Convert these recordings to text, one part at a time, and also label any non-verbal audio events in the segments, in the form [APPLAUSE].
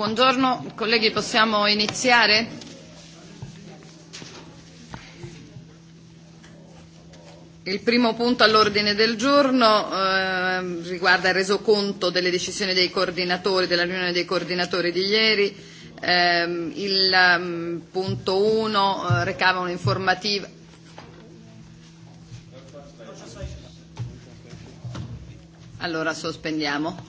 Buongiorno, colleghi, possiamo iniziare? Il primo punto all'ordine del giorno riguarda il resoconto delle decisioni dei coordinatori, della riunione dei coordinatori di ieri. il punto 1 recava un'informativa. Allora sospendiamo.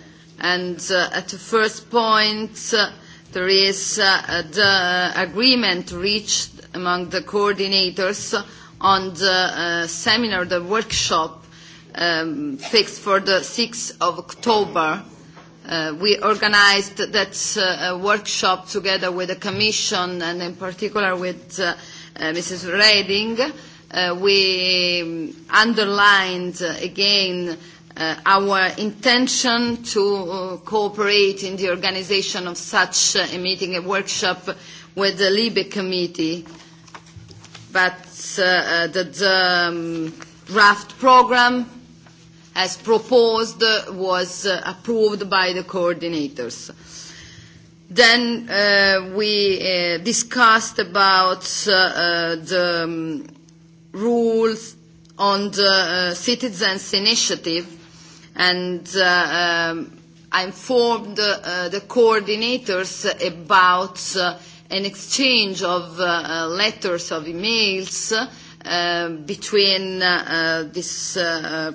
And at the first point, there is the agreement reached among the coordinators on the seminar, the workshop fixed for the 6th of October. We organized that workshop together with the Commission and in particular with Mrs. Reding. We underlined again our intention to cooperate in the organization of such a meeting, a workshop with the LIBE committee, but the draft program as proposed was approved by the coordinators. Then we discussed about the rules on the citizens' initiative and I informed the coordinators about an exchange of letters of emails between this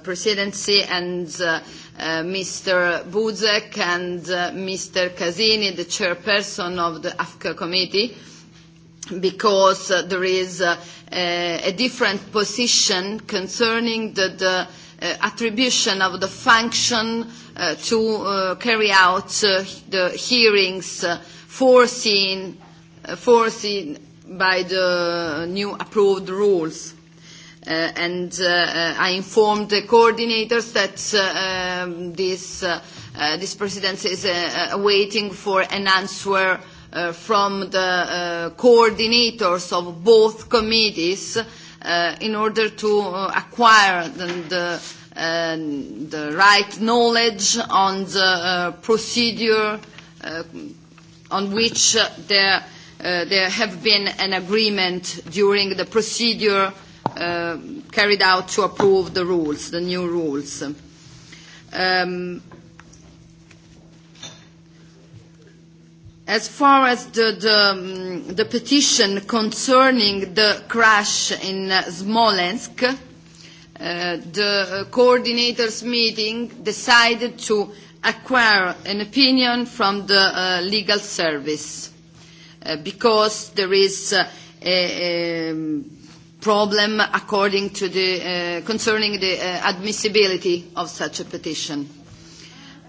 presidency and Mr. Buzek and Mr. Casini, the chairperson of the AFCA committee, because there is a different position concerning the attribution of the function to carry out the hearings foreseen by the new approved rules. And I informed the coordinators that this this presidency is waiting for an answer from the coordinators of both committees in order to acquire the right knowledge on the procedure on which there there have been an agreement during the procedure carried out to approve the rules the new rules As far as the petition concerning the crash in Smolensk, the coordinators' meeting decided to acquire an opinion from the legal service because there is a problem according to the concerning the admissibility of such a petition.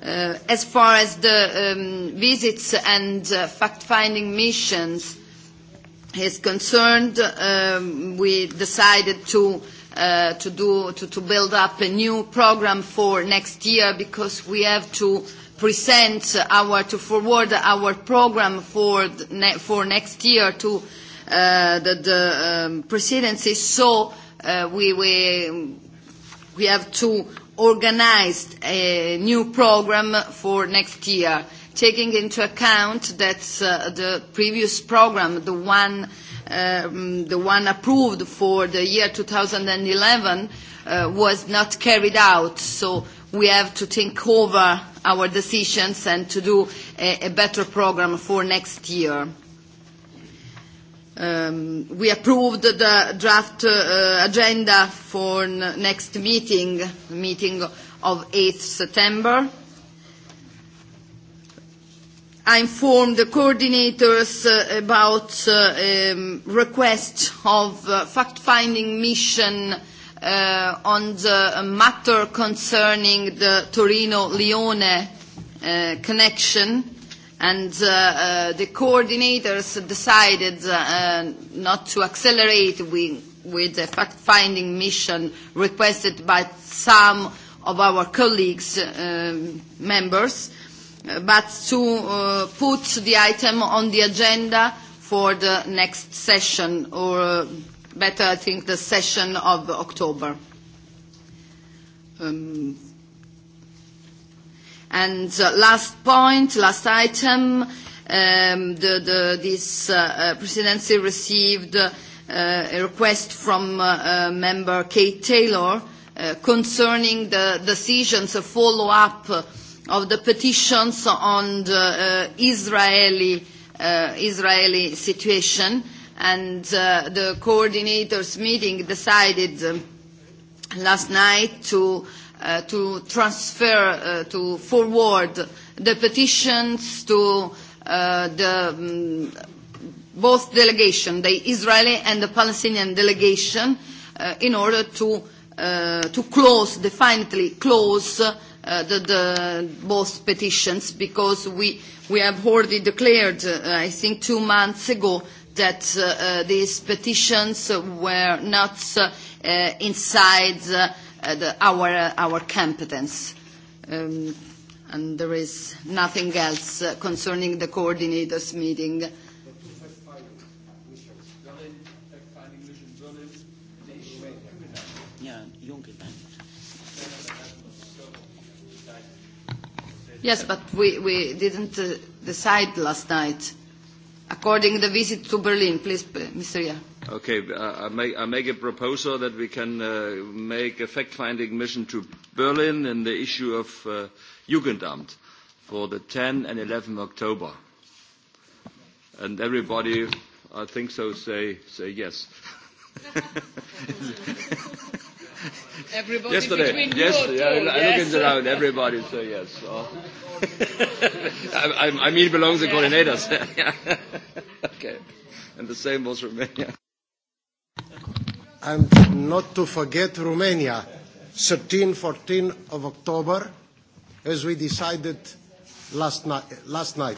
As far as the visits and fact-finding missions is concerned, we decided to to build up a new program for next year because we have to present our, to forward our program for next year to the presidency. So we we have to organized a new program for next year, taking into account that the previous program, the one approved for the year 2011, was not carried out. So we have to think over our decisions and to do a better program for next year. We approved the draft agenda for next meeting, meeting of 8 September. I informed the coordinators about request of fact-finding mission on the matter concerning the Torino-Lione connection and the coordinators decided not to accelerate with the fact-finding mission requested by some of our colleagues, members, but to put the item on the agenda for the next session, or better, I think, the session of October. And last point, last item, this presidency received a request from member Kate Taylor concerning the decisions, a follow-up of the petitions on the Israeli situation. And the coordinators meeting decided last night to to transfer, to forward the petitions to the both delegation, the Israeli and the Palestinian delegation, in order to to close, definitely close the both petitions, because we we have already declared, I think, two months ago that these petitions were not inside our competence. And there is nothing else concerning the coordinators' meeting. Yes, but we we didn't decide last night. According to the visit to Berlin, please, Mr. Okay, I make a proposal that we can make a fact-finding mission to Berlin in the issue of Jugendamt for the 10 and 11 October. And everybody, I think so, say say yes. Everybody Yesterday, yes, I look around, everybody say yes. I mean, belongs to coordinators. Okay, and the same was Romania and not to forget Romania, 13, 14 of October, as we decided last night.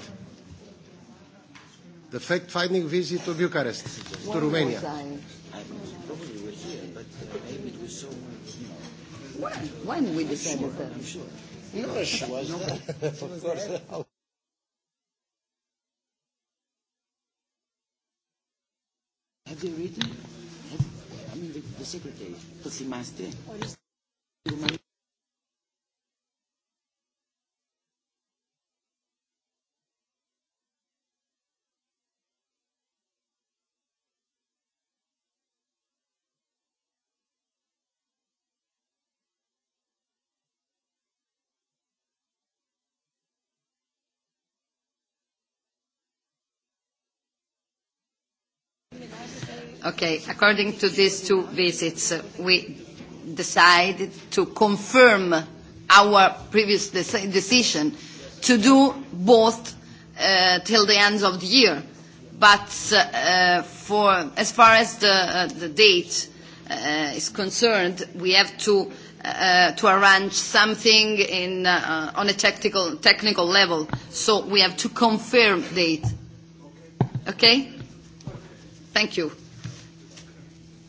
The fact-finding visit to Bucharest, to Romania. When we decided that? I'm sure. No, she was Of Have you written? Secretary. Το θυμάστε. Okay, according to these two visits, we decided to confirm our previous decision to do both till the end of the year. But for as far as the date is concerned, we have to to arrange something on a technical technical level. So we have to confirm date. Okay? Thank you.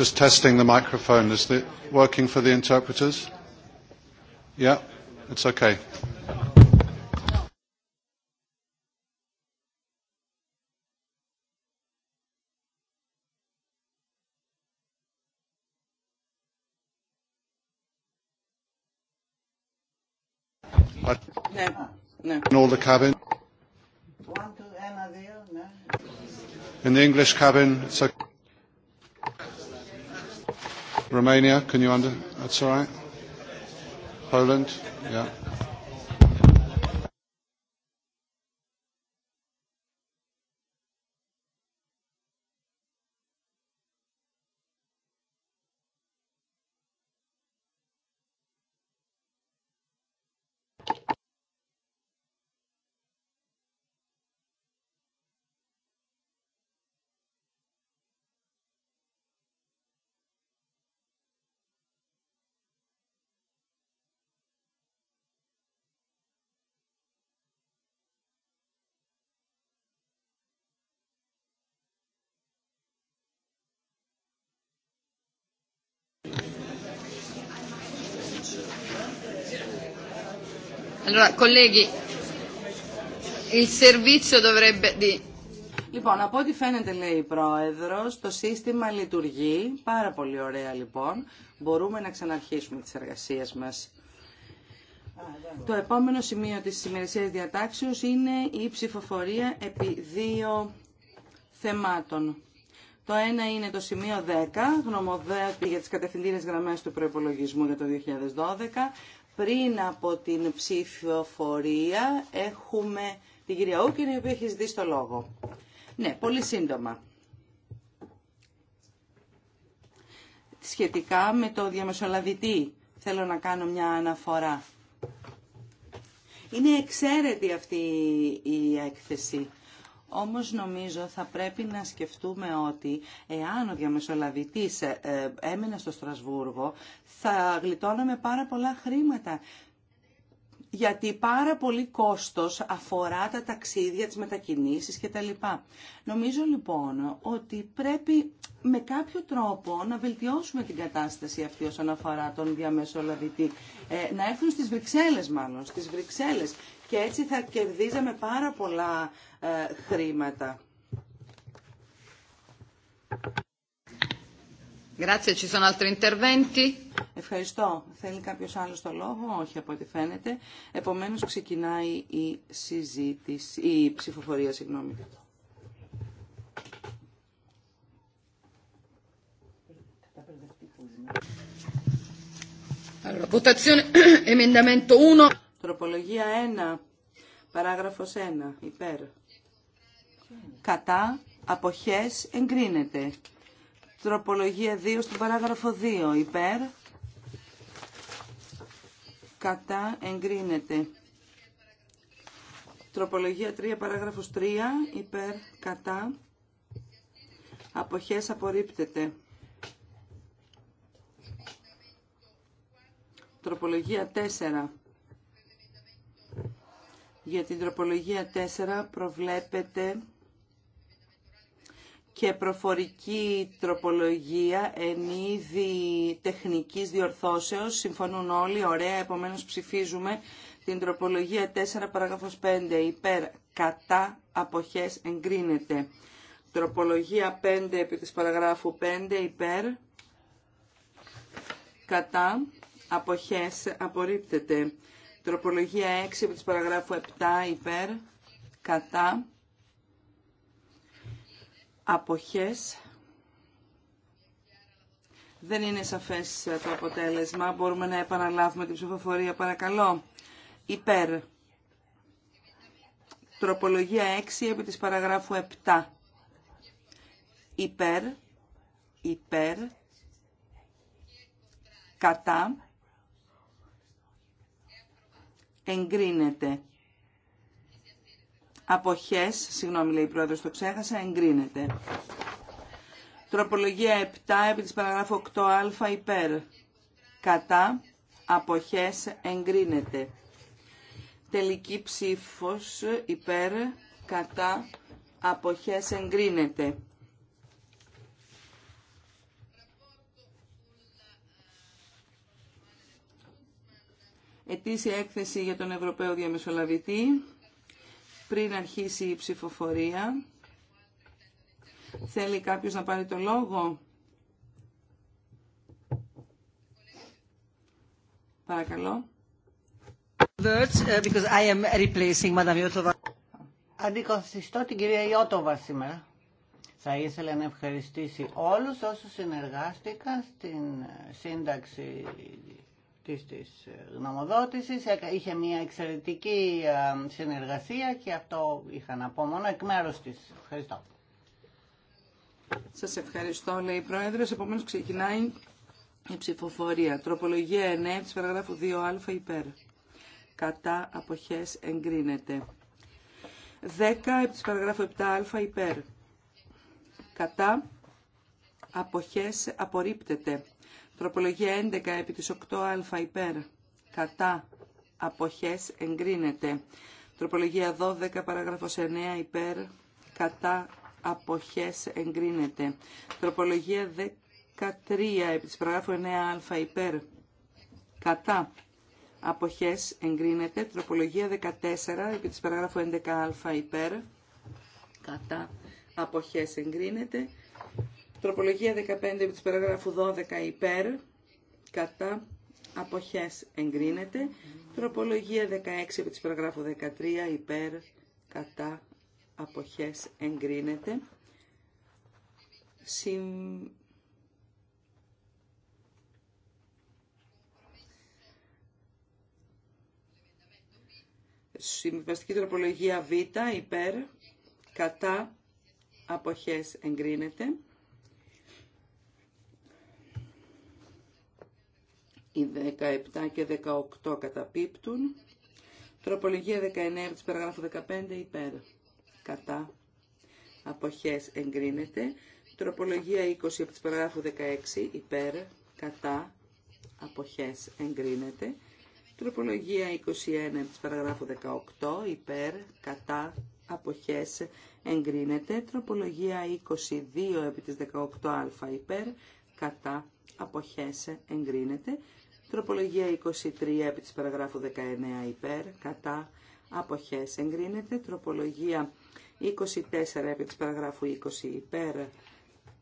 just testing the microphone. Is it working for the interpreters? Yeah, it's okay. No, In all the cabin. In the English cabin, it's okay. Romania, can you under? That's all right. Poland, yeah. Allora, colleghi, il servizio dovrebbe di... Λοιπόν, από ό,τι φαίνεται λέει η Πρόεδρος, το σύστημα λειτουργεί πάρα πολύ ωραία λοιπόν. Μπορούμε να ξαναρχίσουμε τις εργασίες μας. Το επόμενο σημείο της σημερισίας διατάξεως είναι η ψηφοφορία επί δύο θεμάτων. Το ένα είναι το σημείο 10, γνωμοδέτη για τις κατευθυντήρες γραμμές του προϋπολογισμού για το 2012 πριν από την ψηφοφορία έχουμε την κυρία Ούκηνη, η οποία έχει δει το λόγο. Ναι, πολύ σύντομα. Σχετικά με το διαμεσολαβητή θέλω να κάνω μια αναφορά. Είναι εξαίρετη αυτή η έκθεση. Όμως νομίζω θα πρέπει να σκεφτούμε ότι εάν ο διαμεσολαβητής ε, ε, έμενε στο Στρασβούργο θα γλιτώναμε πάρα πολλά χρήματα γιατί πάρα πολύ κόστος αφορά τα ταξίδια, τις μετακινήσεις κτλ. Νομίζω λοιπόν ότι πρέπει με κάποιο τρόπο να βελτιώσουμε την κατάσταση αυτή όσον αφορά τον διαμεσολαβητή. Ε, να έρθουν στις Βρυξέλλες μάλλον, στις Βρυξέλλες. Και έτσι θα κερδίζαμε πάρα πολλά ε, χρήματα. Ευχαριστώ. Θέλει κάποιος άλλος το λόγο. Όχι από ό,τι φαίνεται. Επομένως ξεκινάει η συζήτηση, η ψηφοφορία, συγγνώμη. [CLEARS THROAT] Τροπολογία 1, παράγραφος 1, υπέρ κατά, αποχές, εγκρίνεται. Τροπολογία 2 στον παράγραφο 2, υπέρ, κατά, εγκρίνεται. Τροπολογία 3, παράγραφος 3, υπέρ, κατά, αποχές, απορρίπτεται. Τροπολογία 4. Για την τροπολογία 4 προβλέπεται και προφορική τροπολογία εν είδη τεχνικής διορθώσεως. Συμφωνούν όλοι, ωραία, επομένως ψηφίζουμε την τροπολογία 4 παράγραφος 5 υπέρ κατά αποχές εγκρίνεται. Τροπολογία 5 επί της παραγράφου 5 υπέρ κατά αποχές απορρίπτεται. Τροπολογία 6 επί της παραγράφου 7 υπέρ κατά αποχές. Δεν είναι σαφές το αποτέλεσμα. Μπορούμε να επαναλάβουμε την ψηφοφορία, παρακαλώ. Υπέρ. Τροπολογία 6 επί της παραγράφου 7. Υπέρ. Υπέρ. Κατά. Εγκρίνεται. Αποχές, συγγνώμη λέει η πρόεδρος, το ξέχασα, εγκρίνεται. Τροπολογία 7 επί της παραγράφου 8α υπέρ. Κατά, αποχές, εγκρίνεται. Τελική ψήφος υπέρ, κατά, αποχές, εγκρίνεται. Ετήσια έκθεση για τον Ευρωπαίο Διαμεσολαβητή πριν αρχίσει η ψηφοφορία. Θέλει κάποιος να πάρει το λόγο. Παρακαλώ. Uh, because I am replacing την κυρία Ιώτοβα σήμερα. Θα ήθελα να ευχαριστήσει όλους όσους συνεργάστηκαν στην ε, σύνταξη της, της γνωμοδότησης. Είχε μια εξαιρετική ε, συνεργασία και αυτό είχα να πω μόνο εκ μέρους της. Ευχαριστώ. Σας ευχαριστώ, λέει η Πρόεδρος. Επομένως ξεκινάει η ψηφοφορία. Τροπολογία 9 της παραγράφου 2α υπέρ. Κατά αποχές εγκρίνεται. 10 της παραγράφου 7α υπέρ. Κατά αποχές απορρίπτεται. Τροπολογία 11 επί της 8α υπέρ. Κατά αποχές εγκρίνεται. Τροπολογία 12 παράγραφος 9 υπέρ. Κατά αποχές εγκρίνεται. Τροπολογία 13 επί της παραγράφου 9α υπέρ. Κατά αποχές εγκρίνεται. Τροπολογία 14 επί της παραγράφου 11α υπέρ. Κατά αποχές εγκρίνεται. Τροπολογία 15 επί της παραγράφου 12 υπέρ, κατά, αποχές εγκρίνεται. Τροπολογία 16 επί της παραγράφου 13 υπέρ, κατά, αποχές εγκρίνεται. Συμ... Συμβαστική τροπολογία Β υπέρ, κατά, αποχές εγκρίνεται. Οι 17 και 18 καταπίπτουν. Τροπολογία 19 της παραγράφου 15 υπέρ. Κατά. Αποχές εγκρίνεται. Τροπολογία 20 από της παραγράφου 16 υπέρ. Κατά. Αποχές εγκρίνεται. Τροπολογία 21 από της παραγράφου 18 υπέρ. Κατά. Αποχές εγκρίνεται. Τροπολογία 22 επί της 18α υπέρ. Κατά. Αποχές εγκρίνεται. Τροπολογία 23 επί της παραγράφου 19 υπέρ, κατά, αποχές εγκρίνεται. Τροπολογία 24 επί της παραγράφου 20 υπέρ,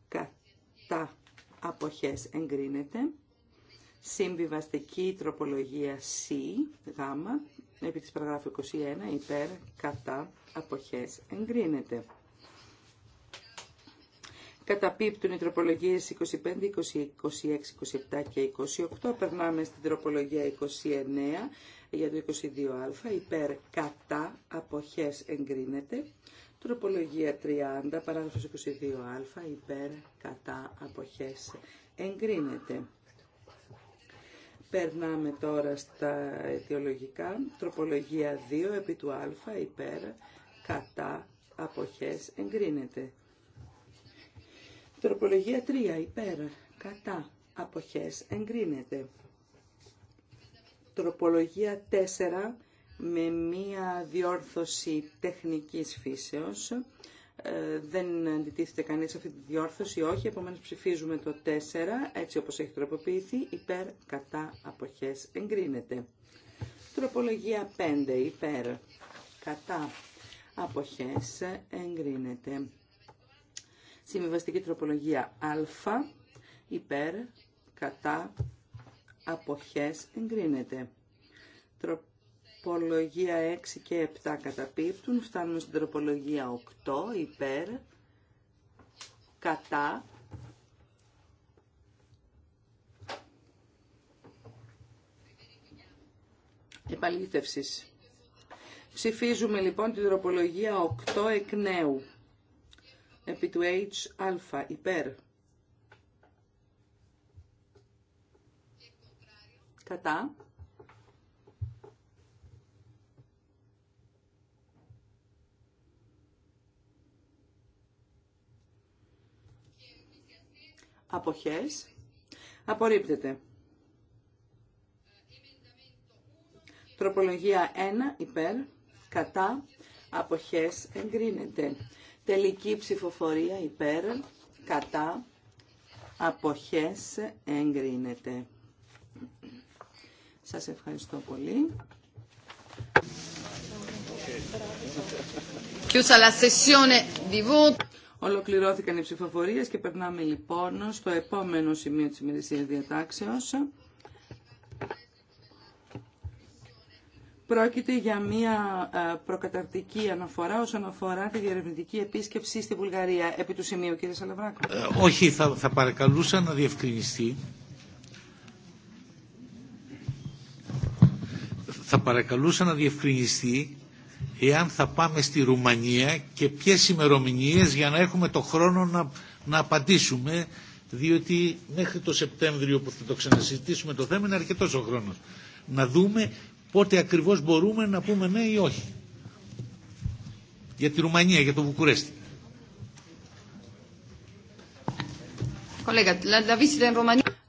κατά, αποχές εγκρίνεται. Συμβιβαστική τροπολογία C, γάμα, επί της παραγράφου 21 υπέρ, κατά, αποχές εγκρίνεται. Καταπίπτουν οι τροπολογίες 25, 20, 26, 27 και 28. Περνάμε στην τροπολογία 29 για το 22α. Υπέρ κατά αποχές εγκρίνεται. Τροπολογία 30, παράγραφος 22α. Υπέρ κατά αποχές εγκρίνεται. Περνάμε τώρα στα αιτιολογικά. Τροπολογία 2 επί του α υπέρ κατά αποχές εγκρίνεται. Τροπολογία 3 υπέρ κατά αποχές εγκρίνεται. Τροπολογία 4 με μία διόρθωση τεχνικής φύσεως. Ε, δεν αντιτίθεται κανείς αυτή τη διόρθωση, όχι, επομένως ψηφίζουμε το 4, έτσι όπως έχει τροποποιηθεί, υπέρ, κατά, αποχές, εγκρίνεται. Τροπολογία 5, υπέρ, κατά, αποχές, εγκρίνεται. Συμβιβαστική τροπολογία α, υπέρ, κατά, αποχές, εγκρίνεται. Τροπολογία 6 και 7 καταπίπτουν, φτάνουμε στην τροπολογία 8, υπέρ, κατά, επαλήθευσης. Ψηφίζουμε λοιπόν την τροπολογία 8 εκ νέου επί του H α υπέρ. Κατά. Αποχές. Απορρίπτεται. Τροπολογία 1 υπέρ. Κατά. Αποχές εγκρίνεται. Τελική ψηφοφορία υπέρ, κατά, αποχές εγκρίνεται. Σας ευχαριστώ πολύ. Ολοκληρώθηκαν οι ψηφοφορίες και περνάμε λοιπόν στο επόμενο σημείο της ημερησίας διατάξεως. Πρόκειται για μια ε, προκαταρτική αναφορά όσον αφορά τη διερευνητική επίσκεψη στη Βουλγαρία. Επί του σημείου, κύριε Σαλαβράκο. Ε, όχι, θα, θα παρακαλούσα να διευκρινιστεί. Θα παρακαλούσα να διευκρινιστεί εάν θα πάμε στη Ρουμανία και ποιες ημερομηνίε για να έχουμε το χρόνο να, να απαντήσουμε διότι μέχρι το Σεπτέμβριο που θα το ξανασυζητήσουμε το θέμα είναι αρκετός ο χρόνος. Να δούμε πότε ακριβώς μπορούμε να πούμε ναι ή όχι. Για τη Ρουμανία, για το Βουκουρέστι.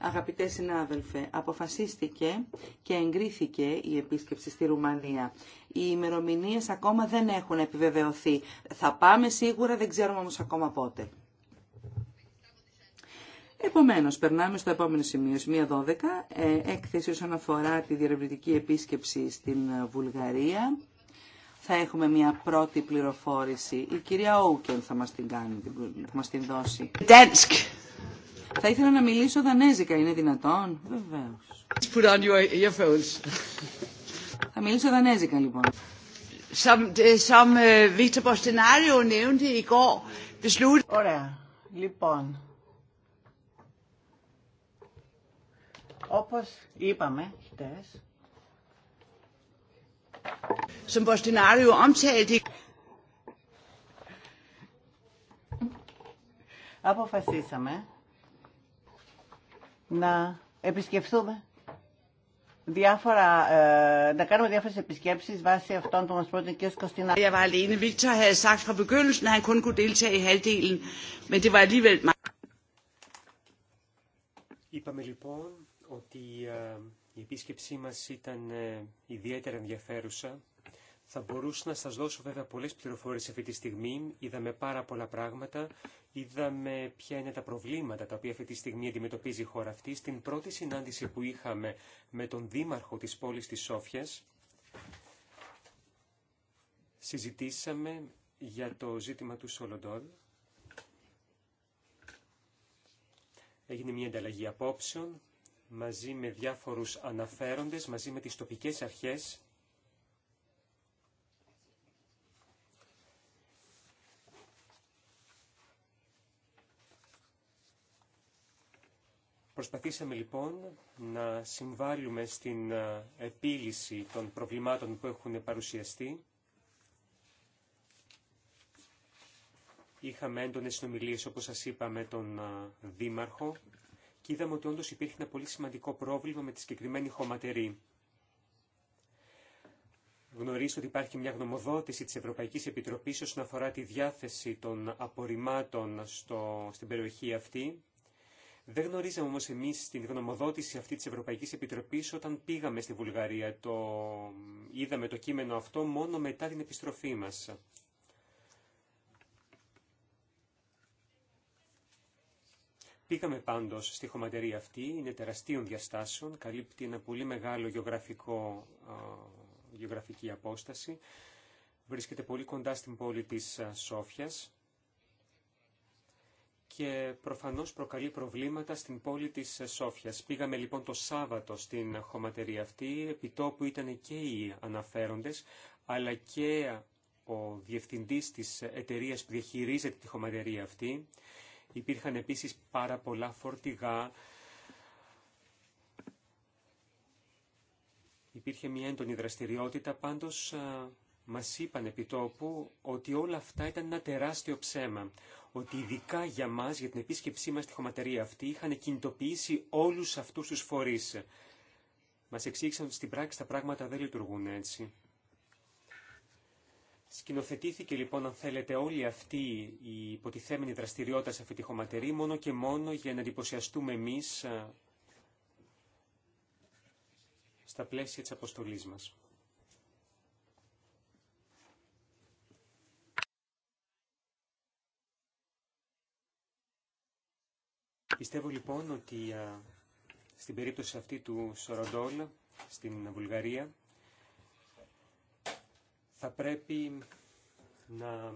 Αγαπητέ συνάδελφε, αποφασίστηκε και εγκρίθηκε η επίσκεψη στη Ρουμανία. Οι ημερομηνίε ακόμα δεν έχουν επιβεβαιωθεί. Θα πάμε σίγουρα, δεν ξέρουμε όμω ακόμα πότε. Επομένω, περνάμε στο επόμενο σημείο, σημείο 12, ε, έκθεση όσον αφορά τη διερευνητική επίσκεψη στην Βουλγαρία. Θα έχουμε μια πρώτη πληροφόρηση. Η κυρία Όουκεν θα μας την κάνει, θα μας την δώσει. Dansk. Θα ήθελα να μιλήσω δανέζικα, είναι δυνατόν. Βεβαίως. Put on your earphones. Θα μιλήσω δανέζικα λοιπόν. Eh, eh, Ωραία. Λοιπόν, Όπως είπαμε χτες, αποφασίσαμε να επισκεφθούμε διάφορα, ε, να κάνουμε διάφορες επισκέψεις βάσει αυτών που μας πρότεινε ο κ. Κωστινά. Jeg var alene. Victor havde sagt fra begyndelsen, Είπαμε λοιπόν ότι ε, η επίσκεψή μας ήταν ε, ιδιαίτερα ενδιαφέρουσα. Θα μπορούσα να σας δώσω βέβαια πολλές πληροφορίες αυτή τη στιγμή. Είδαμε πάρα πολλά πράγματα. Είδαμε ποια είναι τα προβλήματα τα οποία αυτή τη στιγμή αντιμετωπίζει η χώρα αυτή. Στην πρώτη συνάντηση που είχαμε με τον δήμαρχο της πόλης της Σόφιας, συζητήσαμε για το ζήτημα του Σολοντόρ. Έγινε μια ανταλλαγή απόψεων μαζί με διάφορους αναφέροντες, μαζί με τις τοπικές αρχές. Προσπαθήσαμε λοιπόν να συμβάλλουμε στην ε, επίλυση των προβλημάτων που έχουν παρουσιαστεί. Είχαμε έντονες συνομιλίες, όπως σας είπα, με τον ε, Δήμαρχο και είδαμε ότι όντως υπήρχε ένα πολύ σημαντικό πρόβλημα με τη συγκεκριμένη χωματερή. Γνωρίζω ότι υπάρχει μια γνωμοδότηση της Ευρωπαϊκής Επιτροπής όσον αφορά τη διάθεση των απορριμμάτων στο, στην περιοχή αυτή. Δεν γνωρίζαμε όμως εμείς την γνωμοδότηση αυτή της Ευρωπαϊκής Επιτροπής όταν πήγαμε στη Βουλγαρία. Το... Είδαμε το κείμενο αυτό μόνο μετά την επιστροφή μας Πήγαμε πάντως στη χωματερή αυτή, είναι τεραστίων διαστάσεων, καλύπτει ένα πολύ μεγάλο γεωγραφικό, γεωγραφική απόσταση. Βρίσκεται πολύ κοντά στην πόλη της Σόφιας και προφανώς προκαλεί προβλήματα στην πόλη της Σόφιας. Πήγαμε λοιπόν το Σάββατο στην χωματερία αυτή, επί τόπου ήταν και οι αναφέροντες, αλλά και ο διευθυντής της εταιρείας που διαχειρίζεται τη χωματερή αυτή, Υπήρχαν επίσης πάρα πολλά φορτηγά. Υπήρχε μια έντονη δραστηριότητα, πάντως μας είπαν τόπου ότι όλα αυτά ήταν ένα τεράστιο ψέμα. Ότι ειδικά για μας, για την επίσκεψή μας στη χωματερία αυτή, είχαν κινητοποιήσει όλους αυτούς τους φορείς. Μας εξήγησαν ότι στην πράξη τα πράγματα δεν λειτουργούν έτσι. Σκηνοθετήθηκε λοιπόν, αν θέλετε, όλη αυτή η υποτιθέμενη δραστηριότητα σε αυτή τη χωματερή μόνο και μόνο για να εντυπωσιαστούμε εμείς στα πλαίσια της αποστολής μας. Πιστεύω λοιπόν ότι στην περίπτωση αυτή του Σοροντόλ στην Βουλγαρία θα πρέπει να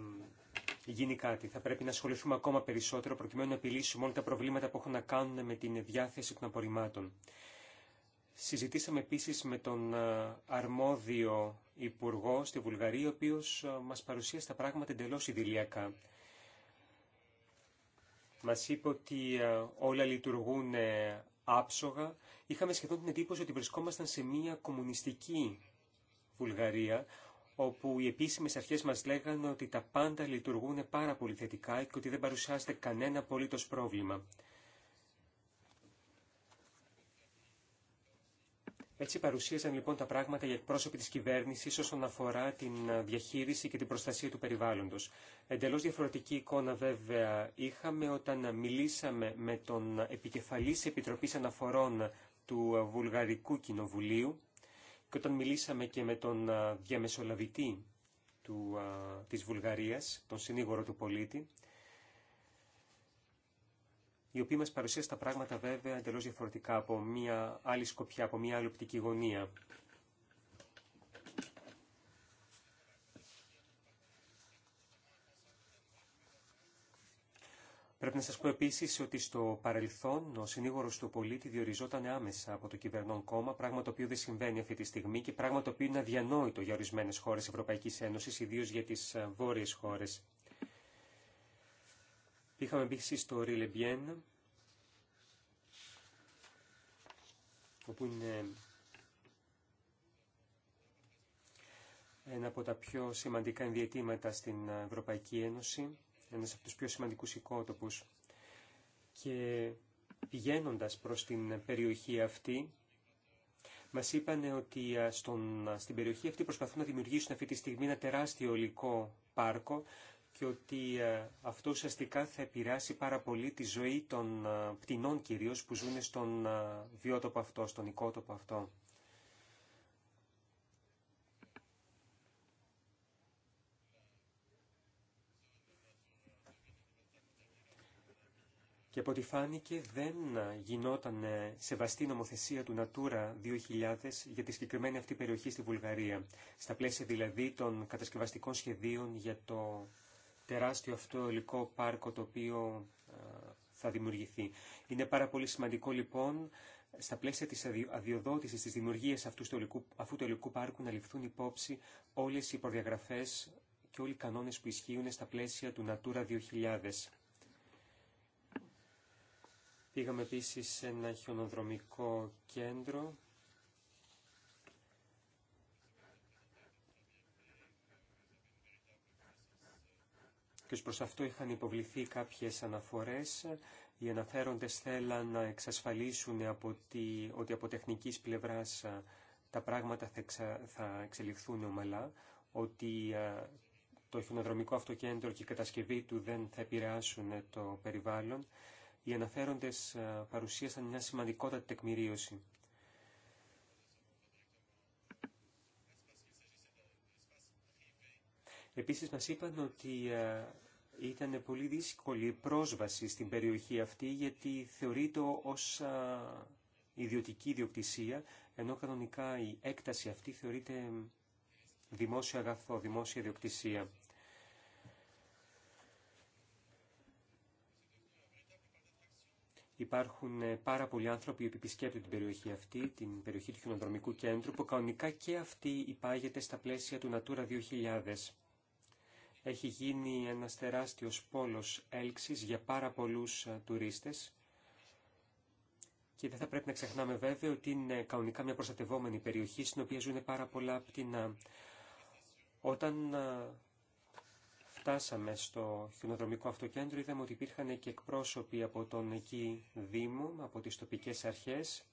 γίνει κάτι. Θα πρέπει να ασχοληθούμε ακόμα περισσότερο προκειμένου να επιλύσουμε όλα τα προβλήματα που έχουν να κάνουν με την διάθεση των απορριμμάτων. Συζητήσαμε επίσης με τον ε, αρμόδιο υπουργό στη Βουλγαρία, ο οποίος ε, μας παρουσίασε τα πράγματα εντελώς ιδηλιακά. Μας είπε ότι ε, όλα λειτουργούν άψογα. Είχαμε σχεδόν την εντύπωση ότι βρισκόμασταν σε μια κομμουνιστική Βουλγαρία, όπου οι επίσημες αρχές μας λέγανε ότι τα πάντα λειτουργούν πάρα πολύ θετικά και ότι δεν παρουσιάζεται κανένα απολύτως πρόβλημα. Έτσι παρουσίαζαν λοιπόν τα πράγματα οι εκπρόσωποι τη κυβέρνηση όσον αφορά την ε, διαχείριση και την προστασία του περιβάλλοντο. Εντελώ διαφορετική εικόνα βέβαια είχαμε όταν μιλήσαμε με τον επικεφαλή Επιτροπή Αναφορών του ε, Βουλγαρικού Κοινοβουλίου και όταν μιλήσαμε και με τον διαμεσολαβητή του, της Βουλγαρίας, τον συνήγορο του πολίτη, η οποία μας παρουσίασε τα πράγματα βέβαια εντελώς διαφορετικά από μια άλλη σκοπιά, από μια άλλη οπτική γωνία. Πρέπει να σας πω επίσης ότι στο παρελθόν ο συνήγορος του πολίτη διοριζόταν άμεσα από το κυβερνόν κόμμα, πράγμα το οποίο δεν συμβαίνει αυτή τη στιγμή και πράγμα το οποίο είναι αδιανόητο για ορισμένε χώρες Ευρωπαϊκής Ένωσης, ιδίως για τις ε, βόρειες χώρες. Είχαμε επίση στο Ριλεμπιέν, όπου είναι ένα από τα πιο σημαντικά ενδιατήματα στην Ευρωπαϊκή Ένωση ένας από τους πιο σημαντικούς οικότοπους. Και πηγαίνοντας προς την περιοχή αυτή, μας είπαν ότι στον, στην περιοχή αυτή προσπαθούν να δημιουργήσουν αυτή τη στιγμή ένα τεράστιο ολικό πάρκο και ότι αυτό ουσιαστικά θα επηρεάσει πάρα πολύ τη ζωή των πτηνών κυρίως που ζουν στον βιότοπο αυτό, στον οικότοπο αυτό. και από ό,τι φάνηκε δεν γινόταν ε, σεβαστή νομοθεσία του Natura 2000 για τη συγκεκριμένη αυτή περιοχή στη Βουλγαρία, στα πλαίσια δηλαδή των κατασκευαστικών σχεδίων για το τεράστιο αυτό ελικό πάρκο το οποίο ε, θα δημιουργηθεί. Είναι πάρα πολύ σημαντικό λοιπόν στα πλαίσια της αδειοδότησης της δημιουργίας αυτού του υλικού, αφού πάρκου να ληφθούν υπόψη όλες οι προδιαγραφές και όλοι οι κανόνες που ισχύουν στα πλαίσια του Natura 2000. Πήγαμε επίσης σε ένα χιονοδρομικό κέντρο. Και προς αυτό είχαν υποβληθεί κάποιες αναφορές. Οι αναφέροντες θέλαν να εξασφαλίσουν ότι από τεχνικής πλευράς τα πράγματα θα, θα εξελιχθούν ομαλά, ότι το χιονοδρομικό αυτό κέντρο και η κατασκευή του δεν θα επηρεάσουν το περιβάλλον οι αναφέροντες ε, παρουσίασαν μια σημαντικότατη τεκμηρίωση. Επίσης μας είπαν ότι ε, ήταν πολύ δύσκολη η πρόσβαση στην περιοχή αυτή γιατί θεωρείται ως ε, ιδιωτική ιδιοκτησία ενώ κανονικά η έκταση αυτή θεωρείται δημόσιο αγαθό, δημόσια ιδιοκτησία. Υπάρχουν ε, πάρα πολλοί άνθρωποι που επισκέπτονται την περιοχή αυτή, την περιοχή του χιονοδρομικού κέντρου, που κανονικά και αυτή υπάγεται στα πλαίσια του Natura 2000. Έχει γίνει ένας τεράστιος πόλος έλξης για πάρα πολλούς ε, τουρίστες και δεν θα πρέπει να ξεχνάμε βέβαια ότι είναι κανονικά μια προστατευόμενη περιοχή στην οποία ζουν πάρα πολλά πτηνά. Όταν ε, φτάσαμε στο χιονοδρομικό αυτοκέντρο κέντρο είδαμε ότι υπήρχαν και εκπρόσωποι από τον εκεί Δήμο, από τις τοπικές αρχές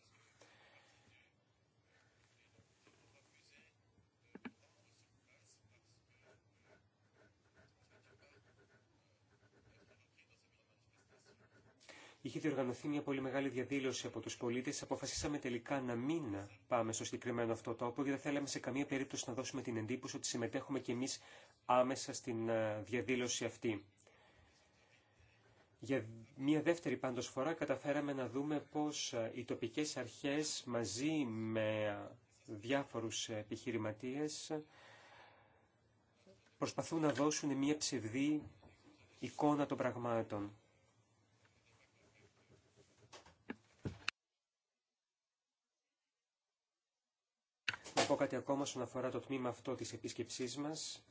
Είχε διοργανωθεί μια πολύ μεγάλη διαδήλωση από τους πολίτες. Αποφασίσαμε τελικά να μην πάμε στο συγκεκριμένο αυτό τόπο, γιατί δεν θέλαμε σε καμία περίπτωση να δώσουμε την εντύπωση ότι συμμετέχουμε κι εμείς άμεσα στην ε, διαδήλωση αυτή. Για μια δεύτερη πάντως φορά καταφέραμε να δούμε πώς ε, οι τοπικές αρχές μαζί με διάφορους επιχειρηματίες προσπαθούν να δώσουν μια ψευδή εικόνα των πραγμάτων. να πω κάτι ακόμα στον αφορά το τμήμα αυτό της επίσκεψής μας.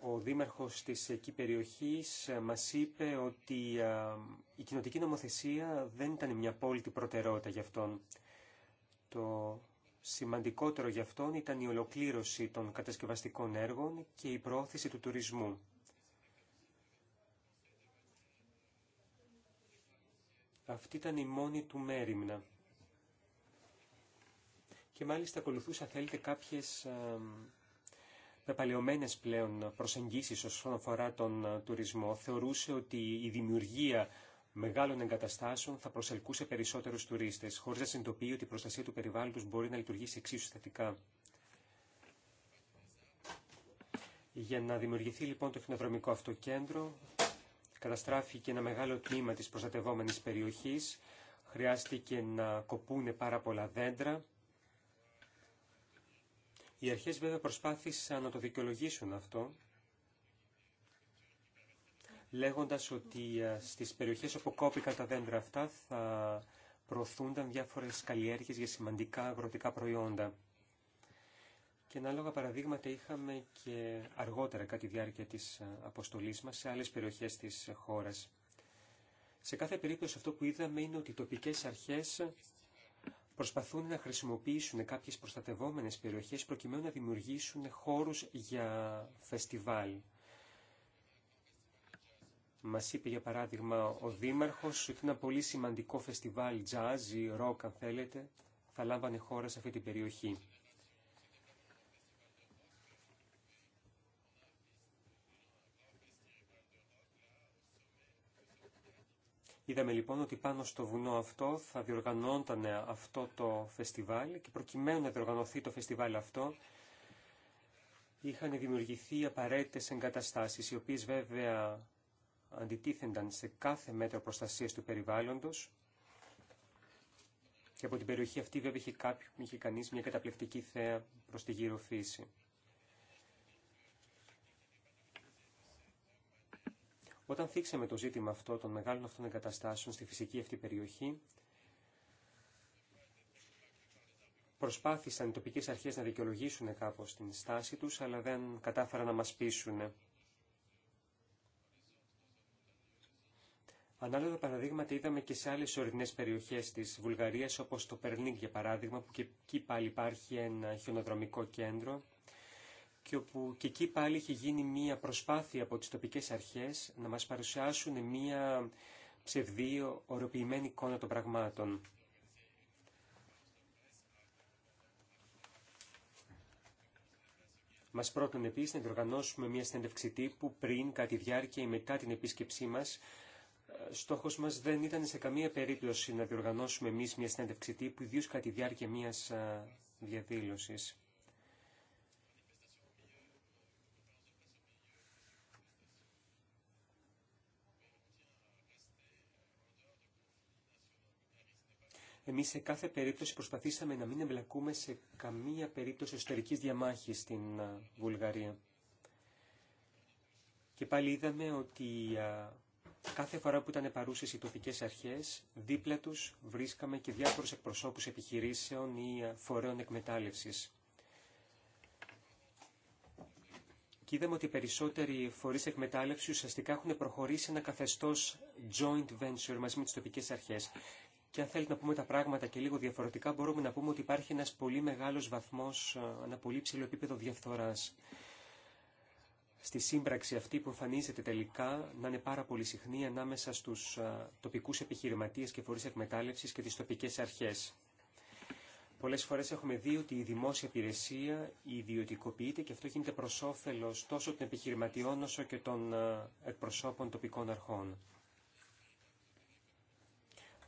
Ο δήμαρχος της εκεί περιοχής ε, μας είπε ότι ε, η κοινοτική νομοθεσία δεν ήταν μια απόλυτη προτεραιότητα για αυτόν. Το σημαντικότερο για αυτόν ήταν η ολοκλήρωση των κατασκευαστικών έργων και η προώθηση του τουρισμού. Αυτή ήταν η μόνη του μέρημνα και μάλιστα ακολουθούσα, θέλετε, κάποιες πεπαλαιωμένες πλέον προσεγγίσεις όσον αφορά τον ε, τουρισμό. Θεωρούσε ότι η δημιουργία μεγάλων εγκαταστάσεων θα προσελκούσε περισσότερους τουρίστες, χωρίς να συνειδητοποιεί ότι η προστασία του περιβάλλοντος μπορεί να λειτουργήσει εξίσου θετικά. Για να δημιουργηθεί λοιπόν το εθνοδρομικό αυτό κέντρο, καταστράφηκε ένα μεγάλο τμήμα της προστατευόμενης περιοχής, χρειάστηκε να κοπούνε πάρα πολλά δέντρα, οι αρχές βέβαια προσπάθησαν να το δικαιολογήσουν αυτό, λέγοντας ότι ε, στις περιοχές όπου κόπηκαν τα δέντρα αυτά θα προωθούνταν διάφορες καλλιέργειες για σημαντικά αγροτικά προϊόντα. Και ανάλογα παραδείγματα είχαμε και αργότερα κατά τη διάρκεια της ε, αποστολής μας σε άλλες περιοχές της ε, χώρας. Σε κάθε περίπτωση αυτό που είδαμε είναι ότι οι τοπικές αρχές προσπαθούν να χρησιμοποιήσουν κάποιες προστατευόμενες περιοχές προκειμένου να δημιουργήσουν χώρους για φεστιβάλ. Μας είπε για παράδειγμα ο Δήμαρχος ότι ένα πολύ σημαντικό φεστιβάλ jazz ή rock αν θέλετε θα λάμβανε χώρα σε αυτή την περιοχή. Είδαμε λοιπόν ότι πάνω στο βουνό αυτό θα διοργανώνταν αυτό το φεστιβάλ και προκειμένου να διοργανωθεί το φεστιβάλ αυτό είχαν δημιουργηθεί απαραίτητες εγκαταστάσεις οι οποίες βέβαια αντιτίθενταν σε κάθε μέτρο προστασίας του περιβάλλοντος και από την περιοχή αυτή βέβαια είχε, κάποιο, είχε κανείς μια καταπληκτική θέα προς τη γύρω φύση. Όταν θίξαμε το ζήτημα αυτό των μεγάλων αυτών εγκαταστάσεων στη φυσική αυτή περιοχή, προσπάθησαν οι τοπικές αρχές να δικαιολογήσουν κάπως την στάση τους, αλλά δεν κατάφεραν να μας πείσουν. Ανάλογα παραδείγματα είδαμε και σε άλλες ορεινές περιοχές της Βουλγαρίας, όπως το Περνίγκ για παράδειγμα, που και εκεί πάλι υπάρχει ένα χιονοδρομικό κέντρο, και όπου και εκεί πάλι είχε γίνει μία προσπάθεια από τις τοπικές αρχές να μας παρουσιάσουν μία ψευδή οροποιημένη εικόνα των πραγμάτων. Μας πρότεινε επίσης να διοργανώσουμε μία συνέντευξη τύπου πριν, κατά διάρκεια ή μετά την επίσκεψή μας. Ε, στόχος μας δεν ήταν σε καμία περίπτωση να διοργανώσουμε εμείς μία συνέντευξη τύπου, ιδίως κατά τη διάρκεια μίας ε, διαδήλωσης. Εμείς σε κάθε περίπτωση προσπαθήσαμε να μην εμπλακούμε σε καμία περίπτωση εσωτερικής διαμάχης στην Βουλγαρία. Και πάλι είδαμε ότι κάθε φορά που ήταν παρούσες οι τοπικές αρχές, δίπλα τους βρίσκαμε και διάφορους εκπροσώπους επιχειρήσεων ή φορέων εκμετάλλευσης. και είδαμε ότι οι περισσότεροι φορεί εκμετάλλευση ουσιαστικά έχουν προχωρήσει ένα καθεστώ joint venture μαζί με τι τοπικέ αρχέ. Και αν θέλετε να πούμε τα πράγματα και λίγο διαφορετικά, μπορούμε να πούμε ότι υπάρχει ένας πολύ μεγάλος βαθμός, ένα πολύ ψηλό επίπεδο διαφθοράς. Στη σύμπραξη αυτή που εμφανίζεται τελικά να είναι πάρα πολύ συχνή ανάμεσα στους τοπικούς επιχειρηματίες και φορείς εκμετάλλευσης και τις τοπικές αρχές. Πολλές φορές έχουμε δει ότι η δημόσια υπηρεσία ιδιωτικοποιείται και αυτό γίνεται προς όφελος τόσο των επιχειρηματιών όσο και των εκπροσώπων τοπικών αρχών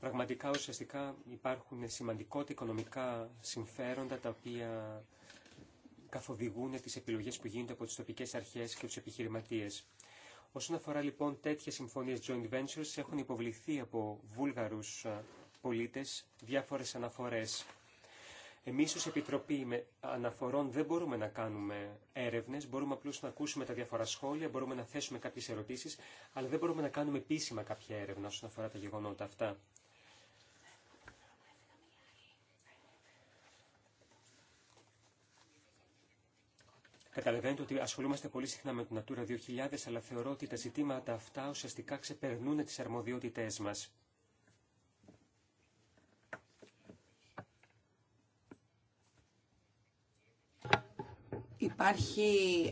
πραγματικά ουσιαστικά υπάρχουν σημαντικότητα οικονομικά συμφέροντα τα οποία καθοδηγούν τις επιλογές που γίνονται από τις τοπικές αρχές και τους επιχειρηματίες. Όσον αφορά λοιπόν τέτοιες συμφωνίες joint ventures έχουν υποβληθεί από βούλγαρους πολίτες διάφορες αναφορές. Εμείς ως Επιτροπή αναφορών δεν μπορούμε να κάνουμε έρευνες, μπορούμε απλώς να ακούσουμε τα διάφορα σχόλια, μπορούμε να θέσουμε κάποιες ερωτήσεις, αλλά δεν μπορούμε να κάνουμε επίσημα κάποια έρευνα όσον αφορά τα γεγονότα αυτά. Καταλαβαίνετε ότι ασχολούμαστε πολύ συχνά με την Natura 2000, αλλά θεωρώ ότι τα ζητήματα αυτά ουσιαστικά ξεπερνούν τις αρμοδιότητές μας. Υπάρχει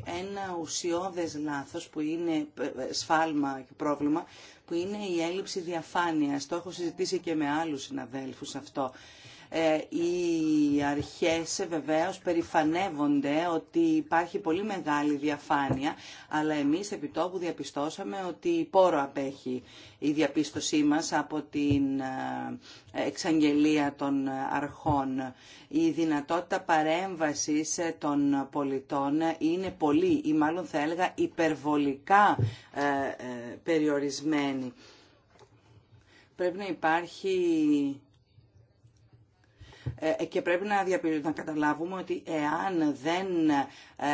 ένα ουσιώδες λάθος που είναι ε, ε, σφάλμα και πρόβλημα, που είναι η έλλειψη διαφάνειας. Το έχω συζητήσει και με άλλους συναδέλφους αυτό. Ε, οι αρχές ε, βεβαίως περηφανεύονται ότι υπάρχει πολύ μεγάλη διαφάνεια, αλλά εμείς επί τόπου διαπιστώσαμε ότι πόρο απέχει η διαπίστωσή μας από την ε, εξαγγελία των αρχών. Η δυνατότητα παρέμβασης των πολιτών είναι πολύ ή μάλλον θα έλεγα υπερβολικά περιορισμένη. Πρέπει να υπάρχει ε, ε, και πρέπει να, να καταλάβουμε ότι εάν δεν ε,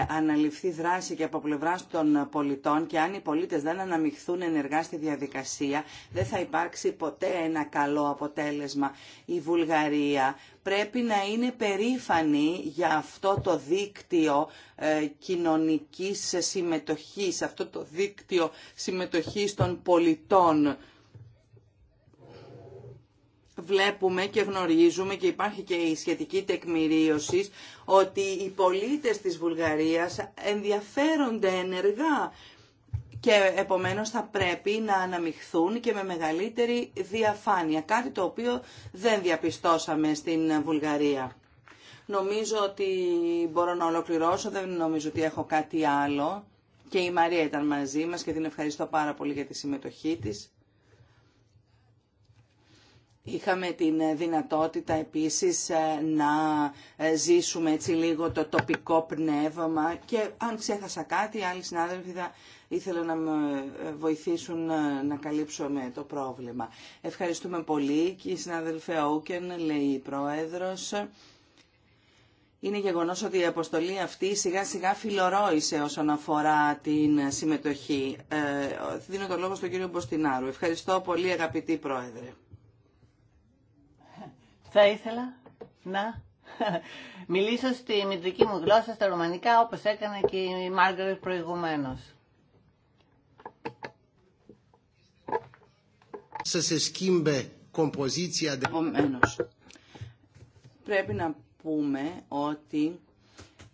αναλυφθεί δράση και από πλευρά των πολιτών και αν οι πολίτες δεν αναμειχθούν ενεργά στη διαδικασία, δεν θα υπάρξει ποτέ ένα καλό αποτέλεσμα. Η Βουλγαρία πρέπει να είναι περήφανη για αυτό το δίκτυο κοινωνικής συμμετοχής, αυτό το δίκτυο συμμετοχής των πολιτών βλέπουμε και γνωρίζουμε και υπάρχει και η σχετική τεκμηρίωση ότι οι πολίτες της Βουλγαρίας ενδιαφέρονται ενεργά και επομένως θα πρέπει να αναμειχθούν και με μεγαλύτερη διαφάνεια, κάτι το οποίο δεν διαπιστώσαμε στην Βουλγαρία. Νομίζω ότι μπορώ να ολοκληρώσω, δεν νομίζω ότι έχω κάτι άλλο. Και η Μαρία ήταν μαζί μας και την ευχαριστώ πάρα πολύ για τη συμμετοχή της. Είχαμε την ε, δυνατότητα επίσης ε, να ε, ζήσουμε έτσι λίγο το τοπικό πνεύμα και αν ξέχασα κάτι, άλλοι συνάδελφοι θα ήθελα να με βοηθήσουν να καλύψουμε το πρόβλημα. Ευχαριστούμε πολύ και η συνάδελφε Όκεν, λέει η Πρόεδρος. Είναι γεγονός ότι η αποστολή αυτή σιγά σιγά φιλορώησε όσον αφορά την συμμετοχή. δίνω το λόγο στον κύριο Μποστινάρου. Ευχαριστώ πολύ αγαπητή Πρόεδρε. Θα ήθελα να [LAUGHS] μιλήσω στη μητρική μου γλώσσα, στα ρουμανικά, όπως έκανε και η Μάργαρετ προηγουμένως. Σα πρέπει να πούμε ότι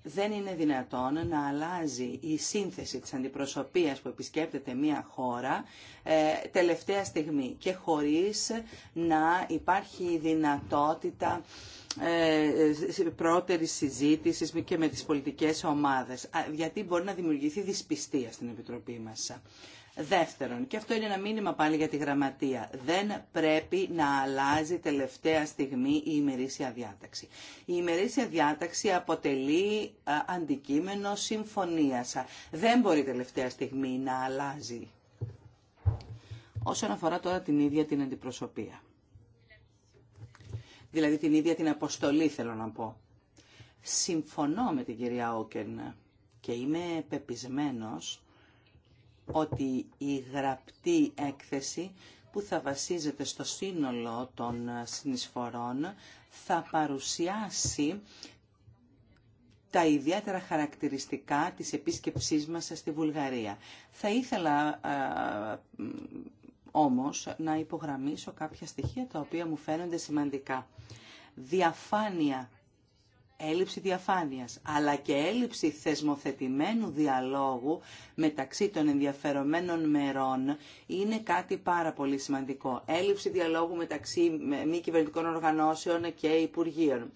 δεν είναι δυνατόν να αλλάζει η σύνθεση της αντιπροσωπείας που επισκέπτεται μία χώρα ε, τελευταία στιγμή και χωρίς να υπάρχει δυνατότητα ε, πρώτερης συζήτησης και με τις πολιτικές ομάδες, γιατί μπορεί να δημιουργηθεί δυσπιστία στην Επιτροπή μας. Δεύτερον, και αυτό είναι ένα μήνυμα πάλι για τη γραμματεία, δεν πρέπει να αλλάζει τελευταία στιγμή η ημερήσια διάταξη. Η ημερήσια διάταξη αποτελεί αντικείμενο συμφωνίας. Δεν μπορεί τελευταία στιγμή να αλλάζει. Όσον αφορά τώρα την ίδια την αντιπροσωπεία. Δηλαδή την ίδια την αποστολή θέλω να πω. Συμφωνώ με την κυρία Όκεν και είμαι πεπισμένος ότι η γραπτή έκθεση που θα βασίζεται στο σύνολο των συνεισφορών θα παρουσιάσει τα ιδιαίτερα χαρακτηριστικά της επίσκεψής μας στη Βουλγαρία. Θα ήθελα ε, όμως να υπογραμμίσω κάποια στοιχεία τα οποία μου φαίνονται σημαντικά. Διαφάνεια έλλειψη διαφάνειας, αλλά και έλλειψη θεσμοθετημένου διαλόγου μεταξύ των ενδιαφερομένων μερών είναι κάτι πάρα πολύ σημαντικό. Έλλειψη διαλόγου μεταξύ μη κυβερνητικών οργανώσεων και υπουργείων.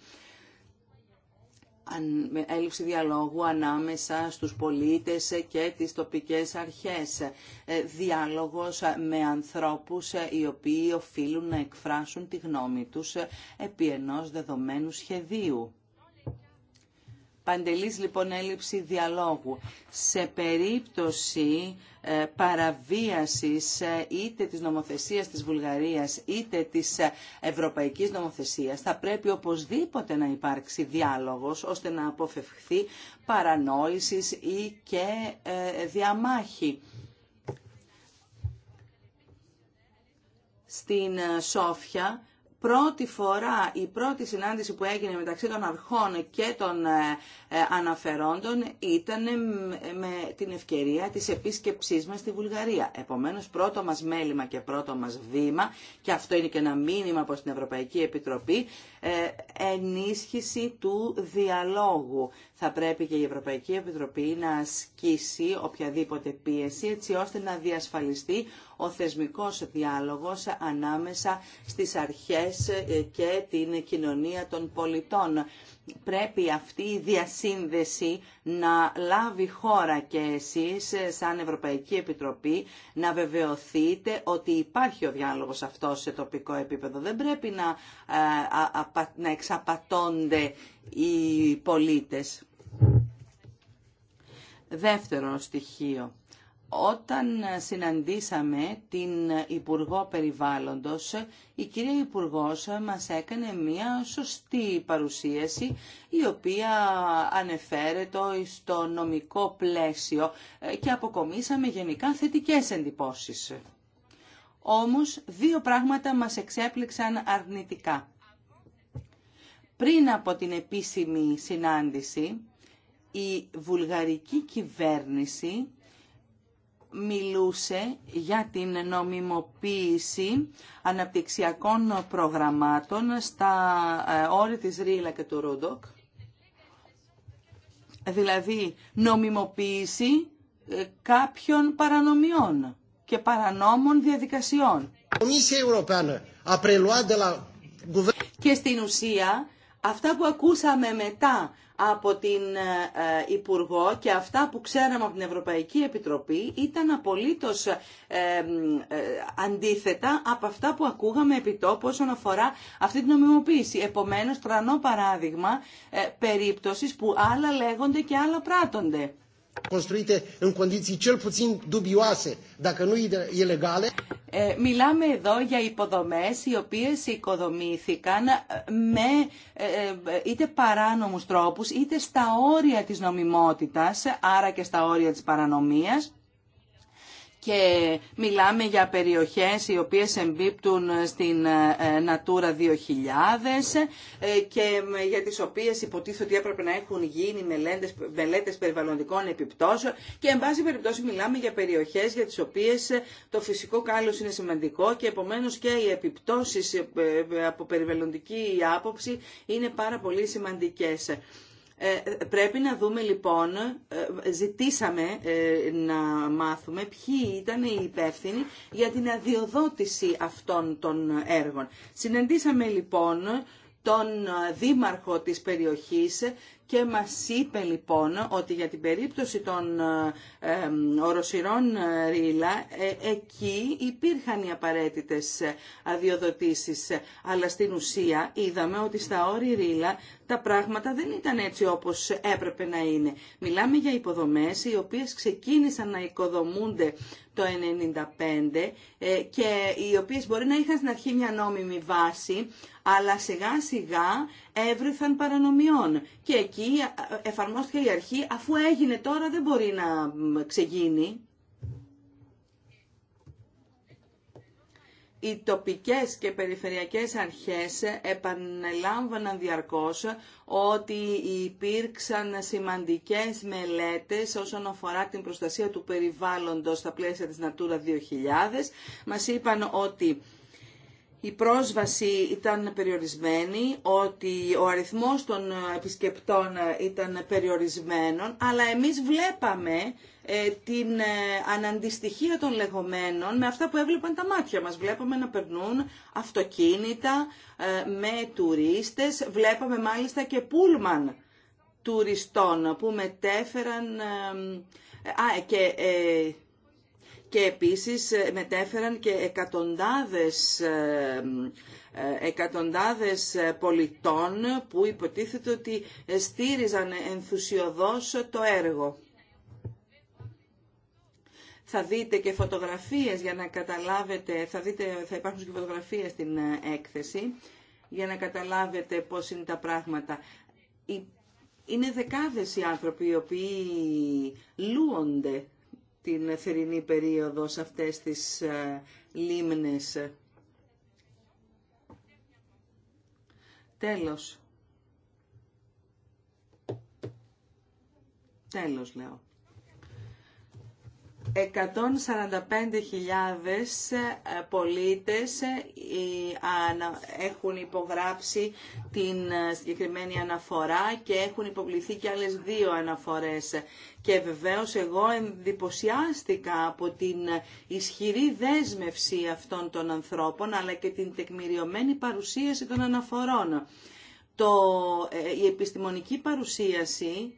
Έλλειψη διαλόγου ανάμεσα στους πολίτες και τις τοπικές αρχές. Ε, διάλογος με ανθρώπους ε, οι οποίοι οφείλουν να εκφράσουν τη γνώμη τους ε, επί ενός δεδομένου σχεδίου. Παντελής λοιπόν έλλειψη διαλόγου. Σε περίπτωση ε, παραβίασης ε, είτε της νομοθεσίας της Βουλγαρίας είτε της ε, ευρωπαϊκής νομοθεσίας θα πρέπει οπωσδήποτε να υπάρξει διάλογος ώστε να αποφευχθεί παρανόησης ή και διαμάχη. Στην Σόφια πρώτη φορά η πρώτη συνάντηση που έγινε μεταξύ των αρχών και των ε, ε, αναφερόντων ήταν με την ευκαιρία της επίσκεψής μας στη Βουλγαρία. Επομένως πρώτο μας μέλημα και πρώτο μας βήμα και αυτό είναι και ένα μήνυμα από την Ευρωπαϊκή Επιτροπή ε, ενίσχυση του διαλόγου. Θα πρέπει και η Ευρωπαϊκή Επιτροπή να ασκήσει οποιαδήποτε πίεση έτσι ώστε να διασφαλιστεί ο θεσμικός διάλογος ανάμεσα στις αρχές ε, και την κοινωνία των πολιτών πρέπει αυτή η διασύνδεση να λάβει χώρα και εσείς σαν Ευρωπαϊκή Επιτροπή να βεβαιωθείτε ότι υπάρχει ο διάλογος αυτός σε τοπικό επίπεδο. Δεν πρέπει να, ε, να εξαπατώνται οι πολίτες. Δεύτερο στοιχείο όταν συναντήσαμε την Υπουργό Περιβάλλοντος, η κυρία Υπουργός μας έκανε μία σωστή παρουσίαση, η οποία ανεφέρεται στο νομικό πλαίσιο και αποκομίσαμε γενικά θετικές εντυπώσεις. Όμως, δύο πράγματα μας εξέπληξαν αρνητικά. Πριν από την επίσημη συνάντηση, η βουλγαρική κυβέρνηση μιλούσε για την νομιμοποίηση αναπτυξιακών προγραμμάτων στα ε, όρη της Ρίλα και του Ρούντοκ. Δηλαδή νομιμοποίηση ε, κάποιων παρανομιών και παρανόμων διαδικασιών. Και στην ουσία Αυτά που ακούσαμε μετά από την ε, ε, Υπουργό και αυτά που ξέραμε από την Ευρωπαϊκή Επιτροπή ήταν απολύτως ε, αντίθετα από αυτά που ακούγαμε επί τόπου όσον αφορά αυτή την νομιμοποίηση. Επομένως, τρανό παράδειγμα ε, που άλλα λέγονται και άλλα πράττονται μιλάμε εδώ για υποδομές οι οποίες οικοδομήθηκαν με ε, είτε παράνομους τρόπους, είτε στα όρια της νομιμότητας, άρα και στα όρια της παρανομίας, και μιλάμε για περιοχές οι οποίες εμπίπτουν στην ε, Natura 2000 ε, και για τις οποίες υποτίθεται ότι έπρεπε να έχουν γίνει μελέτες, περιβαλλοντικών επιπτώσεων και εν πάση περιπτώσει μιλάμε για περιοχές για τις οποίες ε, το φυσικό κάλος είναι σημαντικό και επομένως και οι επιπτώσεις από περιβαλλοντική άποψη είναι πάρα πολύ σημαντικές. Ε, πρέπει να δούμε λοιπόν, ε, ζητήσαμε ε, να μάθουμε ποιοι ήταν οι υπεύθυνοι για την αδειοδότηση αυτών των έργων. Συναντήσαμε λοιπόν τον δήμαρχο της περιοχής και μας είπε λοιπόν ότι για την περίπτωση των ε, ε, οροσυρών ε, ρίλα εκεί υπήρχαν οι απαραίτητες αδειοδοτήσεις αλλά στην ουσία είδαμε ότι στα όρη ρίλα τα πράγματα δεν ήταν έτσι όπως έπρεπε να είναι. Μιλάμε για υποδομές οι οποίες ξεκίνησαν να οικοδομούνται το 1995 και οι οποίες μπορεί να είχαν στην αρχή μια νόμιμη βάση αλλά σιγά σιγά έβριθαν παρανομιών. Και εκεί ε, εφαρμόστηκε η αρχή, αφού έγινε τώρα δεν μπορεί να ξεγίνει. οι τοπικές και περιφερειακές αρχές επανελάμβαναν διαρκώς ότι υπήρξαν σημαντικές μελέτες όσον αφορά την προστασία του περιβάλλοντος στα πλαίσια της Natura 2000. Μας είπαν ότι η πρόσβαση ήταν περιορισμένη, ότι ο αριθμός των επισκεπτών ήταν περιορισμένο, αλλά εμείς βλέπαμε ε, την ε, αναντιστοιχία των λεγόμενων με αυτά που έβλεπαν τα μάτια μας. Βλέπαμε να περνούν αυτοκίνητα ε, με τουρίστες, βλέπαμε μάλιστα και πούλμαν τουριστών που μετέφεραν... και και επίσης ε, μετέφεραν και εκατοντάδες, ε, ε, εκατοντάδες πολιτών που υποτίθεται ότι στήριζαν ενθουσιοδός το έργο. Θα δείτε και φωτογραφίες για να καταλάβετε, θα, δείτε, θα υπάρχουν και φωτογραφίες στην έκθεση για να καταλάβετε πώς είναι τα πράγματα. Είναι δεκάδες οι άνθρωποι οι οποίοι λούονται την θερινή περίοδο σε αυτές τις ε, λίμνες. Τέλος. Τέλος λέω. 145.000 ε, πολίτες ε, έχουν υπογράψει την ε, συγκεκριμένη αναφορά και έχουν υποβληθεί και άλλες δύο αναφορές. Και βεβαίως εγώ εντυπωσιάστηκα από την ισχυρή δέσμευση αυτών των ανθρώπων αλλά και την τεκμηριωμένη παρουσίαση των αναφορών. Το, η επιστημονική παρουσίαση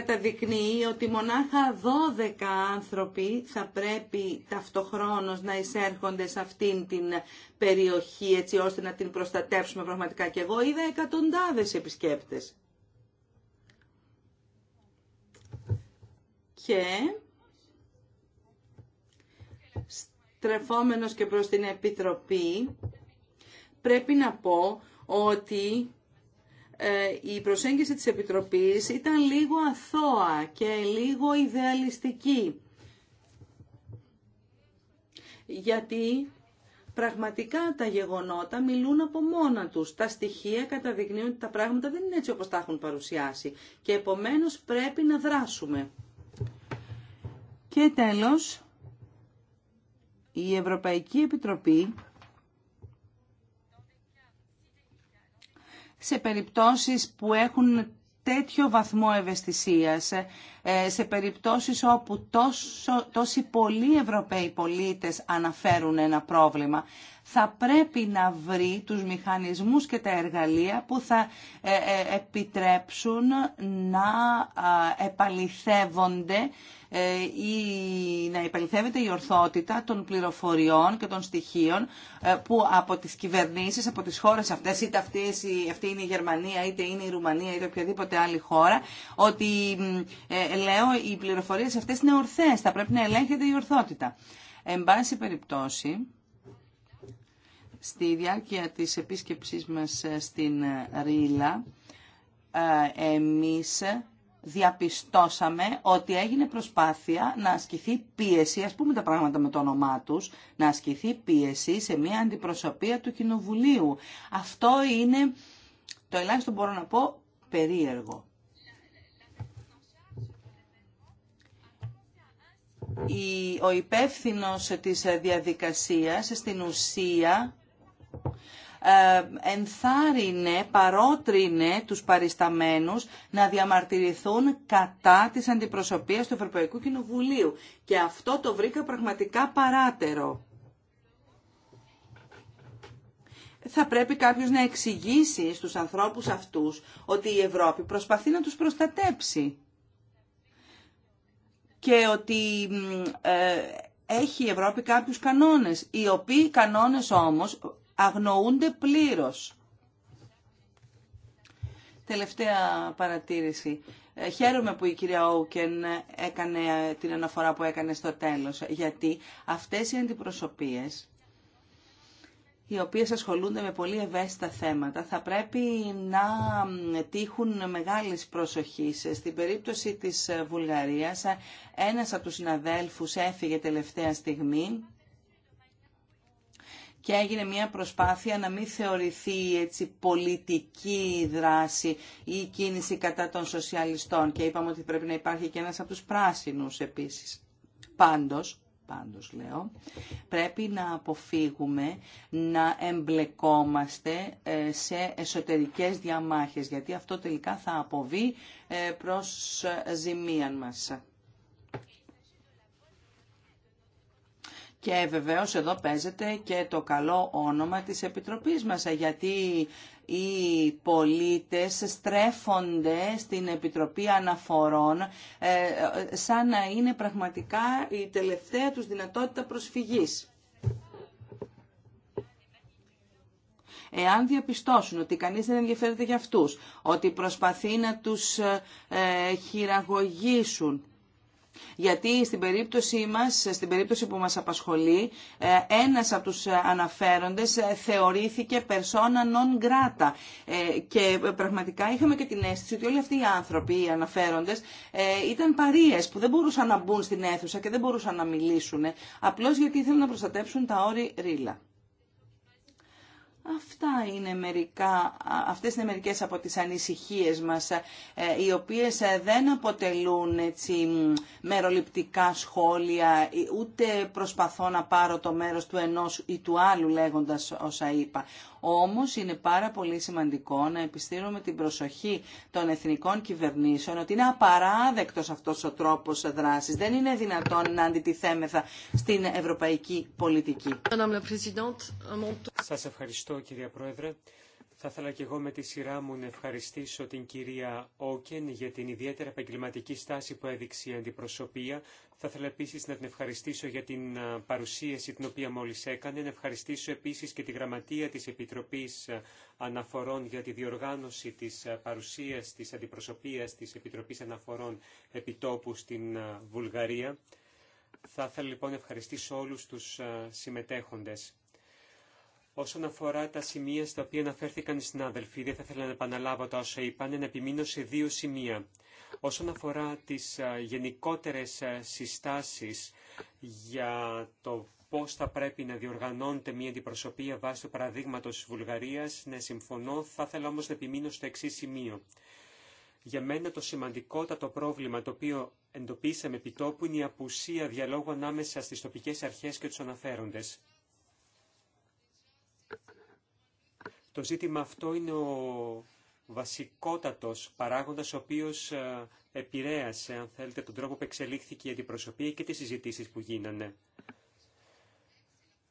καταδεικνύει ότι μονάχα 12 άνθρωποι θα πρέπει ταυτοχρόνως να εισέρχονται σε αυτήν την περιοχή έτσι ώστε να την προστατεύσουμε πραγματικά. Και εγώ είδα εκατοντάδες επισκέπτες. Και στρεφόμενος και προς την Επιτροπή πρέπει να πω ότι ε, η προσέγγιση της Επιτροπής ήταν λίγο αθώα και λίγο ιδεαλιστική. Γιατί πραγματικά τα γεγονότα μιλούν από μόνα τους. Τα στοιχεία καταδεικνύουν ότι τα πράγματα δεν είναι έτσι όπως τα έχουν παρουσιάσει. Και επομένως πρέπει να δράσουμε. Και τέλος, η Ευρωπαϊκή Επιτροπή σε περιπτώσεις που έχουν τέτοιο βαθμό ευαισθησίας, ε, σε περιπτώσεις όπου τόσο, τόσοι πολλοί Ευρωπαίοι πολίτες αναφέρουν ένα πρόβλημα θα πρέπει να βρει τους μηχανισμούς και τα εργαλεία που θα ε, ε, επιτρέψουν να επαληθεύονται ή ε, να υπελθεύεται η ορθότητα των πληροφοριών και των στοιχείων που από τις κυβερνήσεις, από τις χώρες αυτές, είτε αυτές, αυτή είναι η Γερμανία, είτε είναι η Ρουμανία, είτε οποιαδήποτε άλλη χώρα, ότι λέω οι πληροφορίες αυτές είναι ορθές, θα πρέπει να ελέγχεται η ορθότητα. Εν πάση περιπτώσει, Στη διάρκεια της επίσκεψής μας ε, στην ε, Ρίλα, ε, εμείς διαπιστώσαμε ότι έγινε προσπάθεια να ασκηθεί πίεση, ας πούμε τα πράγματα με το όνομά τους, να ασκηθεί πίεση σε μια αντιπροσωπεία του Κοινοβουλίου. Αυτό είναι, το ελάχιστο μπορώ να πω, περίεργο. Ο υπεύθυνος της διαδικασίας στην ουσία ε, ενθάρρυνε, παρότρινε τους παρισταμένους να διαμαρτυρηθούν κατά της αντιπροσωπείας του Ευρωπαϊκού Κοινοβουλίου. Και αυτό το βρήκα πραγματικά παράτερο. Θα πρέπει κάποιος να εξηγήσει στους ανθρώπους αυτούς ότι η Ευρώπη προσπαθεί να τους προστατέψει. Και ότι ε, έχει η Ευρώπη κάποιους κανόνες, οι οποίοι κανόνες όμως αγνοούνται πλήρως. Τελευταία παρατήρηση. Ε, χαίρομαι που η κυρία Όουκεν έκανε την αναφορά που έκανε στο τέλος, γιατί αυτές οι αντιπροσωπείες οι οποίες ασχολούνται με πολύ ευαίσθητα θέματα, θα πρέπει να τύχουν μεγάλης προσοχής. Στην περίπτωση της Βουλγαρίας, ένας από τους συναδέλφους έφυγε τελευταία στιγμή και έγινε μια προσπάθεια να μην θεωρηθεί έτσι πολιτική δράση ή κίνηση κατά των σοσιαλιστών και είπαμε ότι πρέπει να υπάρχει και ένας από τους πράσινους επίσης. Πάντως, πάντως λέω, πρέπει να αποφύγουμε να εμπλεκόμαστε ε, σε εσωτερικές διαμάχες, γιατί αυτό τελικά θα αποβεί ε, προς ε, ζημίαν μας. Και βεβαίως εδώ παίζεται και το καλό όνομα της Επιτροπής μας, γιατί οι πολίτες στρέφονται στην Επιτροπή Αναφορών ε, σαν να είναι πραγματικά η τελευταία τους δυνατότητα προσφυγής. εάν διαπιστώσουν ότι κανείς δεν ενδιαφέρεται για αυτούς, ότι προσπαθεί να τους ε, χειραγωγήσουν, γιατί στην περίπτωση μας, στην περίπτωση που μας απασχολεί, ε, ένας από τους αναφέροντες ε, θεωρήθηκε persona non grata ε, και πραγματικά είχαμε και την αίσθηση ότι όλοι αυτοί οι άνθρωποι, οι αναφέροντες, ήταν παρείες που δεν μπορούσαν να μπουν στην αίθουσα και δεν μπορούσαν να μιλήσουν, απλώς γιατί ήθελαν να προστατέψουν τα όρη ρίλα. Αυτά είναι μερικά, αυτές είναι μερικές από τις ανησυχίες μας, ε, οι οποίες ε, δεν αποτελούν έτσι, μεροληπτικά σχόλια, ε, ούτε προσπαθώ να πάρω το μέρος του ενός ή του άλλου λέγοντας όσα είπα. Όμως είναι πάρα πολύ σημαντικό να επιστήρουμε την προσοχή των εθνικών κυβερνήσεων ότι είναι απαράδεκτος αυτός ο τρόπος δράσης. Δεν είναι δυνατόν να αντιτιθέμεθα στην ευρωπαϊκή πολιτική. Σας ευχαριστώ κυρία Πρόεδρε. Θα ήθελα και εγώ με τη σειρά μου να ευχαριστήσω την κυρία Όκεν για την ιδιαίτερα επαγγελματική στάση που έδειξε η αντιπροσωπεία. Θα ήθελα επίση να την ευχαριστήσω για την παρουσίαση την οποία μόλι έκανε. Να ευχαριστήσω επίσης και τη γραμματεία της Επιτροπής Αναφορών για τη διοργάνωση της παρουσίας της αντιπροσωπείας της Επιτροπής Αναφορών Επιτόπου στην Βουλγαρία. Θα ήθελα λοιπόν να ευχαριστήσω όλους τους συμμετέχοντες. Όσον αφορά τα σημεία στα οποία αναφέρθηκαν οι συνάδελφοι, δεν θα ήθελα να επαναλάβω τα όσα είπαν, να επιμείνω σε δύο σημεία. Όσον αφορά τις γενικότερες συστάσεις για το πώς θα πρέπει να διοργανώνεται μια αντιπροσωπεία βάσει του παραδείγματος της Βουλγαρίας, ναι, συμφωνώ, θα ήθελα όμως να επιμείνω στο εξή σημείο. Για μένα το σημαντικότατο πρόβλημα το οποίο εντοπίσαμε επιτόπου είναι η απουσία διαλόγου ανάμεσα στις τοπικές αρχές και τους αναφέροντες. Το ζήτημα αυτό είναι ο βασικότατος παράγοντας ο οποίος ε, επηρέασε, αν θέλετε, τον τρόπο που εξελίχθηκε η αντιπροσωπεία και τις συζητήσεις που γίνανε.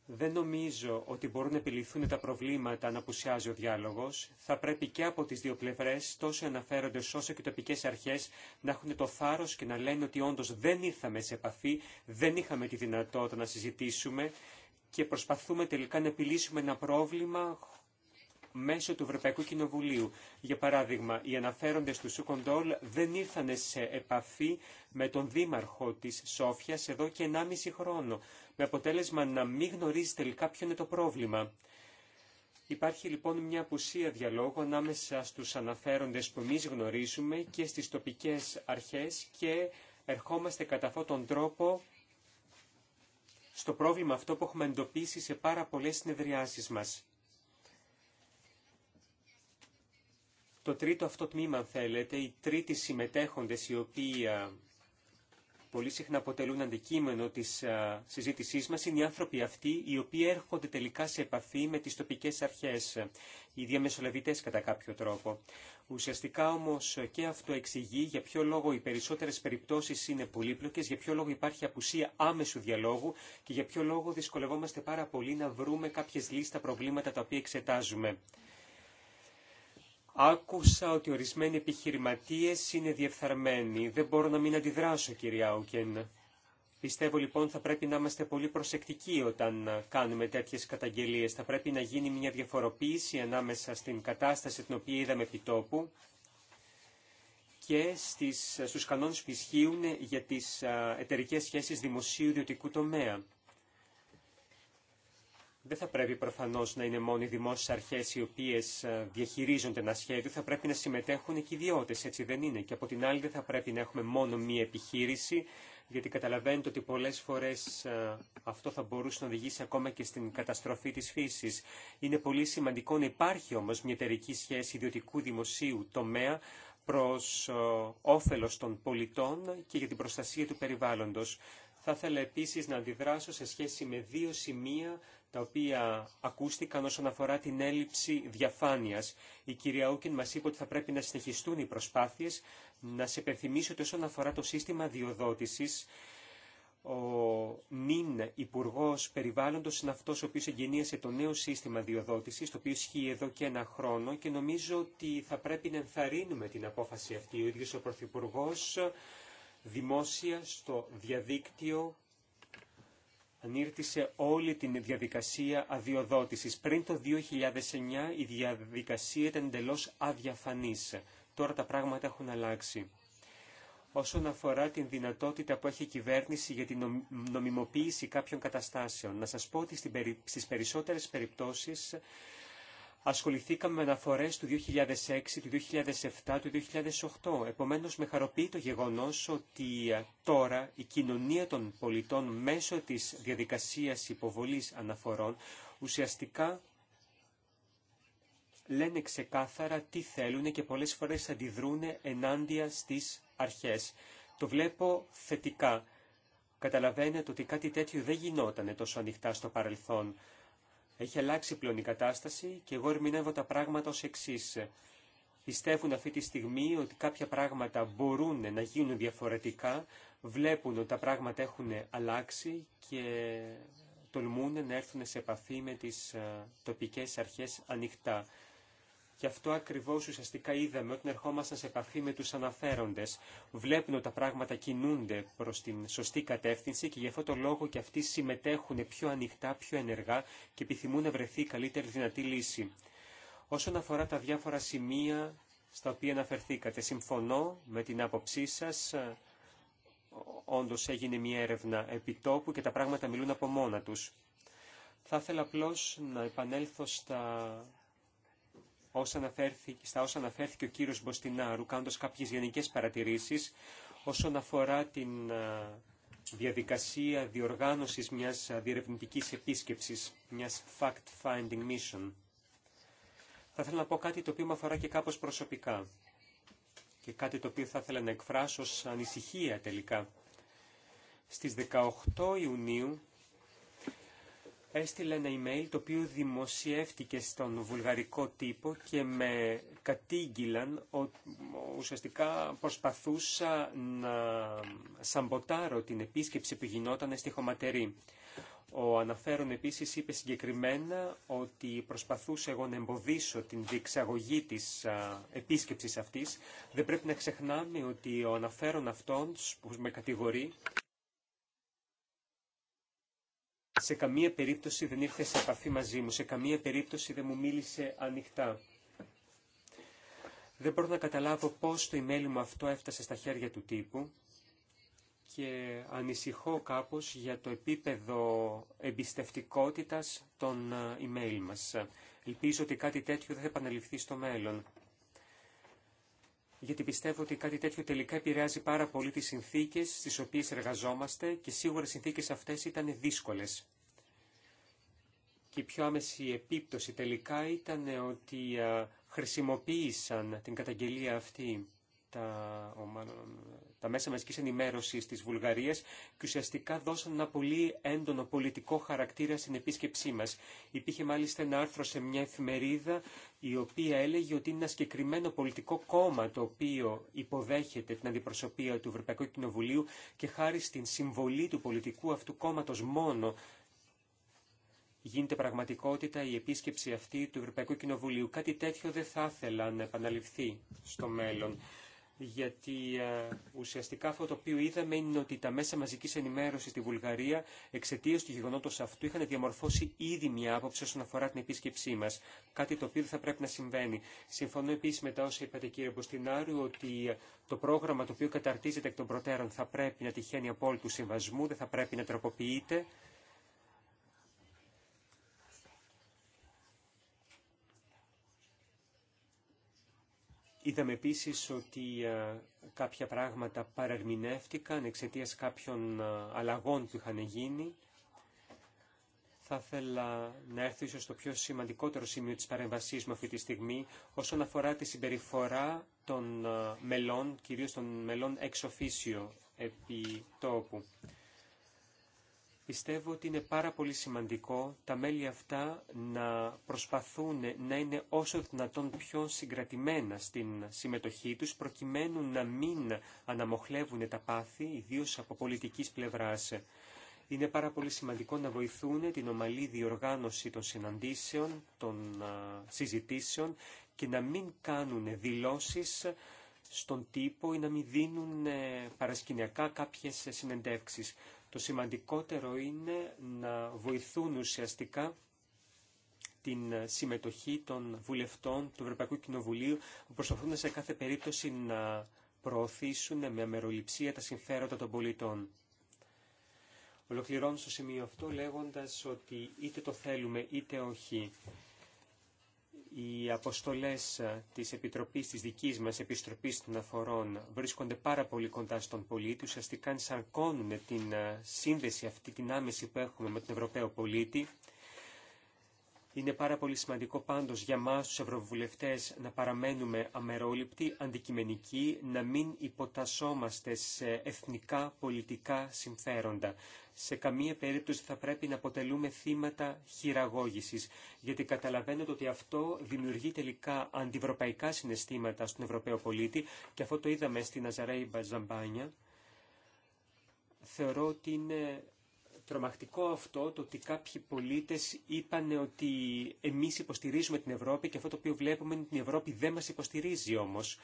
Δεν νομίζω ότι μπορούν να επιληθούν τα προβλήματα αν απουσιάζει ο διάλογο. Θα πρέπει και από τι δύο πλευρέ, τόσο αναφέροντε όσο και τοπικέ αρχέ, να έχουν το θάρρο και να λένε ότι όντω δεν ήρθαμε σε επαφή, δεν είχαμε τη δυνατότητα να συζητήσουμε και προσπαθούμε τελικά να επιλύσουμε ένα πρόβλημα μέσω του Ευρωπαϊκού Κοινοβουλίου. Για παράδειγμα, οι αναφέροντες του Σουκοντόλ δεν ήρθαν σε επαφή με τον δήμαρχο της Σόφιας εδώ και 1,5 χρόνο, με αποτέλεσμα να μην γνωρίζει τελικά ποιο είναι το πρόβλημα. Υπάρχει λοιπόν μια απουσία διαλόγου ανάμεσα στους αναφέροντες που εμεί γνωρίζουμε και στις τοπικές αρχές και ερχόμαστε κατά αυτόν τον τρόπο στο πρόβλημα αυτό που έχουμε εντοπίσει σε πάρα πολλές συνεδριάσεις μας. το τρίτο αυτό τμήμα, αν θέλετε, οι τρίτοι συμμετέχοντες οι οποίοι πολύ συχνά αποτελούν αντικείμενο της α, συζήτησής μας είναι οι άνθρωποι αυτοί οι οποίοι έρχονται τελικά σε επαφή με τις τοπικές αρχές, οι διαμεσολαβητές κατά κάποιο τρόπο. Ουσιαστικά όμως και αυτό εξηγεί για ποιο λόγο οι περισσότερες περιπτώσεις είναι πολύπλοκες, για ποιο λόγο υπάρχει απουσία άμεσου διαλόγου και για ποιο λόγο δυσκολευόμαστε πάρα πολύ να βρούμε κάποιες λίστα στα προβλήματα τα οποία εξετάζουμε. Άκουσα ότι ορισμένοι επιχειρηματίες είναι διεφθαρμένοι. Δεν μπορώ να μην αντιδράσω, κυρία Άουκεν. Πιστεύω λοιπόν θα πρέπει να είμαστε πολύ προσεκτικοί όταν κάνουμε τέτοιες καταγγελίες. Θα πρέπει να γίνει μια διαφοροποίηση ανάμεσα στην κατάσταση την οποία είδαμε επιτόπου και στις, στους κανόνες που ισχύουν για τις εταιρικέ σχέσεις δημοσίου-ιδιωτικού τομέα δεν θα πρέπει προφανώς να είναι μόνο οι δημόσιες αρχές οι οποίες ε, διαχειρίζονται ένα σχέδιο, θα πρέπει να συμμετέχουν και οι ιδιώτες, έτσι δεν είναι. Και από την άλλη δεν θα πρέπει να έχουμε μόνο μία επιχείρηση, γιατί καταλαβαίνετε ότι πολλές φορές ε, αυτό θα μπορούσε να οδηγήσει ακόμα και στην καταστροφή της φύσης. Είναι πολύ σημαντικό να υπάρχει όμως μια εταιρική σχέση ιδιωτικού δημοσίου τομέα προς ε, όφελος των πολιτών και για την προστασία του περιβάλλοντος. Θα ήθελα επίσης να αντιδράσω σε σχέση με δύο σημεία τα οποία ακούστηκαν όσον αφορά την έλλειψη διαφάνειας. Η κυρία Ούκεν μας είπε ότι θα πρέπει να συνεχιστούν οι προσπάθειες, να σε υπενθυμίσω ότι όσον αφορά το σύστημα διοδότησης, ο νυν υπουργό περιβάλλοντο είναι αυτό ο οποίο εγγενίασε το νέο σύστημα διοδότηση, το οποίο ισχύει εδώ και ένα χρόνο και νομίζω ότι θα πρέπει να ενθαρρύνουμε την απόφαση αυτή. Ο ίδιο ο Πρωθυπουργό δημόσια στο διαδίκτυο ανήρτησε όλη την διαδικασία αδειοδότησης. Πριν το 2009 η διαδικασία ήταν εντελώ αδιαφανής. Τώρα τα πράγματα έχουν αλλάξει. Όσον αφορά την δυνατότητα που έχει η κυβέρνηση για την νομιμοποίηση κάποιων καταστάσεων, να σας πω ότι στις περισσότερες περιπτώσεις ασχοληθήκαμε με αναφορές του 2006, του 2007, του 2008. Επομένω, με χαροποιεί το γεγονός ότι ε, τώρα η κοινωνία των πολιτών μέσω της διαδικασίας υποβολής αναφορών ουσιαστικά λένε ξεκάθαρα τι θέλουν και πολλές φορές αντιδρούν ενάντια στις αρχές. Το βλέπω θετικά. Καταλαβαίνετε ότι κάτι τέτοιο δεν γινόταν τόσο ανοιχτά στο παρελθόν. Έχει αλλάξει πλέον η κατάσταση και εγώ ερμηνεύω τα πράγματα ως εξή. Πιστεύουν αυτή τη στιγμή ότι κάποια πράγματα μπορούν να γίνουν διαφορετικά, βλέπουν ότι τα πράγματα έχουν αλλάξει και τολμούν να έρθουν σε επαφή με τις ε, τοπικές αρχές ανοιχτά. Και αυτό ακριβώ ουσιαστικά είδαμε όταν ερχόμασταν σε επαφή με του αναφέροντε. Βλέπουν ότι τα πράγματα κινούνται προ την σωστή κατεύθυνση και γι' αυτό το λόγο και αυτοί συμμετέχουν πιο ανοιχτά, πιο ενεργά και επιθυμούν να βρεθεί η καλύτερη δυνατή λύση. Όσον αφορά τα διάφορα σημεία στα οποία αναφερθήκατε, συμφωνώ με την άποψή σα. Όντω έγινε μια έρευνα επιτόπου και τα πράγματα μιλούν από μόνα του. Θα ήθελα απλώ να επανέλθω στα όσα αναφέρθηκε, στα όσα αναφέρθηκε ο κύριος Μποστινάρου, κάνοντας κάποιες γενικές παρατηρήσεις όσον αφορά την διαδικασία διοργάνωσης μιας διερευνητικής επίσκεψης, μιας fact-finding mission. Θα ήθελα να πω κάτι το οποίο με αφορά και κάπως προσωπικά και κάτι το οποίο θα ήθελα να εκφράσω σαν ανησυχία τελικά. Στις 18 Ιουνίου έστειλε ένα email το οποίο δημοσιεύτηκε στον βουλγαρικό τύπο και με κατήγγυλαν ότι ουσιαστικά προσπαθούσα να σαμποτάρω την επίσκεψη που γινόταν στη Χωματερή. Ο αναφέρον επίσης είπε συγκεκριμένα ότι προσπαθούσα εγώ να εμποδίσω την διεξαγωγή της α, επίσκεψης αυτής. Δεν πρέπει να ξεχνάμε ότι ο αναφέρον αυτόν που με κατηγορεί σε καμία περίπτωση δεν ήρθε σε επαφή μαζί μου, σε καμία περίπτωση δεν μου μίλησε ανοιχτά. Δεν μπορώ να καταλάβω πώς το email μου αυτό έφτασε στα χέρια του τύπου και ανησυχώ κάπως για το επίπεδο εμπιστευτικότητας των ε, email μας. Ελπίζω ότι κάτι τέτοιο δεν θα επαναληφθεί στο μέλλον. Γιατί πιστεύω ότι κάτι τέτοιο τελικά επηρεάζει πάρα πολύ τις συνθήκες στις οποίες εργαζόμαστε και σίγουρα οι συνθήκες αυτές ήταν δύσκολες και η πιο άμεση επίπτωση τελικά ήταν ότι ε, χρησιμοποίησαν την καταγγελία αυτή τα, ο, μάλλον, τα μέσα μαζικής ενημέρωσης της Βουλγαρίας και ουσιαστικά δώσαν ένα πολύ έντονο πολιτικό χαρακτήρα στην επίσκεψή μας. Υπήρχε μάλιστα ένα άρθρο σε μια εφημερίδα η οποία έλεγε ότι είναι ένα συγκεκριμένο πολιτικό κόμμα το οποίο υποδέχεται την αντιπροσωπεία του Ευρωπαϊκού Κοινοβουλίου και χάρη στην συμβολή του πολιτικού αυτού κόμματος μόνο γίνεται πραγματικότητα η επίσκεψη αυτή του Ευρωπαϊκού Κοινοβουλίου. Κάτι τέτοιο δεν θα ήθελα να επαναληφθεί στο μέλλον. Γιατί α, ε, ουσιαστικά αυτό το οποίο είδαμε είναι ότι τα μέσα μαζική ενημέρωση στη Βουλγαρία εξαιτία του γεγονότο αυτού είχαν διαμορφώσει ήδη μια άποψη όσον αφορά την επίσκεψή μα. Κάτι το οποίο θα πρέπει να συμβαίνει. Συμφωνώ επίση με τα όσα είπατε κύριε Μποστινάρου ότι ε, το πρόγραμμα το οποίο καταρτίζεται εκ των προτέρων θα πρέπει να τυχαίνει απόλυτου συμβασμού, δεν θα πρέπει να τροποποιείται Είδαμε επίσης ότι ε, κάποια πράγματα παρερμηνεύτηκαν εξαιτίας κάποιων ε, αλλαγών που είχαν γίνει. Θα ήθελα να έρθω ίσως στο πιο σημαντικότερο σημείο της παρεμβασής μου αυτή τη στιγμή όσον αφορά τη συμπεριφορά των ε, μελών, κυρίως των μελών εξοφίσιο επί τόπου. Πιστεύω ότι είναι πάρα πολύ σημαντικό τα μέλη αυτά να προσπαθούν να είναι όσο δυνατόν πιο συγκρατημένα στην συμμετοχή τους, προκειμένου να μην αναμοχλεύουν τα πάθη, ιδίως από πολιτικής πλευράς. Είναι πάρα πολύ σημαντικό να βοηθούν την ομαλή διοργάνωση των συναντήσεων, των συζητήσεων και να μην κάνουν δηλώσεις στον τύπο ή να μην δίνουν ε, παρασκηνιακά κάποιες συνεντεύξεις. Το σημαντικότερο είναι να βοηθούν ουσιαστικά την συμμετοχή των βουλευτών του Ευρωπαϊκού Κοινοβουλίου που προσπαθούν σε κάθε περίπτωση να προωθήσουν με αμεροληψία τα συμφέροντα των πολιτών. Ολοκληρώνω στο σημείο αυτό λέγοντας ότι είτε το θέλουμε είτε όχι οι αποστολές ε, της Επιτροπής, της δικής μας Επιστροπής των Αφορών βρίσκονται πάρα πολύ κοντά στον πολίτη, ουσιαστικά ενσαρκώνουν την ε, σύνδεση αυτή, την άμεση που έχουμε με τον Ευρωπαίο πολίτη. Είναι πάρα πολύ σημαντικό πάντως για μας τους Ευρωβουλευτές να παραμένουμε αμερόληπτοι, αντικειμενικοί, να μην υποτασσόμαστε σε εθνικά πολιτικά συμφέροντα σε καμία περίπτωση θα πρέπει να αποτελούμε θύματα χειραγώγησης, γιατί καταλαβαίνετε ότι αυτό δημιουργεί τελικά αντιευρωπαϊκά συναισθήματα στον Ευρωπαίο πολίτη και αυτό το είδαμε στην ναζαρεη Μπαζαμπάνια. Θεωρώ ότι είναι τρομακτικό αυτό το ότι κάποιοι πολίτες είπαν ότι εμείς υποστηρίζουμε την Ευρώπη και αυτό το οποίο βλέπουμε είναι ότι η Ευρώπη δεν μας υποστηρίζει όμως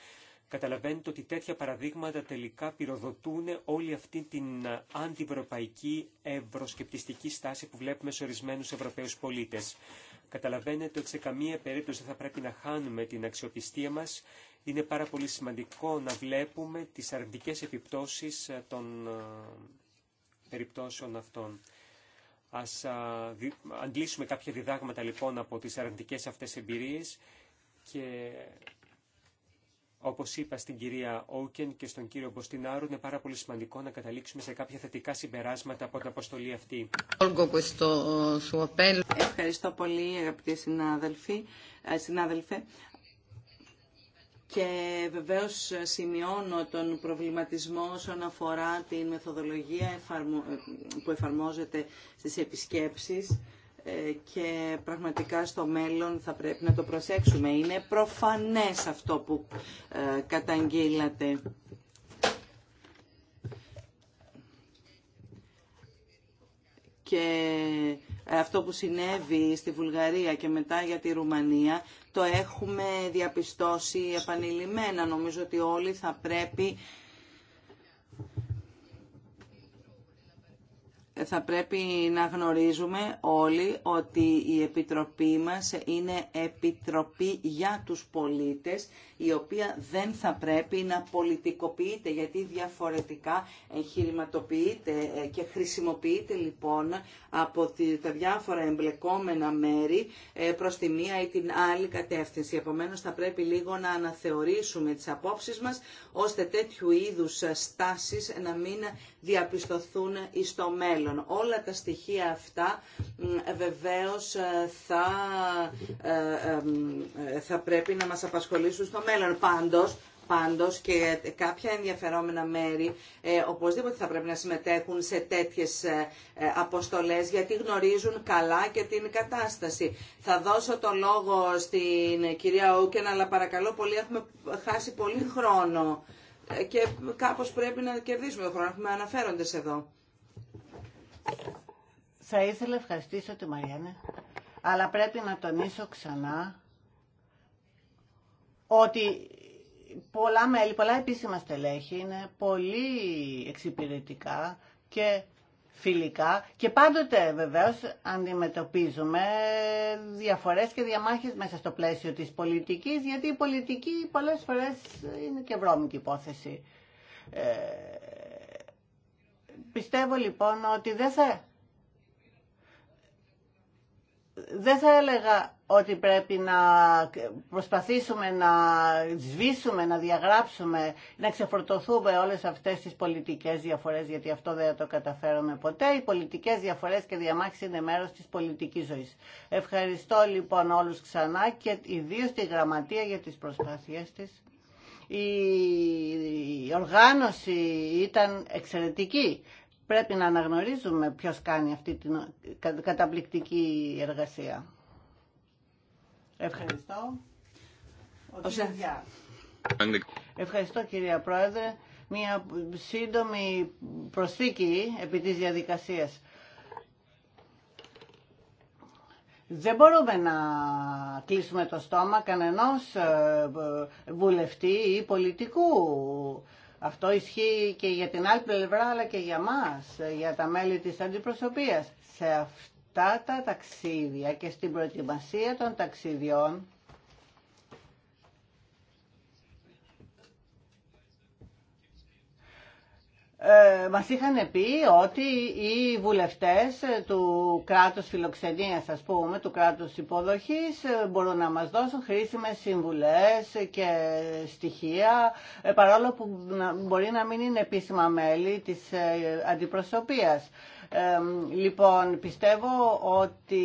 καταλαβαίνετε ότι τέτοια παραδείγματα τελικά πυροδοτούν όλη αυτή την ε, αντιευρωπαϊκή ευρωσκεπτιστική στάση που βλέπουμε σε ορισμένου Ευρωπαίους πολίτες. Καταλαβαίνετε ότι σε καμία περίπτωση δεν θα πρέπει να χάνουμε την αξιοπιστία μας. Είναι πάρα πολύ σημαντικό να βλέπουμε τις αρνητικές επιπτώσει ε, των ε, περιπτώσεων αυτών. Ας αντλήσουμε κάποια διδάγματα λοιπόν από τις αρνητικές αυτές εμπειρίες και Όπω είπα στην κυρία Όκεν και στον κύριο Μποστινάρου, είναι πάρα πολύ σημαντικό να καταλήξουμε σε κάποια θετικά συμπεράσματα από την αποστολή αυτή. Ευχαριστώ πολύ, αγαπητοί συνάδελφοι. Ε, συνάδελφε. Και βεβαίως σημειώνω τον προβληματισμό όσον αφορά την μεθοδολογία ε, που εφαρμόζεται στις επισκέψεις ε, και πραγματικά στο μέλλον θα πρέπει να το προσέξουμε. Είναι προφανές αυτό που ε, καταγγείλατε. Και ε, αυτό που συνέβη στη Βουλγαρία και μετά για τη Ρουμανία το έχουμε διαπιστώσει επανειλημμένα. Νομίζω ότι όλοι θα πρέπει θα πρέπει να γνωρίζουμε όλοι ότι η Επιτροπή μας είναι Επιτροπή για τους πολίτες, η οποία δεν θα πρέπει να πολιτικοποιείται, γιατί διαφορετικά εγχειρηματοποιείται ε, και χρησιμοποιείται λοιπόν από τα διάφορα εμπλεκόμενα μέρη ε, προς τη μία ή την άλλη κατεύθυνση. Επομένως θα πρέπει λίγο να αναθεωρήσουμε τις απόψεις μας, ώστε τέτοιου είδους στάσεις να μην διαπιστωθούν στο μέλλον. Όλα τα στοιχεία αυτά ε, βεβαίως ε, θα, ε, θα πρέπει να μας απασχολήσουν στο μέλλον. Πάντως, και κάποια ενδιαφερόμενα μέρη οπωσδήποτε θα πρέπει να συμμετέχουν σε τέτοιες αποστολές γιατί γνωρίζουν καλά και την κατάσταση. Θα δώσω το λόγο στην κυρία Ούκεν αλλά παρακαλώ πολύ έχουμε χάσει πολύ χρόνο και κάπως πρέπει να κερδίσουμε τον χρόνο. Έχουμε αναφέροντες εδώ. Θα ήθελα ευχαριστήσω τη Μαριάννα, αλλά πρέπει να τονίσω ξανά ότι πολλά μέλη, πολλά επίσημα στελέχη είναι πολύ εξυπηρετικά και φιλικά και πάντοτε βεβαίως αντιμετωπίζουμε διαφορές και διαμάχες μέσα στο πλαίσιο της πολιτικής γιατί η πολιτική πολλές φορές είναι και βρώμικη υπόθεση. Ε, πιστεύω λοιπόν ότι δεν θα δεν θα έλεγα ότι πρέπει να προσπαθήσουμε να σβήσουμε, να διαγράψουμε, να ξεφορτωθούμε όλες αυτές τις πολιτικές διαφορές, γιατί αυτό δεν το καταφέρουμε ποτέ. Οι πολιτικές διαφορές και διαμάχες είναι μέρος της πολιτικής ζωής. Ευχαριστώ λοιπόν όλους ξανά και ιδίω τη Γραμματεία για τις προσπάθειές της. Η οργάνωση ήταν εξαιρετική πρέπει να αναγνωρίζουμε ποιος κάνει αυτή την καταπληκτική εργασία. Ευχαριστώ. Ο Ευχαριστώ κυρία Πρόεδρε. Μια σύντομη προσθήκη επί της διαδικασίας. Δεν μπορούμε να κλείσουμε το στόμα κανενός ε, βουλευτή ή πολιτικού αυτό ισχύει και για την άλλη πλευρά αλλά και για μας, για τα μέλη της αντιπροσωπείας. Σε αυτά τα ταξίδια και στην προετοιμασία των ταξιδιών ε, μας είχαν πει ότι οι βουλευτές του κράτους φιλοξενίας, ας πούμε, του κράτους υποδοχής, ε, μπορούν να μας δώσουν χρήσιμες συμβουλές και στοιχεία, ε, παρόλο που μπορεί να μην είναι επίσημα μέλη της ε, αντιπροσωπείας λοιπόν, πιστεύω ότι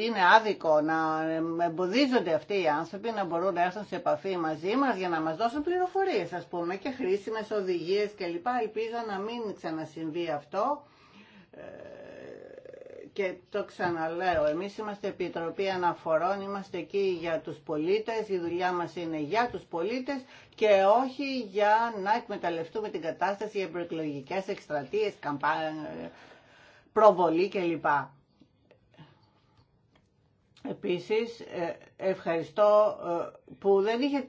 είναι άδικο να εμποδίζονται αυτοί οι άνθρωποι να μπορούν να έρθουν σε επαφή μαζί μας για να μας δώσουν πληροφορίες, ας πούμε, και χρήσιμες οδηγίες κλπ. Ελπίζω να μην ξανασυμβεί αυτό ε, και το ξαναλέω, εμείς είμαστε Επιτροπή Αναφορών, είμαστε εκεί για τους πολίτες, η δουλειά μας είναι για τους πολίτες και όχι για να εκμεταλλευτούμε την κατάσταση για προεκλογικές εκστρατείες, καμπάνια προβολή κλπ. Επίσης, ε, ευχαριστώ ε, που δεν είχε, ε,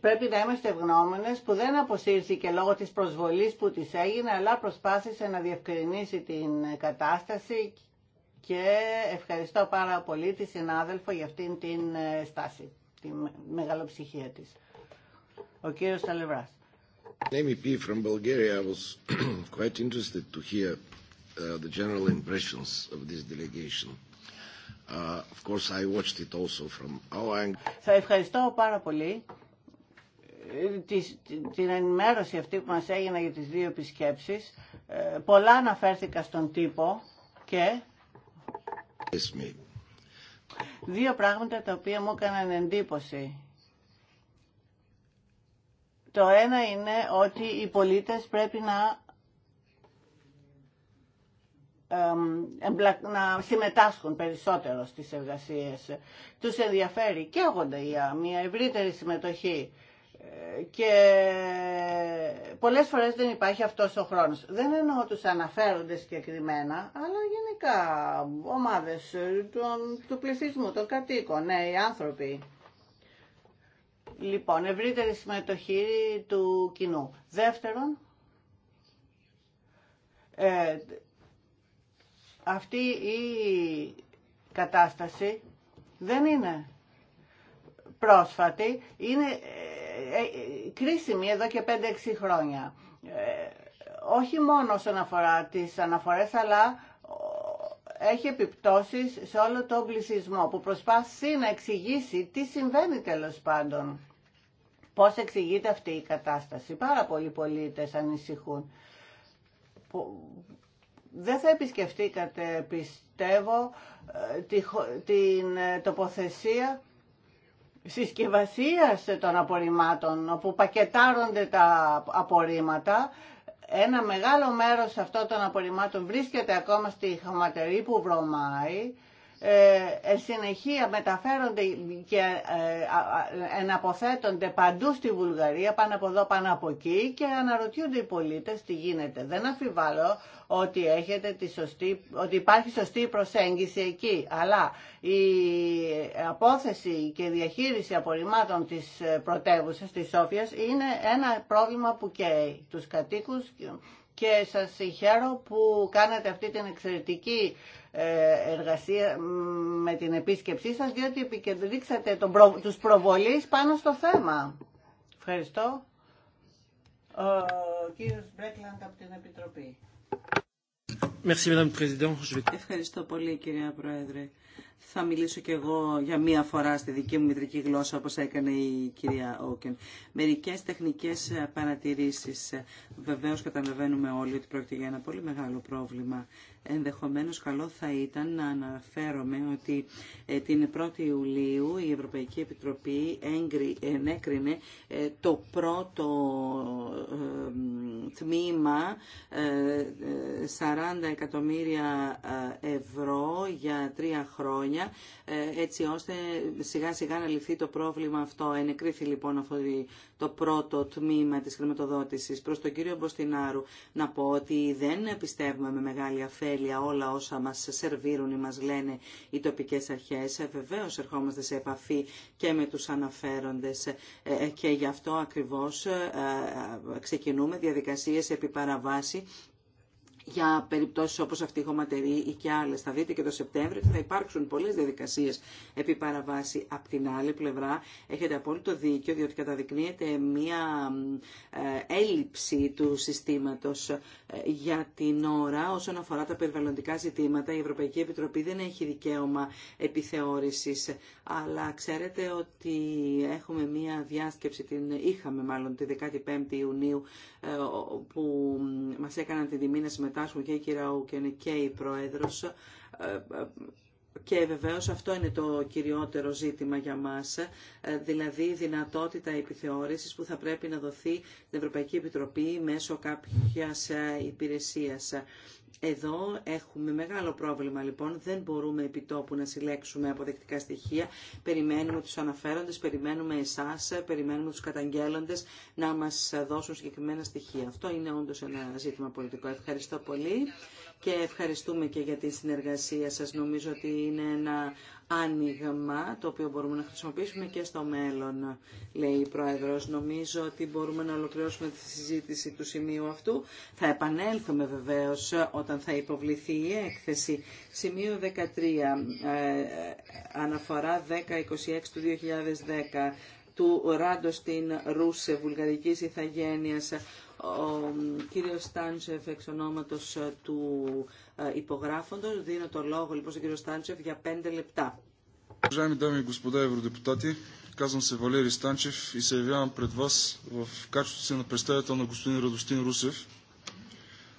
πρέπει να είμαστε ευγνώμενες που δεν αποσύρθηκε λόγω της προσβολής που της έγινε, αλλά προσπάθησε να διευκρινίσει την κατάσταση και ευχαριστώ πάρα πολύ τη συνάδελφο για αυτήν την στάση, τη μεγαλοψυχία της. Ο κύριος Ταλευράς. From Bulgaria, [CLEARS THROAT] Uh, the Θα uh, ευχαριστώ πάρα πολύ ε, την ενημέρωση αυτή που μας έγινε για τις δύο επισκέψεις. Ε, πολλά αναφέρθηκα στον τύπο και δύο πράγματα τα οποία μου έκαναν εντύπωση. Το ένα είναι ότι οι πολίτες πρέπει να να συμμετάσχουν περισσότερο στις εργασίες. Τους ενδιαφέρει και για μια ευρύτερη συμμετοχή ε, και πολλές φορές δεν υπάρχει αυτός ο χρόνος. Δεν εννοώ τους αναφέρονται συγκεκριμένα, αλλά γενικά ομάδες ε, των, του πληθυσμού, των κατοίκων, οι άνθρωποι. Λοιπόν, ευρύτερη συμμετοχή του κοινού. Δεύτερον, ε, αυτή η κατάσταση δεν είναι πρόσφατη, είναι ε, ε, ε, κρίσιμη εδώ και 5-6 χρόνια. όχι μόνο όσον αφορά τις αναφορές, αλλά έχει επιπτώσεις σε όλο τον πλησισμό, που προσπάθησε να εξηγήσει τι συμβαίνει τέλος πάντων. Πώς εξηγείται αυτή η κατάσταση. Πάρα πολλοί πολίτες ανησυχούν δεν θα επισκεφτήκατε, πιστεύω, ε, την ε, τοποθεσία συσκευασία των απορριμμάτων, όπου πακετάρονται τα απορρίμματα. Ένα μεγάλο μέρος αυτών των απορριμμάτων βρίσκεται ακόμα στη χωματερή που βρωμάει ε, ε, συνεχεία μεταφέρονται και ε, εναποθέτονται παντού στη Βουλγαρία, πάνω από εδώ, πάνω από εκεί και αναρωτιούνται οι πολίτες τι γίνεται. Δεν αφιβάλλω ότι, έχετε τη σωστή, ότι υπάρχει σωστή προσέγγιση εκεί, αλλά η απόθεση και διαχείριση απορριμμάτων της πρωτεύουσα της Σόφιας είναι ένα πρόβλημα που καίει τους κατοίκους και σας χαίρω που κάνετε αυτή την εξαιρετική ε, εργασία με την επίσκεψή σας, διότι επικεντρήξατε τον προ, τους προβολείς πάνω στο θέμα. Ευχαριστώ. Ο κύριος Μπρέκλαντ από την Επιτροπή. Ευχαριστώ πολύ κυρία Πρόεδρε. Θα μιλήσω κι εγώ για μία φορά στη δική μου μητρική γλώσσα όπως έκανε η κυρία Όκεν. Μερικές τεχνικές παρατηρήσεις. Βεβαίως καταλαβαίνουμε όλοι ότι πρόκειται για ένα πολύ μεγάλο πρόβλημα Ενδεχομένως καλό θα ήταν να αναφέρομαι ότι ε, την 1η Ιουλίου η Ευρωπαϊκή Επιτροπή ενέκρινε ε, το πρώτο ε, τμήμα 40 εκατομμύρια ευρώ για τρία χρόνια έτσι ώστε σιγά σιγά να λυθεί το πρόβλημα αυτό. Ενεκρίθη λοιπόν αυτό το πρώτο τμήμα της χρηματοδότησης. Προς τον κύριο Μποστινάρου να πω ότι δεν πιστεύουμε με μεγάλη αφέλεια όλα όσα μας σερβίρουν ή μας λένε οι τοπικές αρχές. Ε, βεβαίως ερχόμαστε σε επαφή και με τους αναφέροντες ε, ε, και γι' αυτό ακριβώς ξεκινούμε διαδικασίες επί για περιπτώσει όπω αυτή η χωματερή ή και άλλε. Θα δείτε και το Σεπτέμβριο ότι θα υπάρξουν πολλέ διαδικασίε επί παραβάση. Απ' την άλλη πλευρά έχετε απόλυτο δίκιο διότι καταδεικνύεται μία ε, έλλειψη του συστήματος ε, για την ώρα όσον αφορά τα περιβαλλοντικά ζητήματα. Η Ευρωπαϊκή Επιτροπή δεν έχει δικαίωμα επιθεώρηση, αλλά ξέρετε ότι έχουμε μία διάσκεψη, την είχαμε μάλλον τη 15η Ιουνίου ε, που μα έκαναν την τιμή να συμμετάσχουμε συμμετάσχουν και η κυρία Ούκεν και η Πρόεδρος ε, ε, και βεβαίως αυτό είναι το κυριότερο ζήτημα για μας, ε, δηλαδή η δυνατότητα επιθεώρησης που θα πρέπει να δοθεί στην Ευρωπαϊκή Επιτροπή μέσω κάποιας υπηρεσίας. Εδώ έχουμε μεγάλο πρόβλημα λοιπόν, δεν μπορούμε επιτόπου να συλλέξουμε αποδεκτικά στοιχεία. Περιμένουμε τους αναφέροντες, περιμένουμε εσάς, περιμένουμε τους καταγγέλλοντες να μας δώσουν συγκεκριμένα στοιχεία. Αυτό είναι όντως ένα ζήτημα πολιτικό. Ευχαριστώ πολύ και ευχαριστούμε και για τη συνεργασία σας. Νομίζω ότι είναι ένα άνοιγμα το οποίο μπορούμε να χρησιμοποιήσουμε και στο μέλλον, λέει η Πρόεδρος. Νομίζω ότι μπορούμε να ολοκληρώσουμε τη συζήτηση του σημείου αυτού. Θα επανέλθουμε βεβαίως όταν θα υποβληθεί η έκθεση. Σημείο 13, ε, αναφορά 1026 του 2010 του Ράντο στην Ρούσε, βουλγαρικής ηθαγένειας, ο κύριος Στάντσεφ εξ ονόματος του υπογράφοντος. Δίνω το λόγο λοιπόν στον κύριο Στάντσεφ για πέντε λεπτά. Уважаеми дами и господа евродепутати, казвам се Валери Станчев и се явявам пред вас в качеството си на представител на господин Радостин Русев,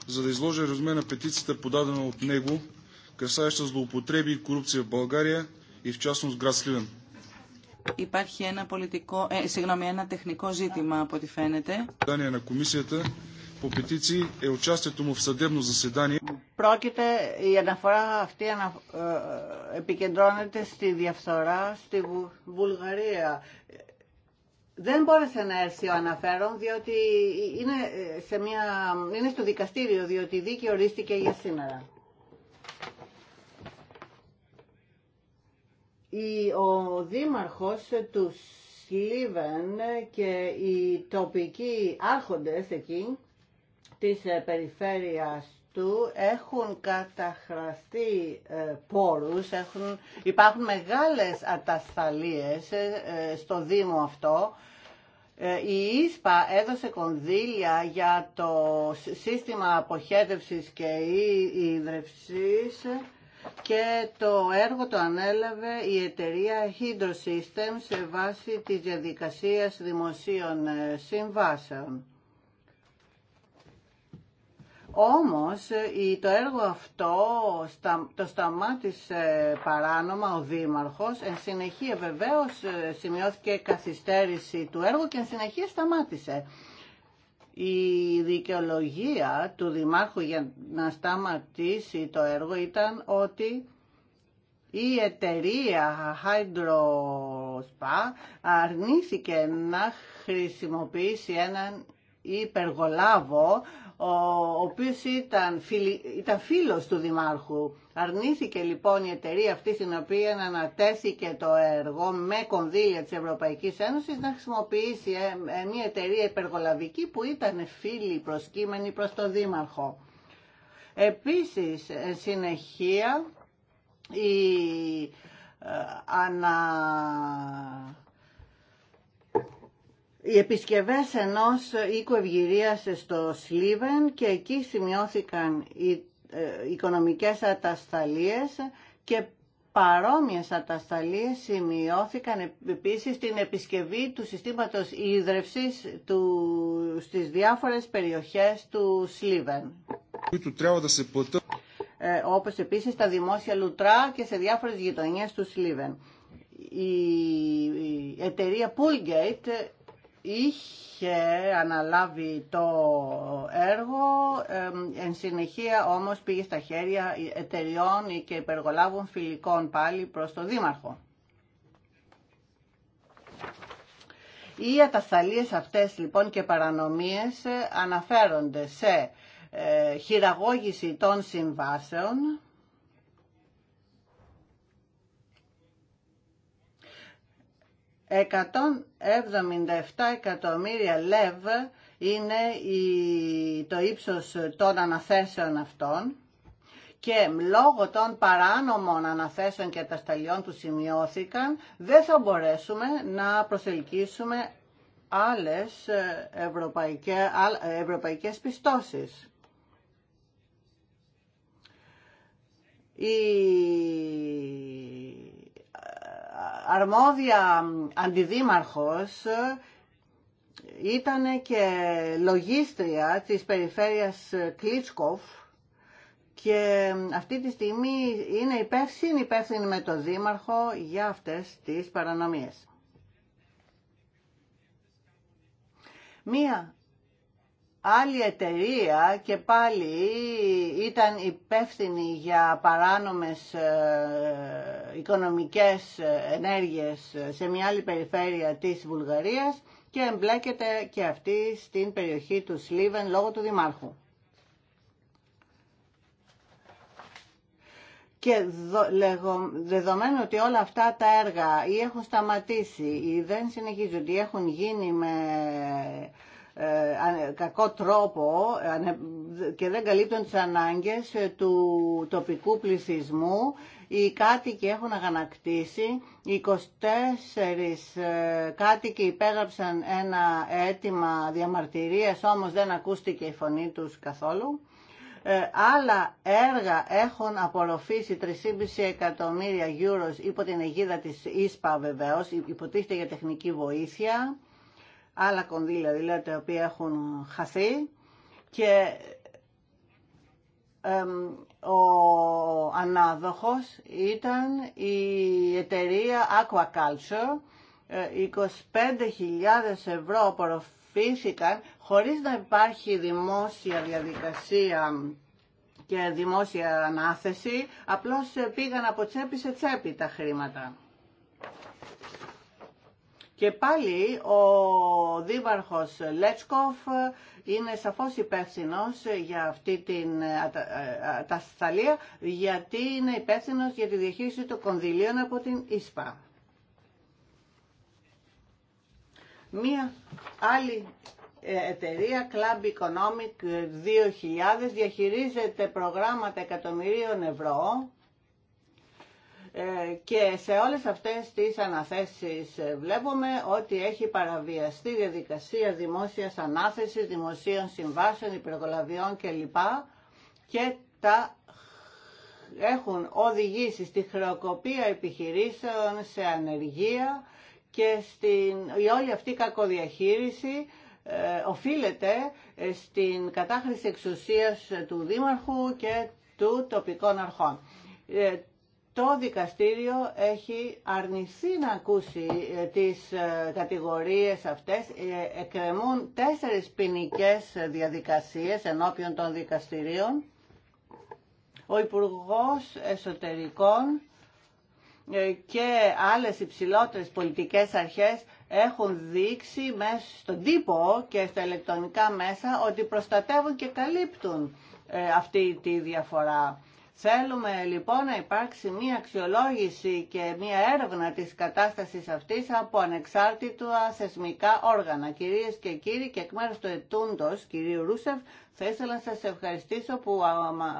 за да изложа резюме на петицията, подадена от него, касаеща злоупотреби и корупция в България и в частност град Сливен υπάρχει ένα, πολιτικό, ε, συγγνώμη, ένα τεχνικό ζήτημα από ό,τι φαίνεται. Ε, Πρόκειται, η αναφορά αυτή ε, επικεντρώνεται στη διαφθορά στη Βουλγαρία. Δεν μπόρεσε να έρθει ο αναφέρον διότι είναι, σε μια, είναι στο δικαστήριο διότι η δίκη ορίστηκε για σήμερα. ο δήμαρχος του Σλίβεν και οι τοπικοί άρχοντες εκεί της ε, περιφέρειας του έχουν καταχραστεί ε, πόρους, έχουν, υπάρχουν μεγάλες ατασταλίες ε, στο Δήμο αυτό. Η ΙΣΠΑ έδωσε κονδύλια για το σύστημα αποχέτευσης και ίδρυυσης και το έργο το ανέλαβε η εταιρεία Hydro Systems σε βάση της διαδικασίας δημοσίων ε, συμβάσεων. Όμως ε, το έργο αυτό το σταμάτησε παράνομα ο Δήμαρχος, εν συνεχεία βεβαίως ε, σημειώθηκε καθυστέρηση του έργου και εν συνεχεία σταμάτησε. Η δικαιολογία του Δημάρχου για να σταματήσει το έργο ήταν ότι η εταιρεία Hydro Spa αρνήθηκε να χρησιμοποιήσει έναν υπεργολάβο ο οποίος ήταν, φίλος του Δημάρχου. Αρνήθηκε λοιπόν η εταιρεία αυτή στην οποία ανατέθηκε το έργο με κονδύλια της Ευρωπαϊκής Ένωσης να χρησιμοποιήσει ε, ε, μια εταιρεία υπεργολαβική που ήταν φίλη προσκύμενη προς τον Δήμαρχο. Επίσης, ε, συνεχεία, η ανα οι επισκευές ενός οίκου ευγυρίας στο Σλίβεν και εκεί σημειώθηκαν οι ε, οικονομικές ατασταλίες και παρόμοιες ατασταλίες σημειώθηκαν επίσης στην επισκευή του συστήματος ίδρευσης του, στις διάφορες περιοχές του Σλίβεν. Ε, όπως επίσης τα δημόσια λουτρά και σε διάφορες γειτονιές του Σλίβεν. Η εταιρεία Poolgate είχε αναλάβει το έργο, εν συνεχεία όμως πήγε στα χέρια εταιριών και υπεργολάβων φιλικών πάλι προς το Δήμαρχο. Οι ατασταλίες αυτές λοιπόν και παρανομίες αναφέρονται σε ε, χειραγώγηση των συμβάσεων, 177 εκατομμύρια λεβ είναι η, το ύψος των αναθέσεων αυτών και λόγω των παράνομων αναθέσεων και ατασταλιών που σημειώθηκαν δεν θα μπορέσουμε να προσελκύσουμε άλλες ε, ευρωπαϊκές, ε, ευρωπαϊκές πιστώσεις αρμόδια αντιδήμαρχος ήταν και λογίστρια της περιφέρειας Κλίτσκοφ και αυτή τη στιγμή είναι υπεύθυνη, υπεύθυνη με τον Δήμαρχο για αυτές τις παρανομίες. Μία άλλη εταιρεία και πάλι ήταν υπεύθυνη για παράνομες ε, οικονομικές ενέργειες σε μια άλλη περιφέρεια της Βουλγαρίας και εμπλέκεται και αυτή στην περιοχή του Σλίβεν λόγω του Δημάρχου. Και δεδομένου ότι όλα αυτά τα έργα ή έχουν σταματήσει ή δεν συνεχίζονται ή έχουν γίνει με ε, κακό τρόπο και δεν καλύπτουν τις ανάγκες του τοπικού πληθυσμού. Οι κάτοικοι έχουν αγανακτήσει, 24 ε, κάτοικοι υπέγραψαν ένα αίτημα διαμαρτυρίας, όμως δεν ακούστηκε η φωνή τους καθόλου. Ε, άλλα έργα έχουν απορροφήσει 3,5 εκατομμύρια γιούρος υπό την αιγίδα της ΙΣΠΑ βεβαίως, υποτίθεται για τεχνική βοήθεια άλλα κονδύλια δηλαδή τα οποία έχουν χαθεί και ο ανάδοχος ήταν η εταιρεία Aquaculture 25.000 ε, ευρώ απορροφήθηκαν χωρίς να υπάρχει δημόσια διαδικασία και δημόσια ανάθεση, απλώς ε, πήγαν από τσέπη σε τσέπη τα χρήματα. Και πάλι ο δήμαρχος Λέτσκοφ είναι σαφώς υπεύθυνο για αυτή την ε, ατασταλία, ε, γιατί είναι υπεύθυνο για τη διαχείριση των κονδυλίων από την ΙΣΠΑ. Μία άλλη ε, εταιρεία Club Economic 2000 διαχειρίζεται προγράμματα εκατομμυρίων ευρώ ε, και σε όλες αυτές τις αναθέσεις ε, βλέπουμε ότι έχει παραβιαστεί διαδικασία δημόσιας ανάθεσης, δημοσίων συμβάσεων, υπεργολαβιών κλπ. Και τα έχουν οδηγήσει στη χρεοκοπία επιχειρήσεων, σε ανεργία και στην, η όλη αυτή κακοδιαχείριση ε, οφείλεται ε, στην κατάχρηση εξουσίας του Δήμαρχου και του τοπικών αρχών το δικαστήριο έχει αρνηθεί να ακούσει ε, τις ε, κατηγορίες αυτές. Ε, εκκρεμούν τέσσερις ποινικέ διαδικασίες ενώπιον των δικαστηρίων. Ο Υπουργός Εσωτερικών και άλλες υψηλότερες πολιτικές αρχές έχουν δείξει μέσα στον τύπο και στα ηλεκτρονικά μέσα ότι προστατεύουν και καλύπτουν αυτή τη διαφορά. Θέλουμε λοιπόν να υπάρξει μία αξιολόγηση και μία έρευνα της κατάστασης αυτής από ανεξάρτητα θεσμικά όργανα. Κυρίες και κύριοι και εκ μέρους του ετούντος κυρίου Ρούσεφ θα ήθελα να σας ευχαριστήσω που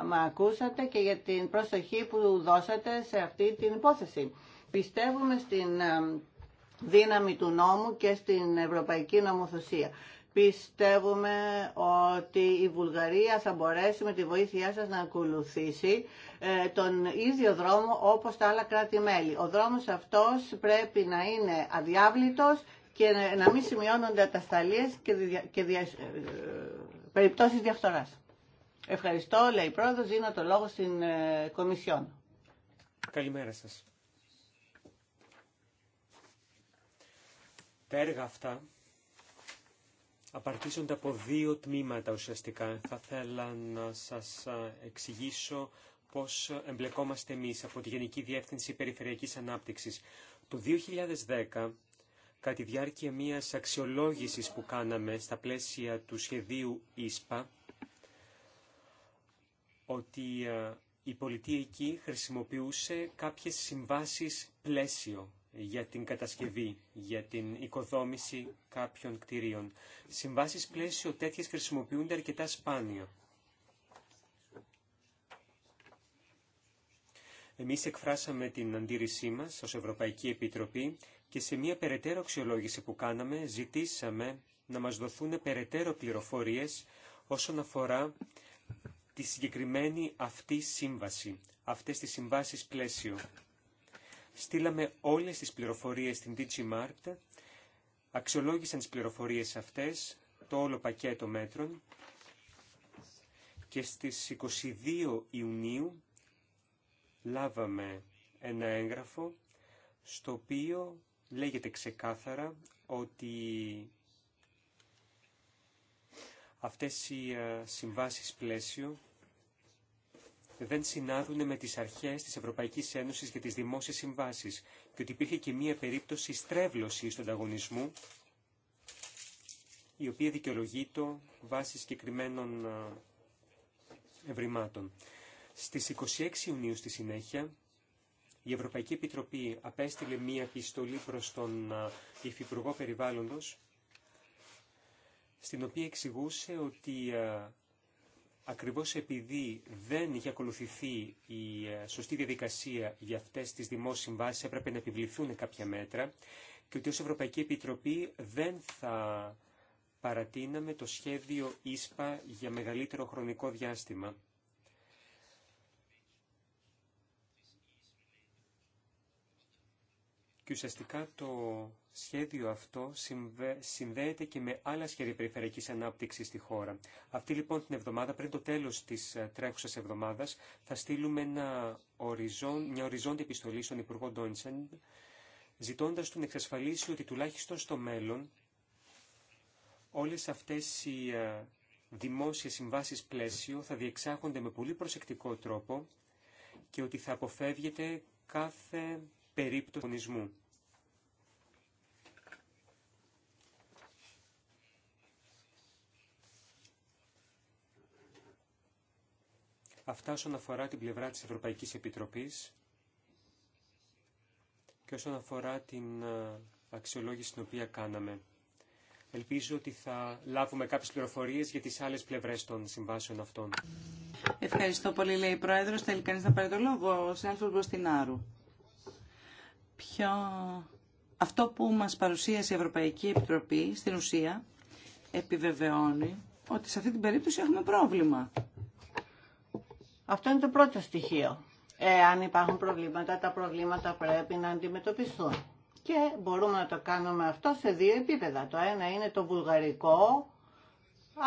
με ακούσατε και για την προσοχή που δώσατε σε αυτή την υπόθεση. Πιστεύουμε στην ε, δύναμη του νόμου και στην ευρωπαϊκή νομοθεσία. Πιστεύουμε ότι η Βουλγαρία θα μπορέσει με τη βοήθειά σας να ακολουθήσει ε, τον ίδιο δρόμο όπως τα άλλα κράτη-μέλη. Ο δρόμος αυτός πρέπει να είναι αδιάβλητος και να μην σημειώνονται ατασταλίες και, δια... και δια... Ε, περιπτώσεις διαφθοράς. Ευχαριστώ, λέει η πρόεδρος, δίνω το λόγο στην ε, Κομισιόν. Καλημέρα σας. Τα έργα αυτά απαρτίζονται από δύο τμήματα ουσιαστικά. Θα ήθελα να σας εξηγήσω πώς εμπλεκόμαστε εμείς από τη Γενική Διεύθυνση Περιφερειακής Ανάπτυξης. Το 2010, κατά τη διάρκεια μιας αξιολόγησης που κάναμε στα πλαίσια του σχεδίου ΙΣΠΑ, ότι η πολιτεία εκεί χρησιμοποιούσε κάποιες συμβάσεις πλαίσιο για την κατασκευή, για την οικοδόμηση κάποιων κτηρίων. Συμβάσεις πλαίσιο τέτοιες χρησιμοποιούνται αρκετά σπάνια. Εμείς εκφράσαμε την αντίρρησή μας ως Ευρωπαϊκή Επιτροπή και σε μια περαιτέρω αξιολόγηση που κάναμε ζητήσαμε να μας δοθούν περαιτέρω πληροφορίες όσον αφορά τη συγκεκριμένη αυτή σύμβαση, αυτές τις συμβάσεις πλαίσιο. Στείλαμε όλες τις πληροφορίες στην DigiMart, αξιολόγησαν τις πληροφορίες αυτές, το όλο πακέτο μέτρων και στις 22 Ιουνίου λάβαμε ένα έγγραφο στο οποίο λέγεται ξεκάθαρα ότι αυτές οι ε, συμβάσεις πλαίσιο δεν συνάδουν με τις αρχές της Ευρωπαϊκής Ένωσης για τις δημόσιες συμβάσεις και ότι υπήρχε και μία περίπτωση στρέβλωσης του ανταγωνισμού η οποία δικαιολογείται βάσει συγκεκριμένων ευρημάτων. Στις 26 Ιουνίου στη συνέχεια η Ευρωπαϊκή Επιτροπή απέστειλε μία επιστολή προς τον Υφυπουργό Περιβάλλοντος στην οποία εξηγούσε ότι ακριβώς επειδή δεν είχε ακολουθηθεί η ε, σωστή διαδικασία για αυτές τις δημόσιες συμβάσεις, έπρεπε να επιβληθούν κάποια μέτρα και ότι ως Ευρωπαϊκή Επιτροπή δεν θα παρατείναμε το σχέδιο ΙΣΠΑ για μεγαλύτερο χρονικό διάστημα. και ουσιαστικά το σχέδιο αυτό συνδέεται και με άλλα σχέδια περιφερειακής ανάπτυξης στη χώρα. Αυτή λοιπόν την εβδομάδα, πριν το τέλος της ε, τρέχουσας εβδομάδας, θα στείλουμε ένα οριζόν, μια οριζόντια επιστολή στον Υπουργό Ντόνισεν, ζητώντας του να εξασφαλίσει ότι τουλάχιστον στο μέλλον όλες αυτές οι ε, δημόσιες συμβάσεις πλαίσιο θα διεξάγονται με πολύ προσεκτικό τρόπο και ότι θα αποφεύγεται κάθε περίπτωση αγωνισμού. Αυτά όσον αφορά την πλευρά της Ευρωπαϊκής Επιτροπής και όσον αφορά την αξιολόγηση την οποία κάναμε. Ελπίζω ότι θα λάβουμε κάποιες πληροφορίες για τις άλλες πλευρές των συμβάσεων αυτών. Ευχαριστώ πολύ, λέει η Πρόεδρος. Θέλει κανείς να πάρει το λόγο, ο πιο... Αυτό που μας παρουσίασε η Ευρωπαϊκή Επιτροπή στην ουσία επιβεβαιώνει ότι σε αυτή την περίπτωση έχουμε πρόβλημα. Αυτό είναι το πρώτο στοιχείο. Εάν υπάρχουν προβλήματα, τα προβλήματα πρέπει να αντιμετωπιστούν. Και μπορούμε να το κάνουμε αυτό σε δύο επίπεδα. Το ένα είναι το βουλγαρικό,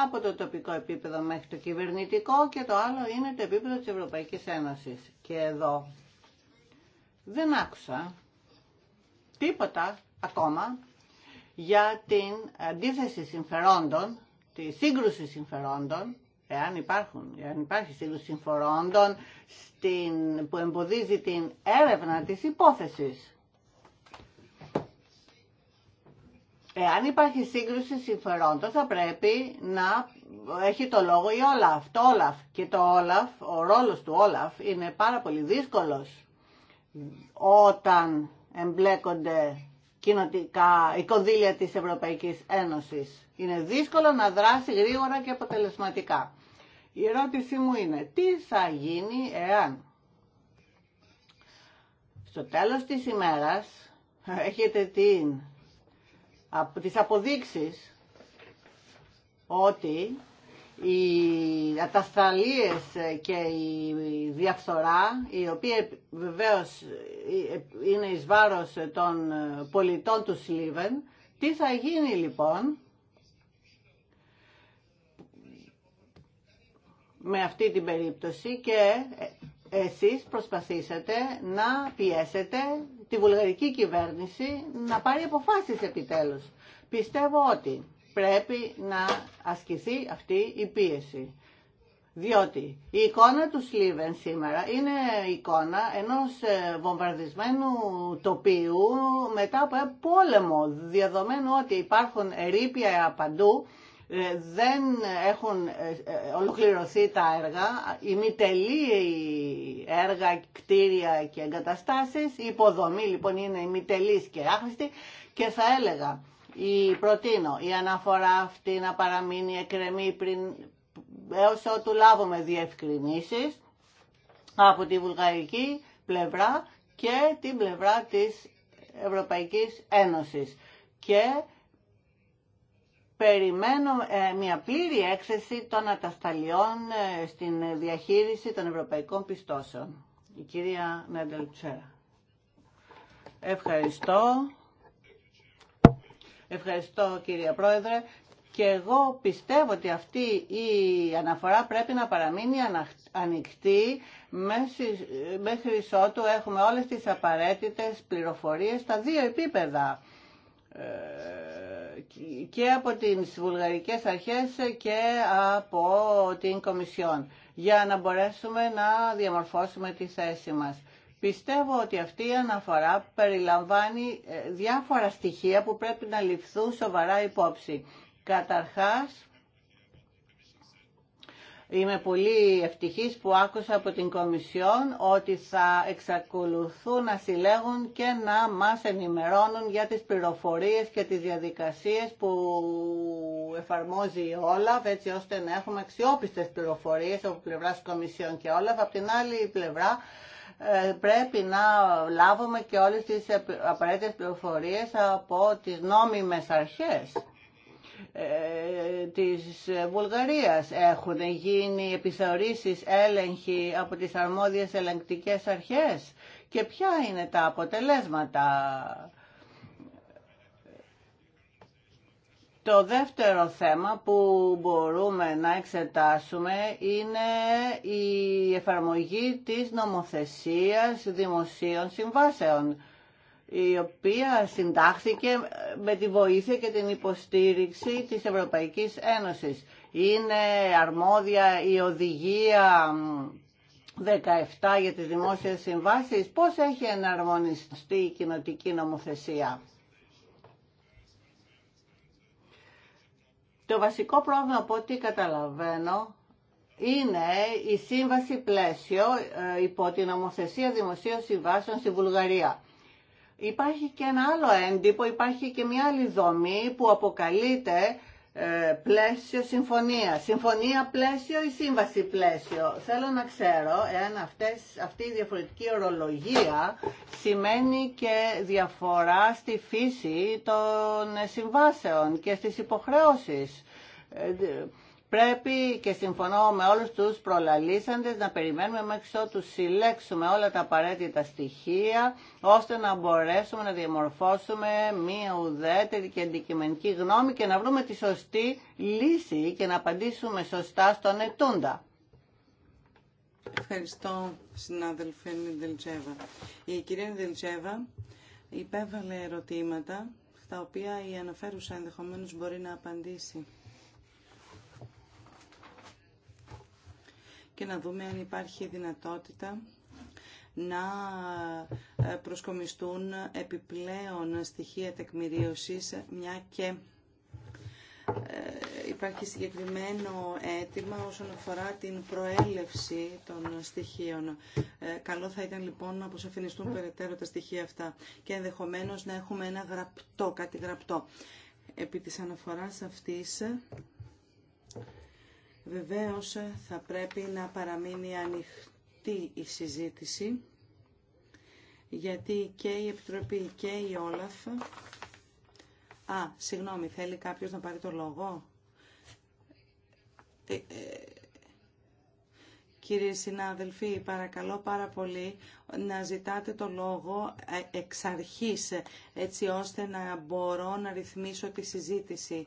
από το τοπικό επίπεδο μέχρι το κυβερνητικό και το άλλο είναι το επίπεδο της Ευρωπαϊκής Ένωσης. Και εδώ δεν άκουσα τίποτα ακόμα για την αντίθεση συμφερόντων, τη σύγκρουση συμφερόντων, εάν, υπάρχουν, εάν υπάρχει σύγκρουση συμφερόντων στην, που εμποδίζει την έρευνα της υπόθεσης. Εάν υπάρχει σύγκρουση συμφερόντων θα πρέπει να έχει το λόγο η Όλαφ, το Όλαφ. Και το Όλαφ, ο ρόλος του Όλαφ είναι πάρα πολύ δύσκολος όταν εμπλέκονται κοινοτικά, η κονδύλια της Ευρωπαϊκής Ένωσης. Είναι δύσκολο να δράσει γρήγορα και αποτελεσματικά. Η ερώτησή μου είναι, τι θα γίνει εάν στο τέλος της ημέρας [LAUGHS] έχετε την, τις αποδείξεις ότι οι ατασταλίες και η διαφθορά, η οποία βεβαίως είναι εις βάρος των πολιτών του Σλίβεν, τι θα γίνει λοιπόν με αυτή την περίπτωση και εσείς προσπαθήσετε να πιέσετε τη βουλγαρική κυβέρνηση να πάρει αποφάσεις επιτέλους. Πιστεύω ότι πρέπει να ασκηθεί αυτή η πίεση. Διότι η εικόνα του Σλίβεν σήμερα είναι εικόνα ενός ε, βομβαρδισμένου τοπίου μετά από πόλεμο, διαδομένου ότι υπάρχουν ερήπια παντού, ε, δεν έχουν ε, ολοκληρωθεί τα έργα, ημιτελή έργα, κτίρια και εγκαταστάσεις, η υποδομή λοιπόν είναι ημιτελής και άχρηστη και θα έλεγα η, προτείνω η αναφορά αυτή να παραμείνει εκρεμή πριν, έως ότου λάβουμε διευκρινήσεις από τη βουλγαρική πλευρά και την πλευρά της Ευρωπαϊκής Ένωσης. Και περιμένω ε, μια πλήρη έκθεση των ατασταλιών ε, στην διαχείριση των ευρωπαϊκών πιστώσεων. Η κυρία Τσέρα. Ευχαριστώ. Ευχαριστώ κύριε Πρόεδρε. Και εγώ πιστεύω ότι αυτή η αναφορά πρέπει να παραμείνει ανοιχτή μέχρι ότου έχουμε όλες τις απαραίτητες πληροφορίες στα δύο επίπεδα ε, και από τις βουλγαρικές αρχές και από την Κομισιόν για να μπορέσουμε να διαμορφώσουμε τη θέση μας. Πιστεύω ότι αυτή η αναφορά περιλαμβάνει ε, διάφορα στοιχεία που πρέπει να ληφθούν σοβαρά υπόψη. Καταρχάς, Είμαι πολύ ευτυχής που άκουσα από την Κομισιόν ότι θα εξακολουθούν να συλλέγουν και να μας ενημερώνουν για τις πληροφορίες και τις διαδικασίες που εφαρμόζει η Όλαβ έτσι ώστε να έχουμε αξιόπιστες πληροφορίες από πλευράς Κομισιόν και Όλαβ. Από την άλλη πλευρά ε, πρέπει να λάβουμε και όλες τις απαραίτητες πληροφορίες από τις νόμιμες αρχές ε, της Βουλγαρίας έχουν γίνει επιθεωρήσεις έλεγχοι από τις αρμόδιες ελεγκτικές αρχές και ποια είναι τα αποτελέσματα Το δεύτερο θέμα που μπορούμε να εξετάσουμε είναι η εφαρμογή της νομοθεσίας δημοσίων συμβάσεων, η οποία συντάχθηκε με τη βοήθεια και την υποστήριξη της Ευρωπαϊκής Ένωσης. Είναι αρμόδια η οδηγία 17 για τις δημόσιες συμβάσεις. Πώς έχει εναρμονιστεί η κοινοτική νομοθεσία. Το βασικό πρόβλημα από ό,τι καταλαβαίνω είναι η σύμβαση πλαίσιο ε, υπό την ομοθεσία δημοσίων συμβάσεων στη Βουλγαρία. Υπάρχει και ένα άλλο έντυπο, υπάρχει και μια άλλη δομή που αποκαλείται ε, πλαίσιο συμφωνία. Συμφωνία πλαίσιο ή σύμβαση πλαίσιο. Θέλω να ξέρω εάν αυτές, αυτή η διαφορετική ορολογία σημαίνει και διαφορά στη φύση των συμβάσεων και στις υποχρέωσεις. Ε, Πρέπει και συμφωνώ με όλους τους προλαλήσαντες να περιμένουμε μέχρι ότου συλλέξουμε όλα τα απαραίτητα στοιχεία ώστε να μπορέσουμε να διαμορφώσουμε μία ουδέτερη και αντικειμενική γνώμη και να βρούμε τη σωστή λύση και να απαντήσουμε σωστά στον ετούντα. Ευχαριστώ συνάδελφε Νιντελτζέβα. Η κυρία Νιντελτζέβα υπέβαλε ερωτήματα τα οποία η αναφέρουσα ενδεχομένως μπορεί να απαντήσει. και να δούμε αν υπάρχει δυνατότητα να ε, προσκομιστούν επιπλέον στοιχεία τεκμηρίωσης, μια και ε, υπάρχει συγκεκριμένο αίτημα όσον αφορά την προέλευση των στοιχείων. Ε, καλό θα ήταν λοιπόν να αποσαφινιστούν περαιτέρω τα στοιχεία αυτά και ενδεχομένως να έχουμε ένα γραπτό, κάτι γραπτό. Επί της αναφοράς αυτής Βεβαίως ε, θα πρέπει να παραμείνει ανοιχτή η συζήτηση γιατί και η Επιτροπή και η Όλαφ... Α, συγγνώμη, θέλει κάποιος να πάρει το λόγο. Ε, ε, κύριοι συνάδελφοι, παρακαλώ πάρα πολύ να ζητάτε το λόγο ε, εξ αρχής, ε, έτσι ώστε να μπορώ να ρυθμίσω τη συζήτηση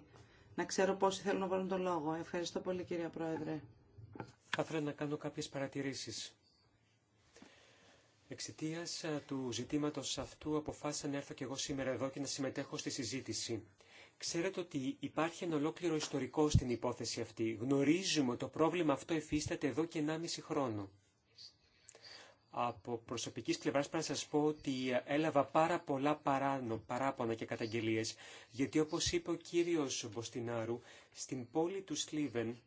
να ξέρω πόσοι θέλουν να βάλουν τον λόγο. Ευχαριστώ πολύ κυρία Πρόεδρε. Θα ήθελα να κάνω κάποιες παρατηρήσεις. Εξαιτία του ζητήματο αυτού αποφάσισα να έρθω και εγώ σήμερα εδώ και να συμμετέχω στη συζήτηση. Ξέρετε ότι υπάρχει ένα ολόκληρο ιστορικό στην υπόθεση αυτή. Γνωρίζουμε ότι το πρόβλημα αυτό εφίσταται εδώ και 1,5 χρόνο. Από προσωπική πλευρά πρέπει να σα πω ότι έλαβα πάρα πολλά παράνο, παράπονα και καταγγελίε, γιατί όπω είπε ο κύριο Μποστινάρου, στην πόλη του Σλίβεν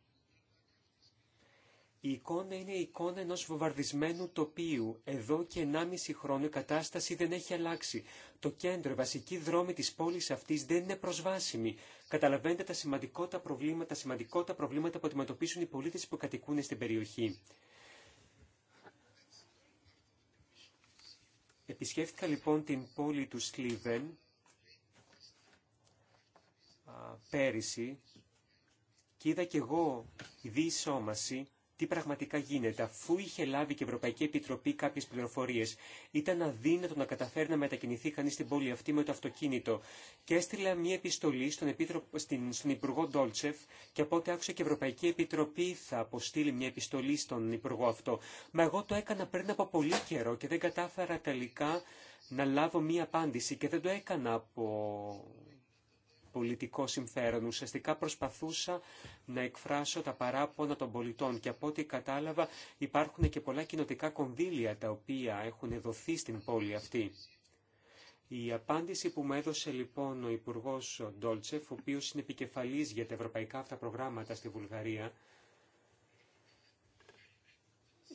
η εικόνα είναι η εικόνα ενός βομβαρδισμένου τοπίου. Εδώ και 1,5 χρόνο η κατάσταση δεν έχει αλλάξει. Το κέντρο, οι βασικοί δρόμοι της πόλης αυτής δεν είναι προσβάσιμοι. Καταλαβαίνετε τα σημαντικότα προβλήματα, τα προβλήματα που αντιμετωπίσουν οι πολίτες που κατοικούν στην περιοχή. Επισκέφθηκα λοιπόν την πόλη του Σλίβεν πέρυσι και είδα κι εγώ η διεισόμαση τι πραγματικά γίνεται, αφού είχε λάβει και η Ευρωπαϊκή Επιτροπή κάποιε πληροφορίε. Ήταν αδύνατο να καταφέρει να μετακινηθεί κανεί στην πόλη αυτή με το αυτοκίνητο. Και έστειλα μία επιστολή στον, στην, στον Υπουργό Ντόλτσεφ και από ό,τι άκουσα και η Ευρωπαϊκή Επιτροπή θα αποστείλει μία επιστολή στον Υπουργό αυτό. Μα εγώ το έκανα πριν από πολύ καιρό και δεν κατάφερα τελικά να λάβω μία απάντηση και δεν το έκανα από πολιτικό συμφέρον. Ουσιαστικά προσπαθούσα να εκφράσω τα παράπονα των πολιτών και από ό,τι κατάλαβα υπάρχουν και πολλά κοινοτικά κονδύλια τα οποία έχουν δοθεί στην πόλη αυτή. Η απάντηση που μου έδωσε λοιπόν ο Υπουργό Ντόλτσεφ, ο οποίο είναι επικεφαλή για τα ευρωπαϊκά αυτά προγράμματα στη Βουλγαρία,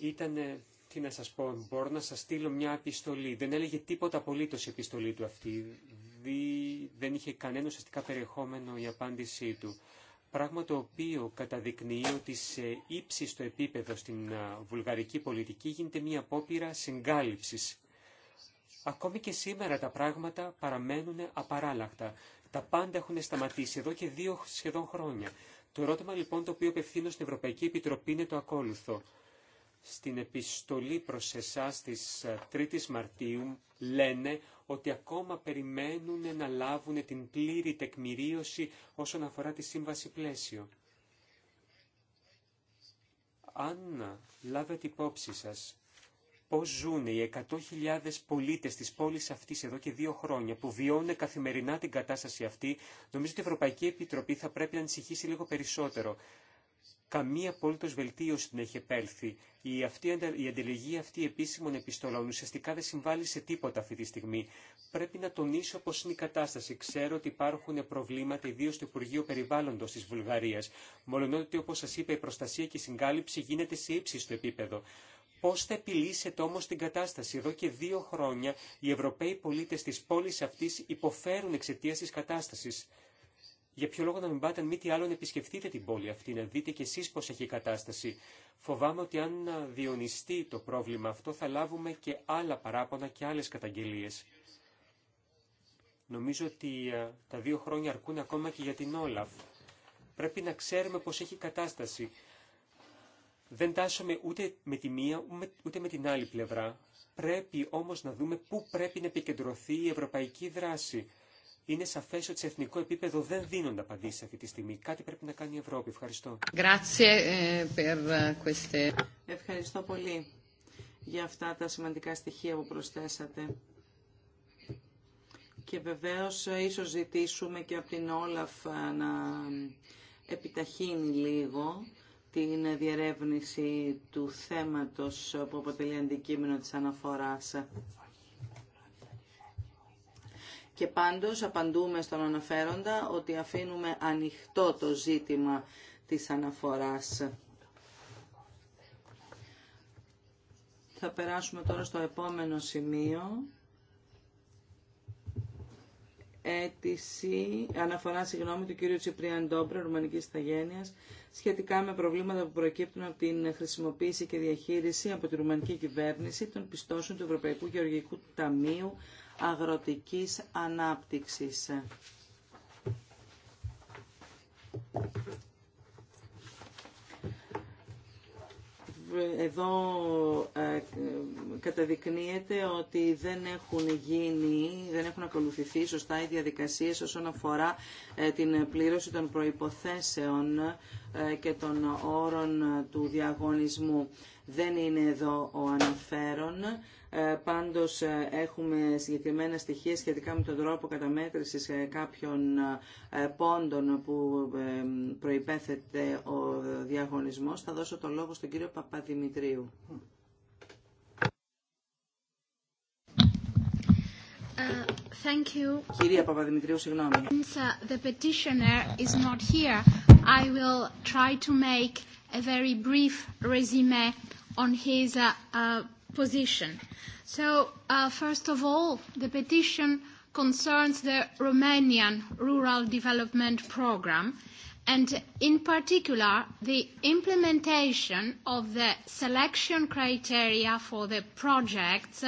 ήταν. Τι να σας πω, μπορώ να σα στείλω μια επιστολή. Δεν έλεγε τίποτα απολύτως η επιστολή του αυτή δηλαδή δεν είχε κανένα ουσιαστικά περιεχόμενο η απάντησή του. Πράγμα το οποίο καταδεικνύει ότι σε ύψιστο επίπεδο στην βουλγαρική πολιτική γίνεται μία απόπειρα συγκάλυψης. Ακόμη και σήμερα τα πράγματα παραμένουν απαράλλαχτα. Τα πάντα έχουν σταματήσει εδώ και δύο σχεδόν χρόνια. Το ερώτημα λοιπόν το οποίο απευθύνω στην Ευρωπαϊκή Επιτροπή είναι το ακόλουθο. Στην επιστολή προς εσάς της 3ης Μαρτίου λένε ότι ακόμα περιμένουν να λάβουν την πλήρη τεκμηρίωση όσον αφορά τη σύμβαση πλαίσιο. Αν λάβετε υπόψη σας πώς ζουν οι 100.000 πολίτες της πόλης αυτής εδώ και δύο χρόνια που βιώνουν καθημερινά την κατάσταση αυτή, νομίζω ότι η Ευρωπαϊκή Επιτροπή θα πρέπει να ανησυχήσει λίγο περισσότερο καμία απολύτω βελτίωση δεν έχει επέλθει. Η, αυτή, αντιληγή αυτή επίσημων επιστολών ουσιαστικά δεν συμβάλλει σε τίποτα αυτή τη στιγμή. Πρέπει να τονίσω πώ είναι η κατάσταση. Ξέρω ότι υπάρχουν προβλήματα, ιδίω στο Υπουργείο Περιβάλλοντο τη Βουλγαρία. Μολονότι, ότι, όπω σα είπα, η προστασία και η συγκάλυψη γίνεται σε ύψιστο επίπεδο. Πώ θα επιλύσετε όμω την κατάσταση. Εδώ και δύο χρόνια οι Ευρωπαίοι πολίτε τη πόλη αυτή υποφέρουν εξαιτία τη κατάσταση. Για ποιο λόγο να μην πάτε, αν μη τι άλλο, να επισκεφτείτε την πόλη αυτή, να δείτε κι εσείς πώς έχει η κατάσταση. Φοβάμαι ότι αν διονυστεί το πρόβλημα αυτό, θα λάβουμε και άλλα παράπονα και άλλες καταγγελίες. Νομίζω ότι ε, τα δύο χρόνια αρκούν ακόμα και για την Όλαφ. Πρέπει να ξέρουμε πώς έχει η κατάσταση. Δεν τάσσομαι ούτε με τη μία, ούτε με την άλλη πλευρά. Πρέπει όμως να δούμε πού πρέπει να επικεντρωθεί η ευρωπαϊκή δράση είναι σαφέ ότι σε εθνικό επίπεδο δεν δίνονται απαντήσει αυτή τη στιγμή. Κάτι πρέπει να κάνει η Ευρώπη. Ευχαριστώ. Ε, Ευχαριστώ πολύ για αυτά τα σημαντικά στοιχεία που προσθέσατε. Και βεβαίως ε, ίσως ζητήσουμε και από την Όλαφ ε, να επιταχύνει λίγο την διερεύνηση του θέματος που αποτελεί αντικείμενο της αναφοράς. Και πάντως απαντούμε στον αναφέροντα ότι αφήνουμε ανοιχτό το ζήτημα της αναφοράς. Θα περάσουμε τώρα στο επόμενο σημείο. Αίτηση, αναφορά συγγνώμη του κύριου Τσιπριάν Ντόμπρε, Ρουμανική Ιθαγένεια, σχετικά με προβλήματα που προκύπτουν από την χρησιμοποίηση και διαχείριση από τη Ρουμανική κυβέρνηση των πιστώσεων του Ευρωπαϊκού Γεωργικού Ταμείου αγροτικής ανάπτυξης. Εδώ ε, καταδεικνύεται ότι δεν έχουν γίνει, δεν έχουν ακολουθηθεί σωστά οι διαδικασίες όσον αφορά ε, την πλήρωση των προϋποθέσεων ε, και των όρων του διαγωνισμού. Δεν είναι εδώ ο αναφέρον. Ε, πάντως ε, έχουμε συγκεκριμένα στοιχεία σχετικά με τον τρόπο καταμέτρησης ε, κάποιων πόντων που προϋπέθεται ο διαγωνισμός. Θα δώσω το λόγο στον κύριο Παπαδημητρίου. thank you. Κυρία Παπαδημητρίου, συγγνώμη. Since uh, the petitioner is not here, I will try to make a very brief resume on his uh, uh, position. So, first of all, the petition concerns the Romanian Rural Development Programme and in particular the implementation of the selection criteria for the projects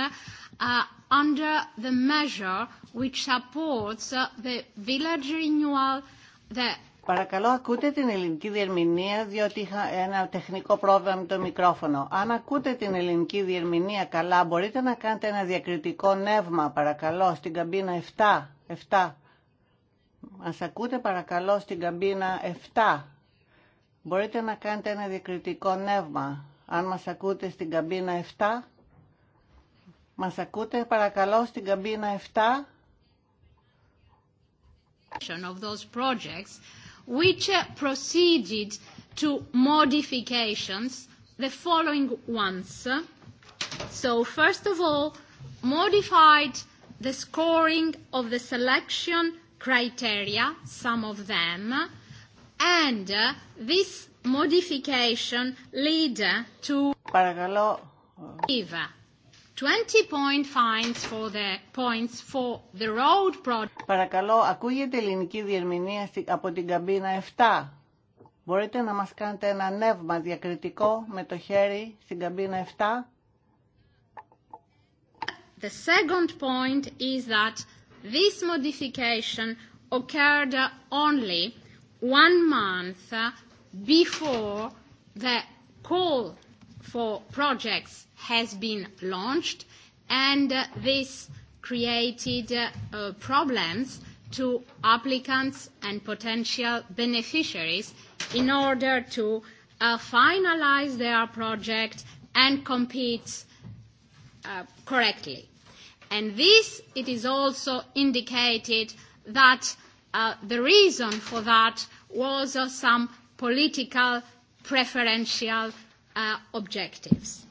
under the measure which supports the village renewal, the Παρακαλώ ακούτε την ελληνική διερμηνία διότι είχα ένα τεχνικό πρόβλημα με το μικρόφωνο. Αν ακούτε την ελληνική διερμηνία καλά μπορείτε να κάνετε ένα διακριτικό νεύμα παρακαλώ στην καμπίνα 7. 7. Μας ακούτε παρακαλώ στην καμπίνα 7. Μπορείτε να κάνετε ένα διακριτικό νεύμα. Αν μας ακούτε στην καμπίνα 7. Μας ακούτε παρακαλώ στην καμπίνα 7 which proceeded to modifications, the following ones. So, first of all, modified the scoring of the selection criteria, some of them, and this modification led to... Παρακαλώ, ακούγεται ελληνική διερμηνία από την καμπίνα 7. Μπορείτε να μας κάνετε ένα νεύμα διακριτικό με το χέρι στην καμπίνα 7. The second point is that this modification occurred only one month before the call for projects has been launched, and this created problems to applicants and potential beneficiaries in order to finalize their project and compete correctly. And this, it is also indicated that the reason for that was some political preferential objectives.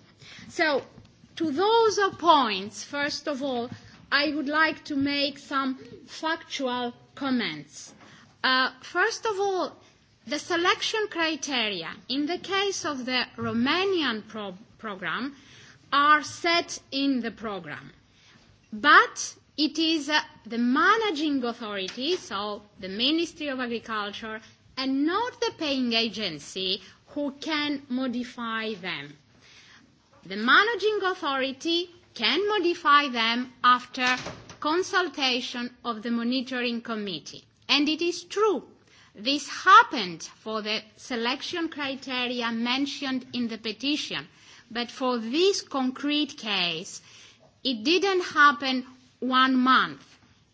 So to those points, first of all, I would like to make some factual comments. First of all, the selection criteria in the case of the Romanian program are set in the program. But it is the managing authority, so the Ministry of Agriculture, and not the paying agency who can modify them. The managing authority can modify them after consultation of the monitoring committee. And it is true. This happened for the selection criteria mentioned in the petition. But for this concrete case, it didn't happen one month.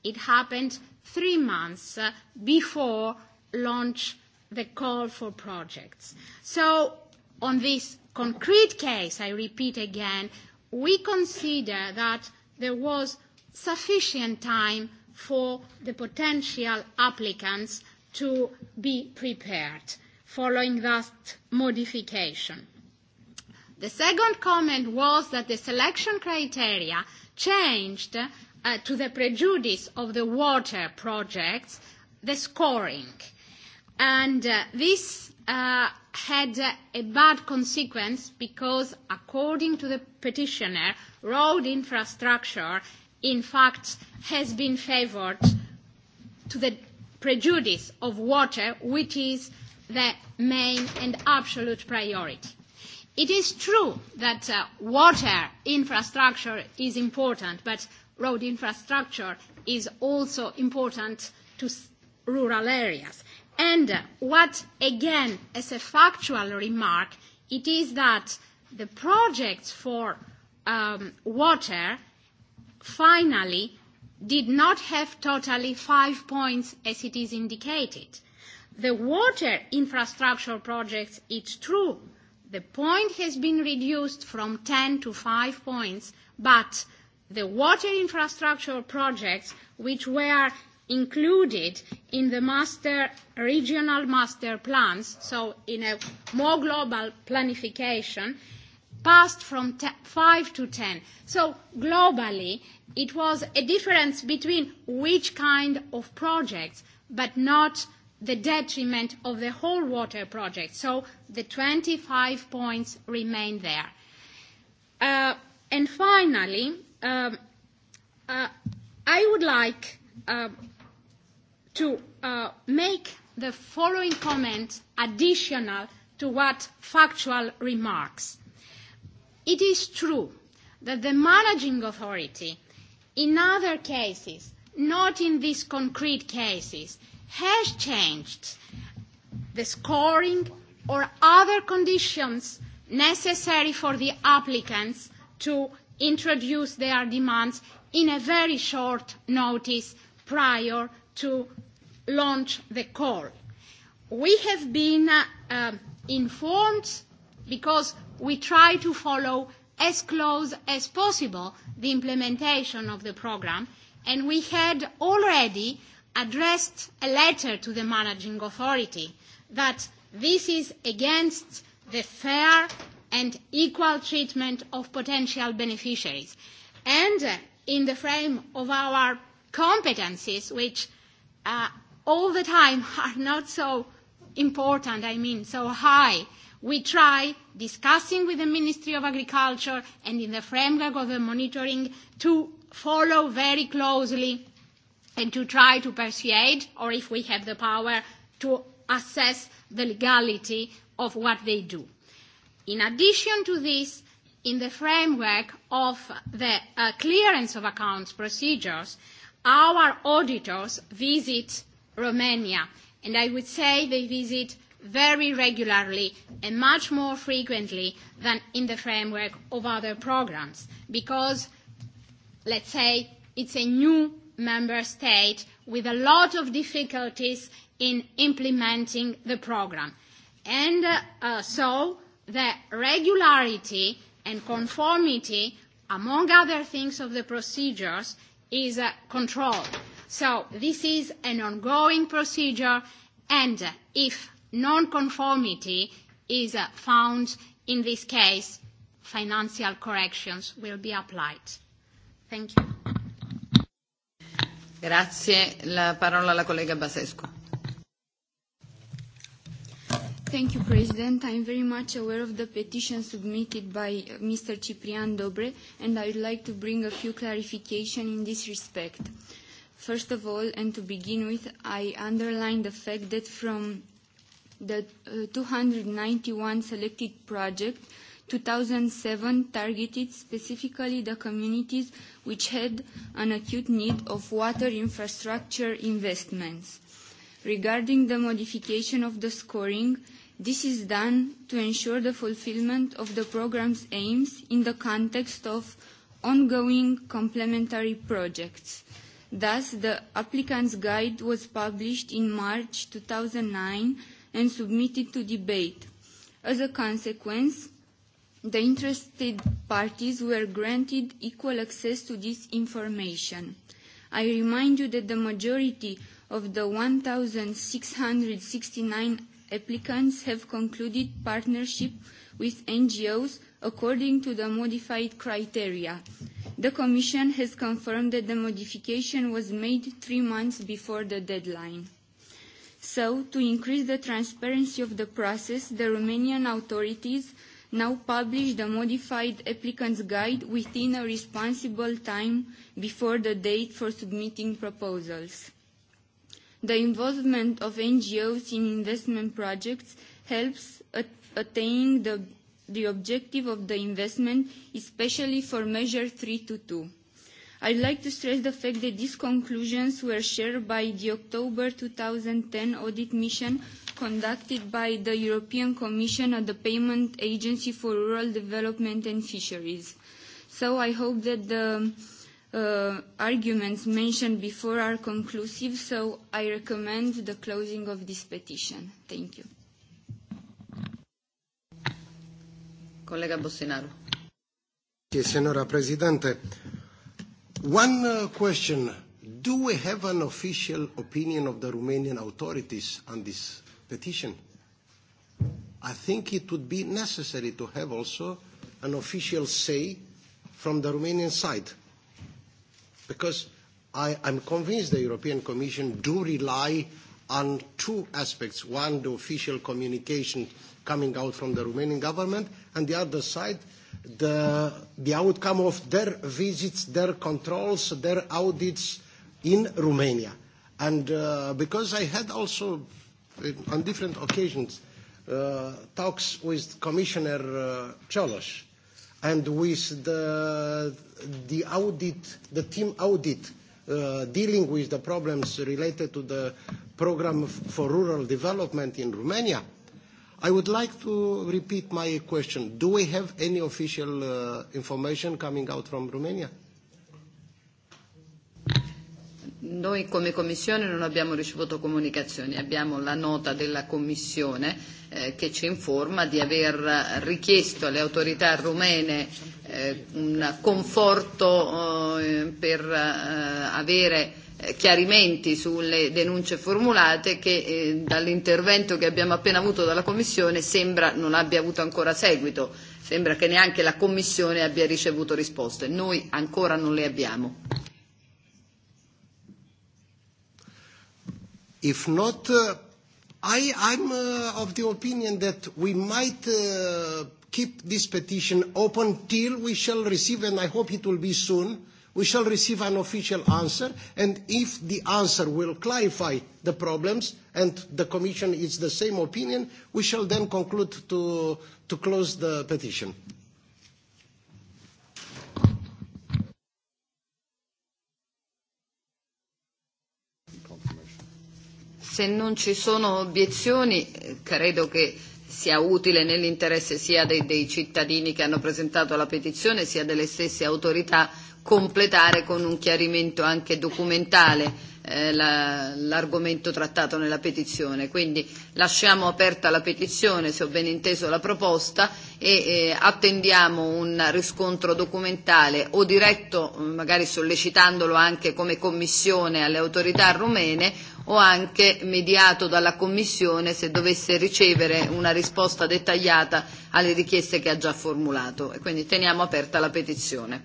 It happened three months before launch the call for projects. So on this concrete case, I repeat again, we consider that there was sufficient time for the potential applicants to be prepared following that modification. The second comment was that the selection criteria changed to the prejudice of the water projects, the scoring. And this had a bad consequence because, according to the petitioner, road infrastructure, in fact, has been favoured to the prejudice of water, which is the main and absolute priority. It is true that water infrastructure is important, but road infrastructure is also important to rural areas. And what, again, as a factual remark, it is that the projects for water finally did not have totally five points as it is indicated. The water infrastructure projects, it's true, the point has been reduced from 10 to 5 points, but the water infrastructure projects, which were included in the master regional master plans, so in a more global planification, passed from 5 to 10. So globally, it was a difference between which kind of projects, but not the detriment of the whole water project. So the 25 points remain there. And finally, I would like to make the following comments additional to what factual remarks. It is true that the managing authority, in other cases, not in these concrete cases, has changed the scoring or other conditions necessary for the applicants to introduce their demands in a very short notice prior to launch the call. We have been informed because we try to follow as close as possible the implementation of the program, and we had already addressed a letter to the managing authority that this is against the fair and equal treatment of potential beneficiaries. And in the frame of our competencies, which all the time are not so important, I mean, so high. We try, discussing with the Ministry of Agriculture and in the framework of the monitoring, to follow very closely and to try to persuade, or if we have the power, to assess the legality of what they do. In addition to this, in the framework of the clearance of accounts procedures, our auditors visit Romania. And I would say they visit very regularly and much more frequently than in the framework of other programs because, let's say, it's a new member state with a lot of difficulties in implementing the program. And so the regularity and conformity, among other things of the procedures, is controlled. So this is an ongoing procedure, and if non-conformity is found in this case, financial corrections will be applied. Thank you. Grazie. La parola alla collega Basescu. Thank you, President. I am very much aware of the petition submitted by Mr. Ciprian Dobre, and I would like to bring a few clarifications in this respect. First of all, and to begin with, I underline the fact that from the 291 selected projects, 2007 targeted specifically the communities which had an acute need of water infrastructure investments. Regarding the modification of the scoring, this is done to ensure the fulfillment of the program's aims in the context of ongoing complementary projects. Thus, the applicant's guide was published in March 2009 and submitted to debate. As a consequence, the interested parties were granted equal access to this information. I remind you that the majority of the 1,669 applicants have concluded partnership with NGOs according to the modified criteria. The Commission has confirmed that the modification was made three months before the deadline. So, to increase the transparency of the process, the Romanian authorities now publish the modified applicant's guide within a responsible time before the date for submitting proposals. The involvement of NGOs in investment projects helps attain the the objective of the investment, especially for Measure 322. I'd like to stress the fact that these conclusions were shared by the October 2010 audit mission conducted by the European Commission and the Payment Agency for Rural Development and Fisheries. So I hope that the arguments mentioned before are conclusive, so I recommend the closing of this petition. Thank you. Collega Bostinaru. Signora Presidente. One question. Do we have an official opinion of the Romanian authorities on this petition? I think it would be necessary to have also an official say from the Romanian side. Because I am convinced the European Commission do rely on two aspects. One, the official communication coming out from the Romanian government, and the other side the the outcome of their visits, their controls, their audits in Romania. And because I had also on different occasions talks with Commissioner Cholos and with the the audit the team audit dealing with the problems related to the programme for rural development in Romania I would like to repeat my question. Do we have any official information coming out from Romania? Noi come Commissione non abbiamo ricevuto comunicazioni, abbiamo la nota della Commissione che ci informa di aver richiesto alle autorità rumene un conforto per avere chiarimenti sulle denunce formulate che dall'intervento che abbiamo appena avuto dalla Commissione sembra non abbia avuto ancora seguito, sembra che neanche la Commissione abbia ricevuto risposte, noi ancora non le abbiamo. If not, I I'm of the opinion that we might keep this petition open till we shall receive, and I hope it will be soon, we shall receive an official answer and if the answer will clarify the problems and the commission is the same opinion we shall then conclude to to close the petition se non ci sono obiezioni credo che sia utile nell'interesse sia dei cittadini che hanno presentato la petizione sia delle stesse autorità completare con un chiarimento anche documentale l'argomento trattato nella petizione. Quindi lasciamo aperta la petizione, se ho ben inteso la proposta, e attendiamo un riscontro documentale o diretto, magari sollecitandolo anche come Commissione alle autorità rumene, o anche mediato dalla Commissione se dovesse ricevere una risposta dettagliata alle richieste che ha già formulato. E quindi teniamo aperta la petizione.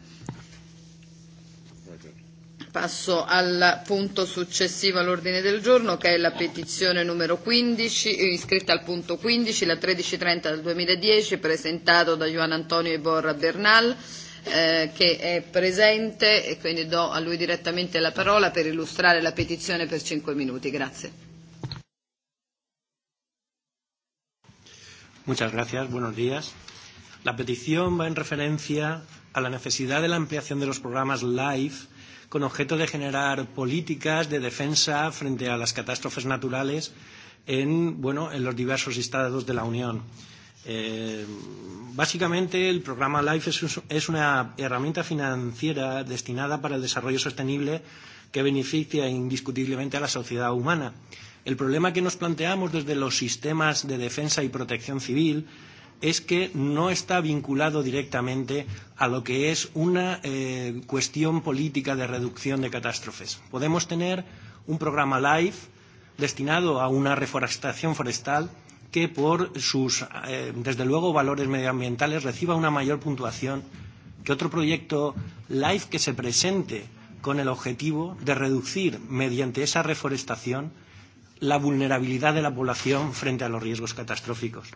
Passo al punto successivo all'ordine del giorno che è la petizione numero 15 iscritta al punto 15 la 1330 del 2010 presentato da Juan Antonio Iborra Bernal che è presente e quindi do a lui direttamente la parola per illustrare la petizione per cinque minuti. Grazie. Muchas gracias. Buenos días. La petición va en referencia a la necesidad de la ampliación de los programas LIFE con objeto de generar políticas de defensa frente a las catástrofes naturales en, bueno, en los diversos estados de la Unión. Básicamente, el programa LIFE es una herramienta financiera destinada para el desarrollo sostenible que beneficia indiscutiblemente a la sociedad humana. El problema que nos planteamos desde los sistemas de defensa y protección civil es que no está vinculado directamente a lo que es una cuestión política de reducción de catástrofes. Podemos tener un programa LIFE destinado a una reforestación forestal que por sus, desde luego, valores medioambientales reciba una mayor puntuación que otro proyecto LIFE que se presente con el objetivo de reducir, mediante esa reforestación, la vulnerabilidad de la población frente a los riesgos catastróficos.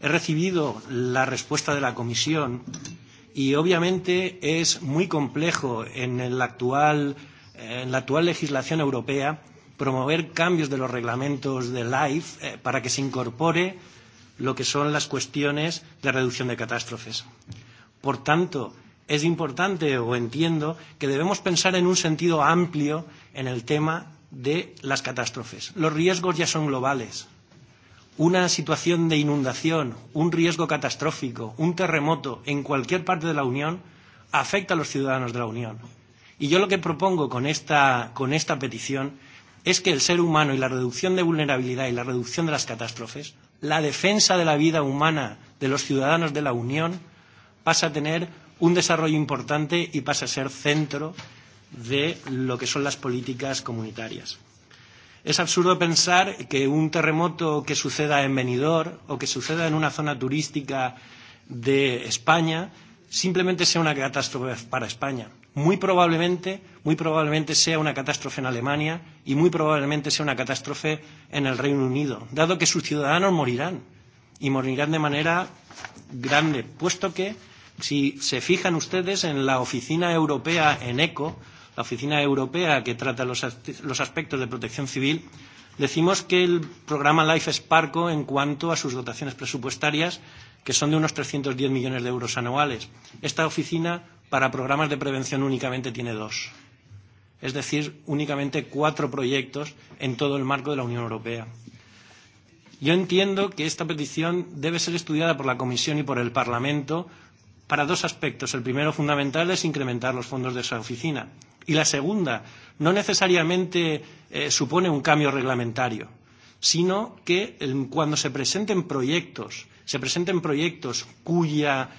He recibido la respuesta de la Comisión y obviamente es muy complejo en, en la actual legislación europea promover cambios de los reglamentos de LIFE para que se incorpore lo que son las cuestiones de reducción de catástrofes. Por tanto, es importante o entiendo que debemos pensar en un sentido amplio en el tema de las catástrofes. Los riesgos ya son globales una situación de inundación, un riesgo catastrófico, un terremoto en cualquier parte de la Unión afecta a los ciudadanos de la Unión. Y yo lo que propongo con esta, con esta petición es que el ser humano y la reducción de vulnerabilidad y la reducción de las catástrofes, la defensa de la vida humana de los ciudadanos de la Unión, pasa a tener un desarrollo importante y pasa a ser centro de lo que son las políticas comunitarias. Es absurdo pensar que un terremoto que suceda en Benidorm o que suceda en una zona turística de España simplemente sea una catástrofe para España. Muy probablemente, muy probablemente sea una catástrofe en Alemania y muy probablemente sea una catástrofe en el Reino Unido, dado que sus ciudadanos morirán y morirán de manera grande, puesto que si se fijan ustedes en la oficina europea en ECO la Oficina Europea que trata los aspectos de protección civil, decimos que el programa Life es en cuanto a sus dotaciones presupuestarias, que son de unos 310 millones de euros anuales. Esta oficina, para programas de prevención, únicamente tiene dos. Es decir, únicamente cuatro proyectos en todo el marco de la Unión Europea. Yo entiendo que esta petición debe ser estudiada por la Comisión y por el Parlamento para dos aspectos. El primero fundamental es incrementar los fondos de esa oficina. Y la segunda, no necesariamente supone un cambio reglamentario, sino que cuando se presenten proyectos, se presenten proyectos cuya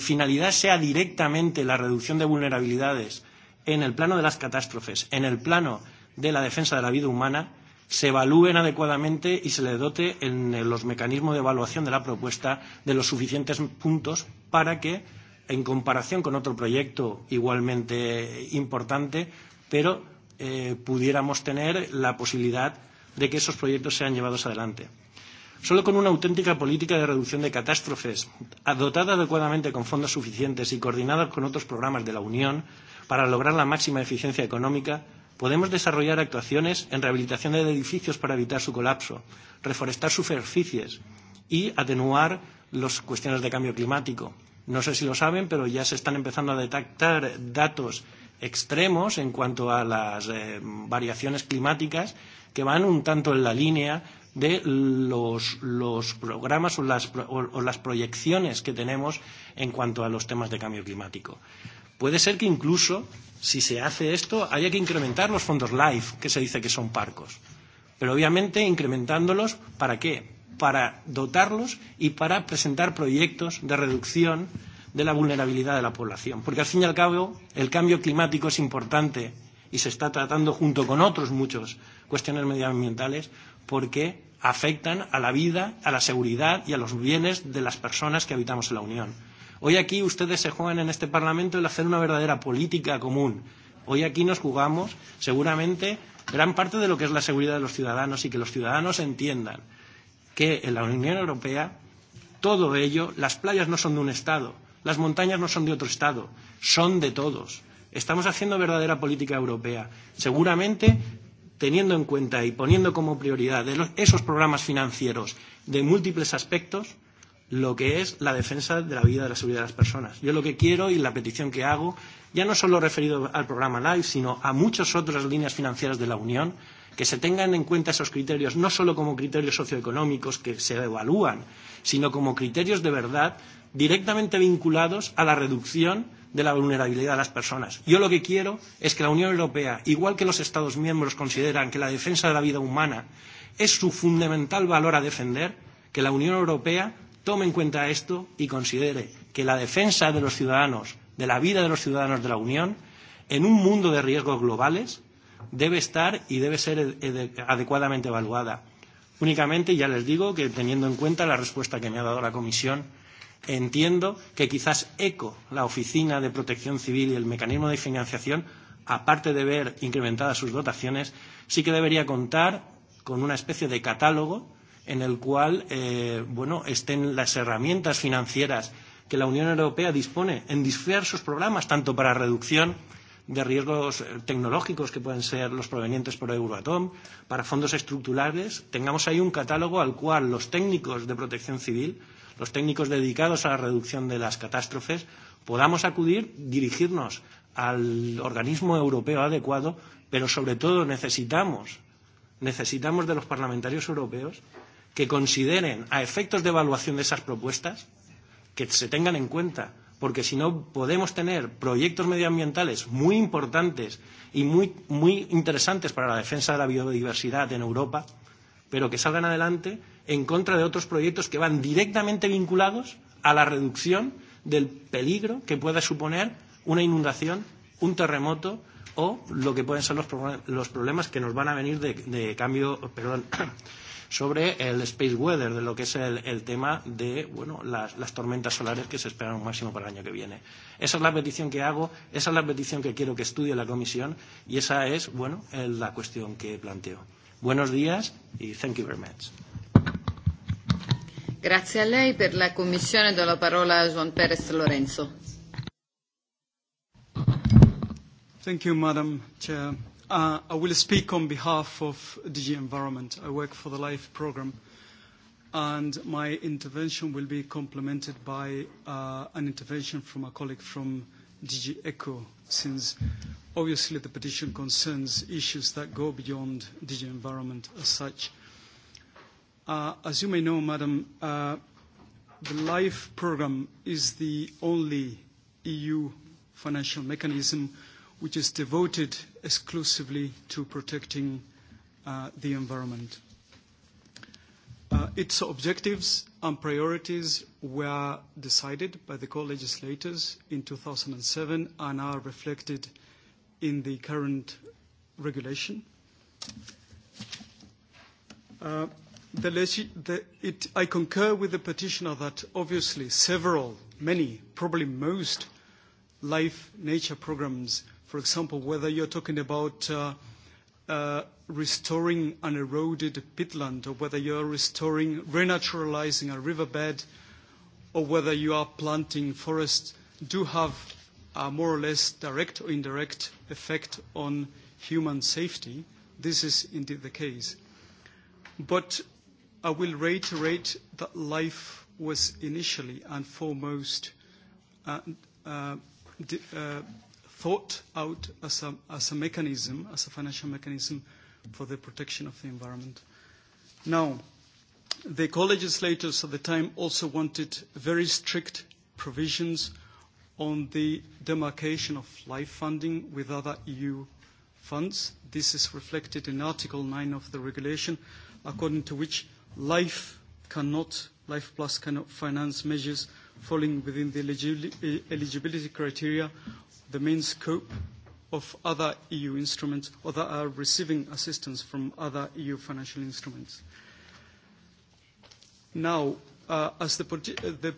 finalidad sea directamente la reducción de vulnerabilidades en el plano de las catástrofes, en el plano de la defensa de la vida humana, se evalúen adecuadamente y se le dote en los mecanismos de evaluación de la propuesta de los suficientes puntos para que en comparación con otro proyecto igualmente importante, pero pudiéramos tener la posibilidad de que esos proyectos sean llevados adelante. Solo con una auténtica política de reducción de catástrofes, dotada adecuadamente con fondos suficientes y coordinada con otros programas de la Unión para lograr la máxima eficiencia económica, podemos desarrollar actuaciones en rehabilitación de edificios para evitar su colapso, reforestar superficies y atenuar las cuestiones de cambio climático, No sé si lo saben, pero ya se están empezando a detectar datos extremos en cuanto a las variaciones climáticas que van un tanto en la línea de los, los programas o las, o, las proyecciones que tenemos en cuanto a los temas de cambio climático. Puede ser que incluso, si se hace esto, haya que incrementar los fondos LIFE, que se dice que son parcos. Pero obviamente incrementándolos, ¿para qué? para dotarlos y para presentar proyectos de reducción de la vulnerabilidad de la población. Porque al fin y al cabo el cambio climático es importante y se está tratando junto con otros muchos cuestiones medioambientales porque afectan a la vida, a la seguridad y a los bienes de las personas que habitamos en la Unión. Hoy aquí ustedes se juegan en este Parlamento el hacer una verdadera política común. Hoy aquí nos jugamos seguramente gran parte de lo que es la seguridad de los ciudadanos y que los ciudadanos entiendan que en la Unión Europea todo ello, las playas no son de un Estado, las montañas no son de otro Estado, son de todos. Estamos haciendo verdadera política europea. Seguramente teniendo en cuenta y poniendo como prioridad esos programas financieros de múltiples aspectos lo que es la defensa de la vida y la seguridad de las personas. Yo lo que quiero y la petición que hago, ya no solo referido al programa LIFE, sino a muchas otras líneas financieras de la Unión, que se tengan en cuenta esos criterios no solo como criterios socioeconómicos que se evalúan, sino como criterios de verdad directamente vinculados a la reducción de la vulnerabilidad de las personas. Yo lo que quiero es que la Unión Europea, igual que los Estados miembros consideran que la defensa de la vida humana es su fundamental valor a defender, que la Unión Europea tome en cuenta esto y considere que la defensa de los ciudadanos, de la vida de los ciudadanos de la Unión, en un mundo de riesgos globales, debe estar y debe ser adecuadamente evaluada. Únicamente, ya les digo que teniendo en cuenta la respuesta que me ha dado la Comisión, entiendo que quizás ECO, la Oficina de Protección Civil y el Mecanismo de Financiación, aparte de ver incrementadas sus dotaciones, sí que debería contar con una especie de catálogo en el cual bueno, estén las herramientas financieras que la Unión Europea dispone en diversos programas, tanto para reducción de riesgos tecnológicos que pueden ser los provenientes por Euroatom, para fondos estructurales, tengamos ahí un catálogo al cual los técnicos de protección civil, los técnicos dedicados a la reducción de las catástrofes, podamos acudir, dirigirnos al organismo europeo adecuado, pero sobre todo necesitamos, necesitamos de los parlamentarios europeos que consideren a efectos de evaluación de esas propuestas, que se tengan en cuenta porque si no podemos tener proyectos medioambientales muy importantes y muy, muy interesantes para la defensa de la biodiversidad en Europa, pero que salgan adelante en contra de otros proyectos que van directamente vinculados a la reducción del peligro que pueda suponer una inundación, un terremoto o lo que pueden ser los, problemas que nos van a venir de, de cambio, perdón, sobre el space weather, de lo que es el, el tema de bueno, las, las tormentas solares que se esperan un máximo para el año que viene. Esa es la petición que hago, esa es la petición que quiero que estudie la comisión y esa es bueno, la cuestión que planteo. Buenos días y thank you very much. Grazie a lei per la commissione do parola Juan Perez Lorenzo. Thank you, Madam Chair. I will speak on behalf of DG Environment. I work for the LIFE program, and my intervention will be complemented by an intervention from a colleague from DG ECHO, since obviously the petition concerns issues that go beyond DG Environment as such. As you may know, Madam, the LIFE program is the only EU financial mechanism which is devoted exclusively to protecting the environment. Its objectives and priorities were decided by the co-legislators in 2007 and are reflected in the current regulation. I concur with the petitioner that obviously several, many, probably most life nature programs For example, whether you're talking about restoring an eroded pitland or whether you're restoring, renaturalizing a riverbed, or whether you are planting forests, do have a more or less direct or indirect effect on human safety. This is indeed the case. But I will reiterate that life was initially and foremost thought out as a, as a mechanism, as a financial mechanism for the protection of the environment. Now, the co-legislators at the time also wanted very strict provisions on the demarcation of life funding with other EU funds. This is reflected in Article 9 of the regulation, according to which life cannot, life plus cannot finance measures falling within the eligibility criteria the main scope of other EU instruments or that are receiving assistance from other EU financial instruments. Now, as the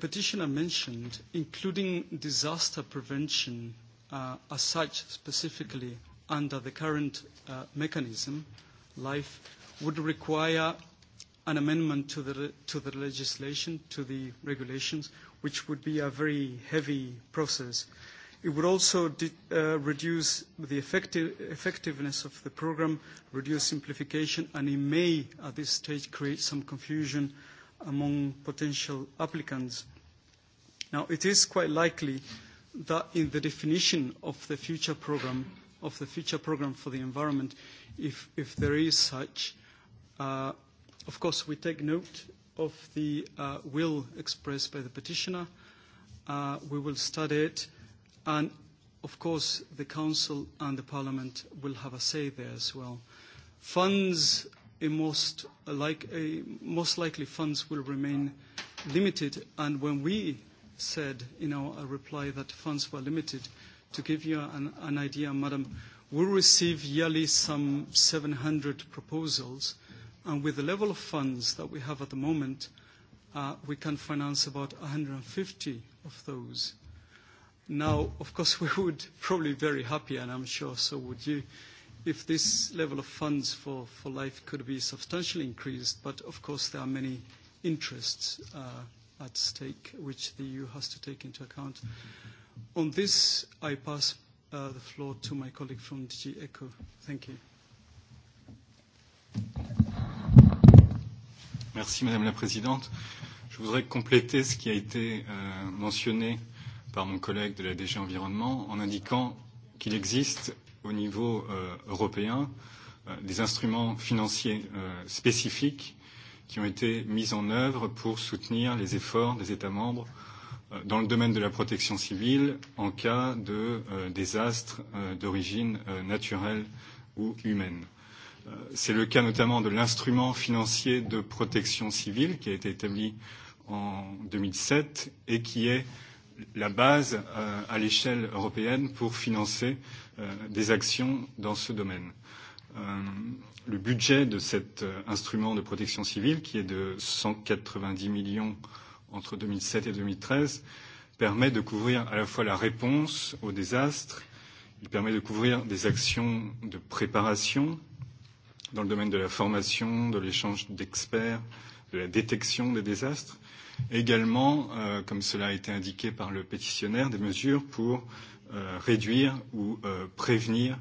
petitioner mentioned, including disaster prevention as such specifically under the current mechanism, LIFE, would require an amendment to the legislation, to the regulations, which would be a very heavy process It would also reduce the effectiveness of the program, reduce simplification, and it may, at this stage, create some confusion among potential applicants. Now, it is quite likely that in the definition of the future program, of the future programme for the environment, if there is such, of course, we take note of the will expressed by the petitioner. We will study it And, of course, the Council and the Parliament will have a say there as well. Funds, most likely funds will remain limited. And when we said in our reply that funds were limited, to give you an idea, Madam, we receive yearly some 700 proposals. And with the level of funds that we have at the moment, we can finance about 150 of those. Now, of course, we would probably be very happy, and I'm sure so would you, if this level of funds for life could be substantially increased. But, of course, there are many interests at stake which the EU has to take into account. On this, I pass the floor to my colleague from DG ECHO. Thank you. Merci, Madame la Présidente. Je voudrais compléter ce qui a été mentionné par mon collègue de la DG Environnement en indiquant qu'il existe au niveau européen des instruments financiers spécifiques qui ont été mis en œuvre pour soutenir les efforts des États membres dans le domaine de la protection civile en cas de désastre d'origine naturelle ou humaine. C'est le cas notamment de l'instrument financier de protection civile qui a été établi en 2007 et qui est la base à l'échelle européenne pour financer des actions dans ce domaine. Le budget de cet instrument de protection civile, qui est de 190 millions entre 2007 et 2013, permet de couvrir à la fois la réponse aux désastres, il permet de couvrir des actions de préparation dans le domaine de la formation, de l'échange d'experts, de la détection des désastres, Également, comme cela a été indiqué par le pétitionnaire, des mesures pour réduire ou prévenir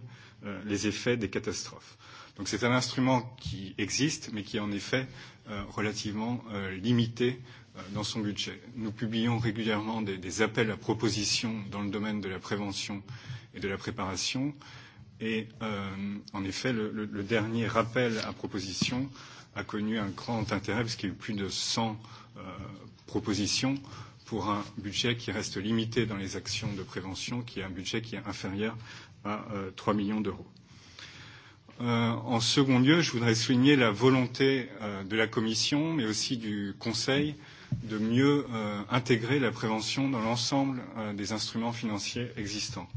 les effets des catastrophes. Donc c'est un instrument qui existe, mais qui est en effet relativement limité dans son budget. Nous publions régulièrement des appels à propositions dans le domaine de la prévention et de la préparation. Et en effet, le dernier rappel à proposition a connu un grand intérêt, puisqu'il y a eu plus de 100 proposition pour un budget qui reste limité dans les actions de prévention, qui est un budget qui est inférieur à 3 millions d'euros. En second lieu, je voudrais souligner la volonté de la Commission, mais aussi du Conseil, de mieux intégrer la prévention dans l'ensemble des instruments financiers existants.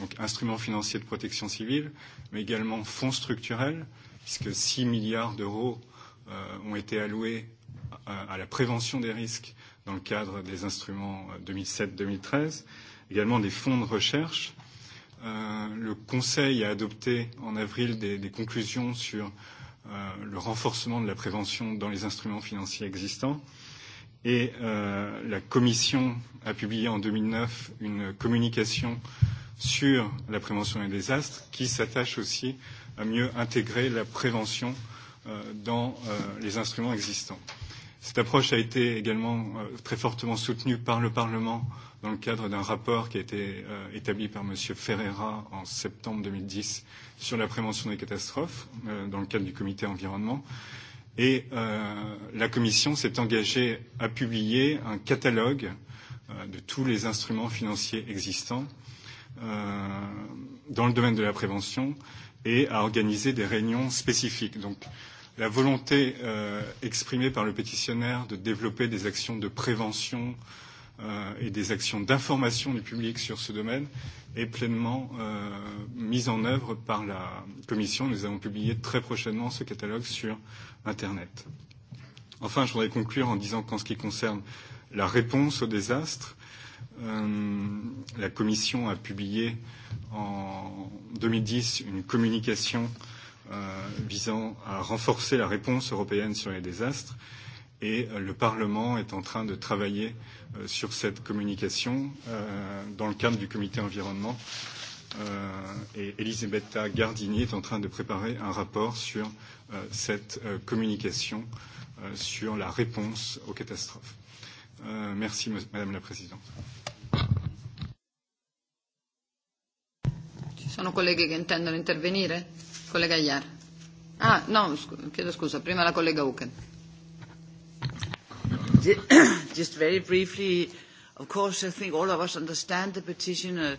Donc instruments financiers de protection civile, mais également fonds structurels, puisque 6 milliards d'euros ont été alloués à la prévention des risques dans le cadre des instruments 2007-2013, également des fonds de recherche. Le Conseil a adopté en avril des conclusions sur le renforcement de la prévention dans les instruments financiers existants. Et la Commission a publié en 2009 une communication sur la prévention des désastres qui s'attache aussi à mieux intégrer la prévention dans les instruments existants. Cette approche a été également très fortement soutenue par le Parlement dans le cadre d'un rapport qui a été établi par M. Ferreira en septembre 2010 sur la prévention des catastrophes dans le cadre du comité environnement. Et la Commission s'est engagée à publier un catalogue de tous les instruments financiers existants dans le domaine de la prévention et à organiser des réunions spécifiques. Donc, la volonté exprimée par le pétitionnaire de développer des actions de prévention et des actions d'information du public sur ce domaine est pleinement mise en œuvre par la Commission. Nous avons publié très prochainement ce catalogue sur Internet. Enfin, je voudrais conclure en disant qu'en ce qui concerne la réponse au désastre, la Commission a publié en 2010 une communication visant à renforcer la réponse européenne sur les désastres et le Parlement est en train de travailler sur cette communication dans le cadre du comité environnement et Elisabetta Gardini est en train de préparer un rapport sur cette communication sur la réponse aux catastrophes. Merci Madame la Présidente. Ci sono colleghi che intendono intervenire? Collega no, chiedo scusa, prima la Just very briefly, of course, I think all of us understand the petition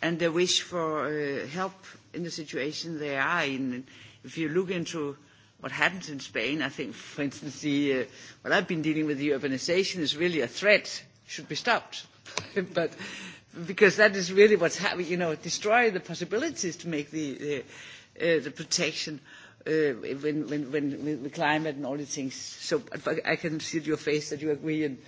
and the wish for help in the situation they are in. If you look into what happens in Spain, I think, for instance, the, what I've been dealing with, the urbanization is really a threat, should be stopped. but because that is really what's happening, you know, destroy the possibilities to make the, the protection when when when the climate and all these things. So I can see your face that you agree and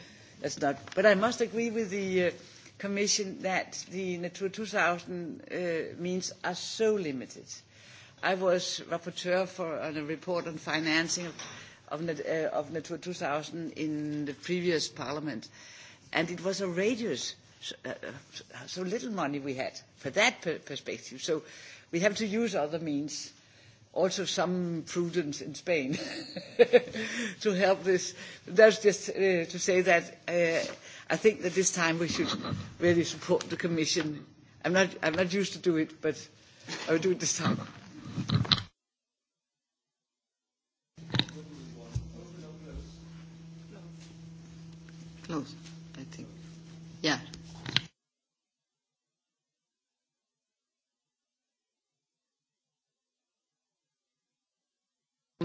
that's not. But I must agree with the Commission that the Natura 2000 means are so limited. I was rapporteur for a report on financing of Natura 2000 in the previous Parliament, and it was a radius. so little money we had for that perspective. So we have to use other means, also some prudence in Spain, to help this. That's just to say that I think that this time we should really support the Commission. I'm not I'm not used to do it, but I do it this time.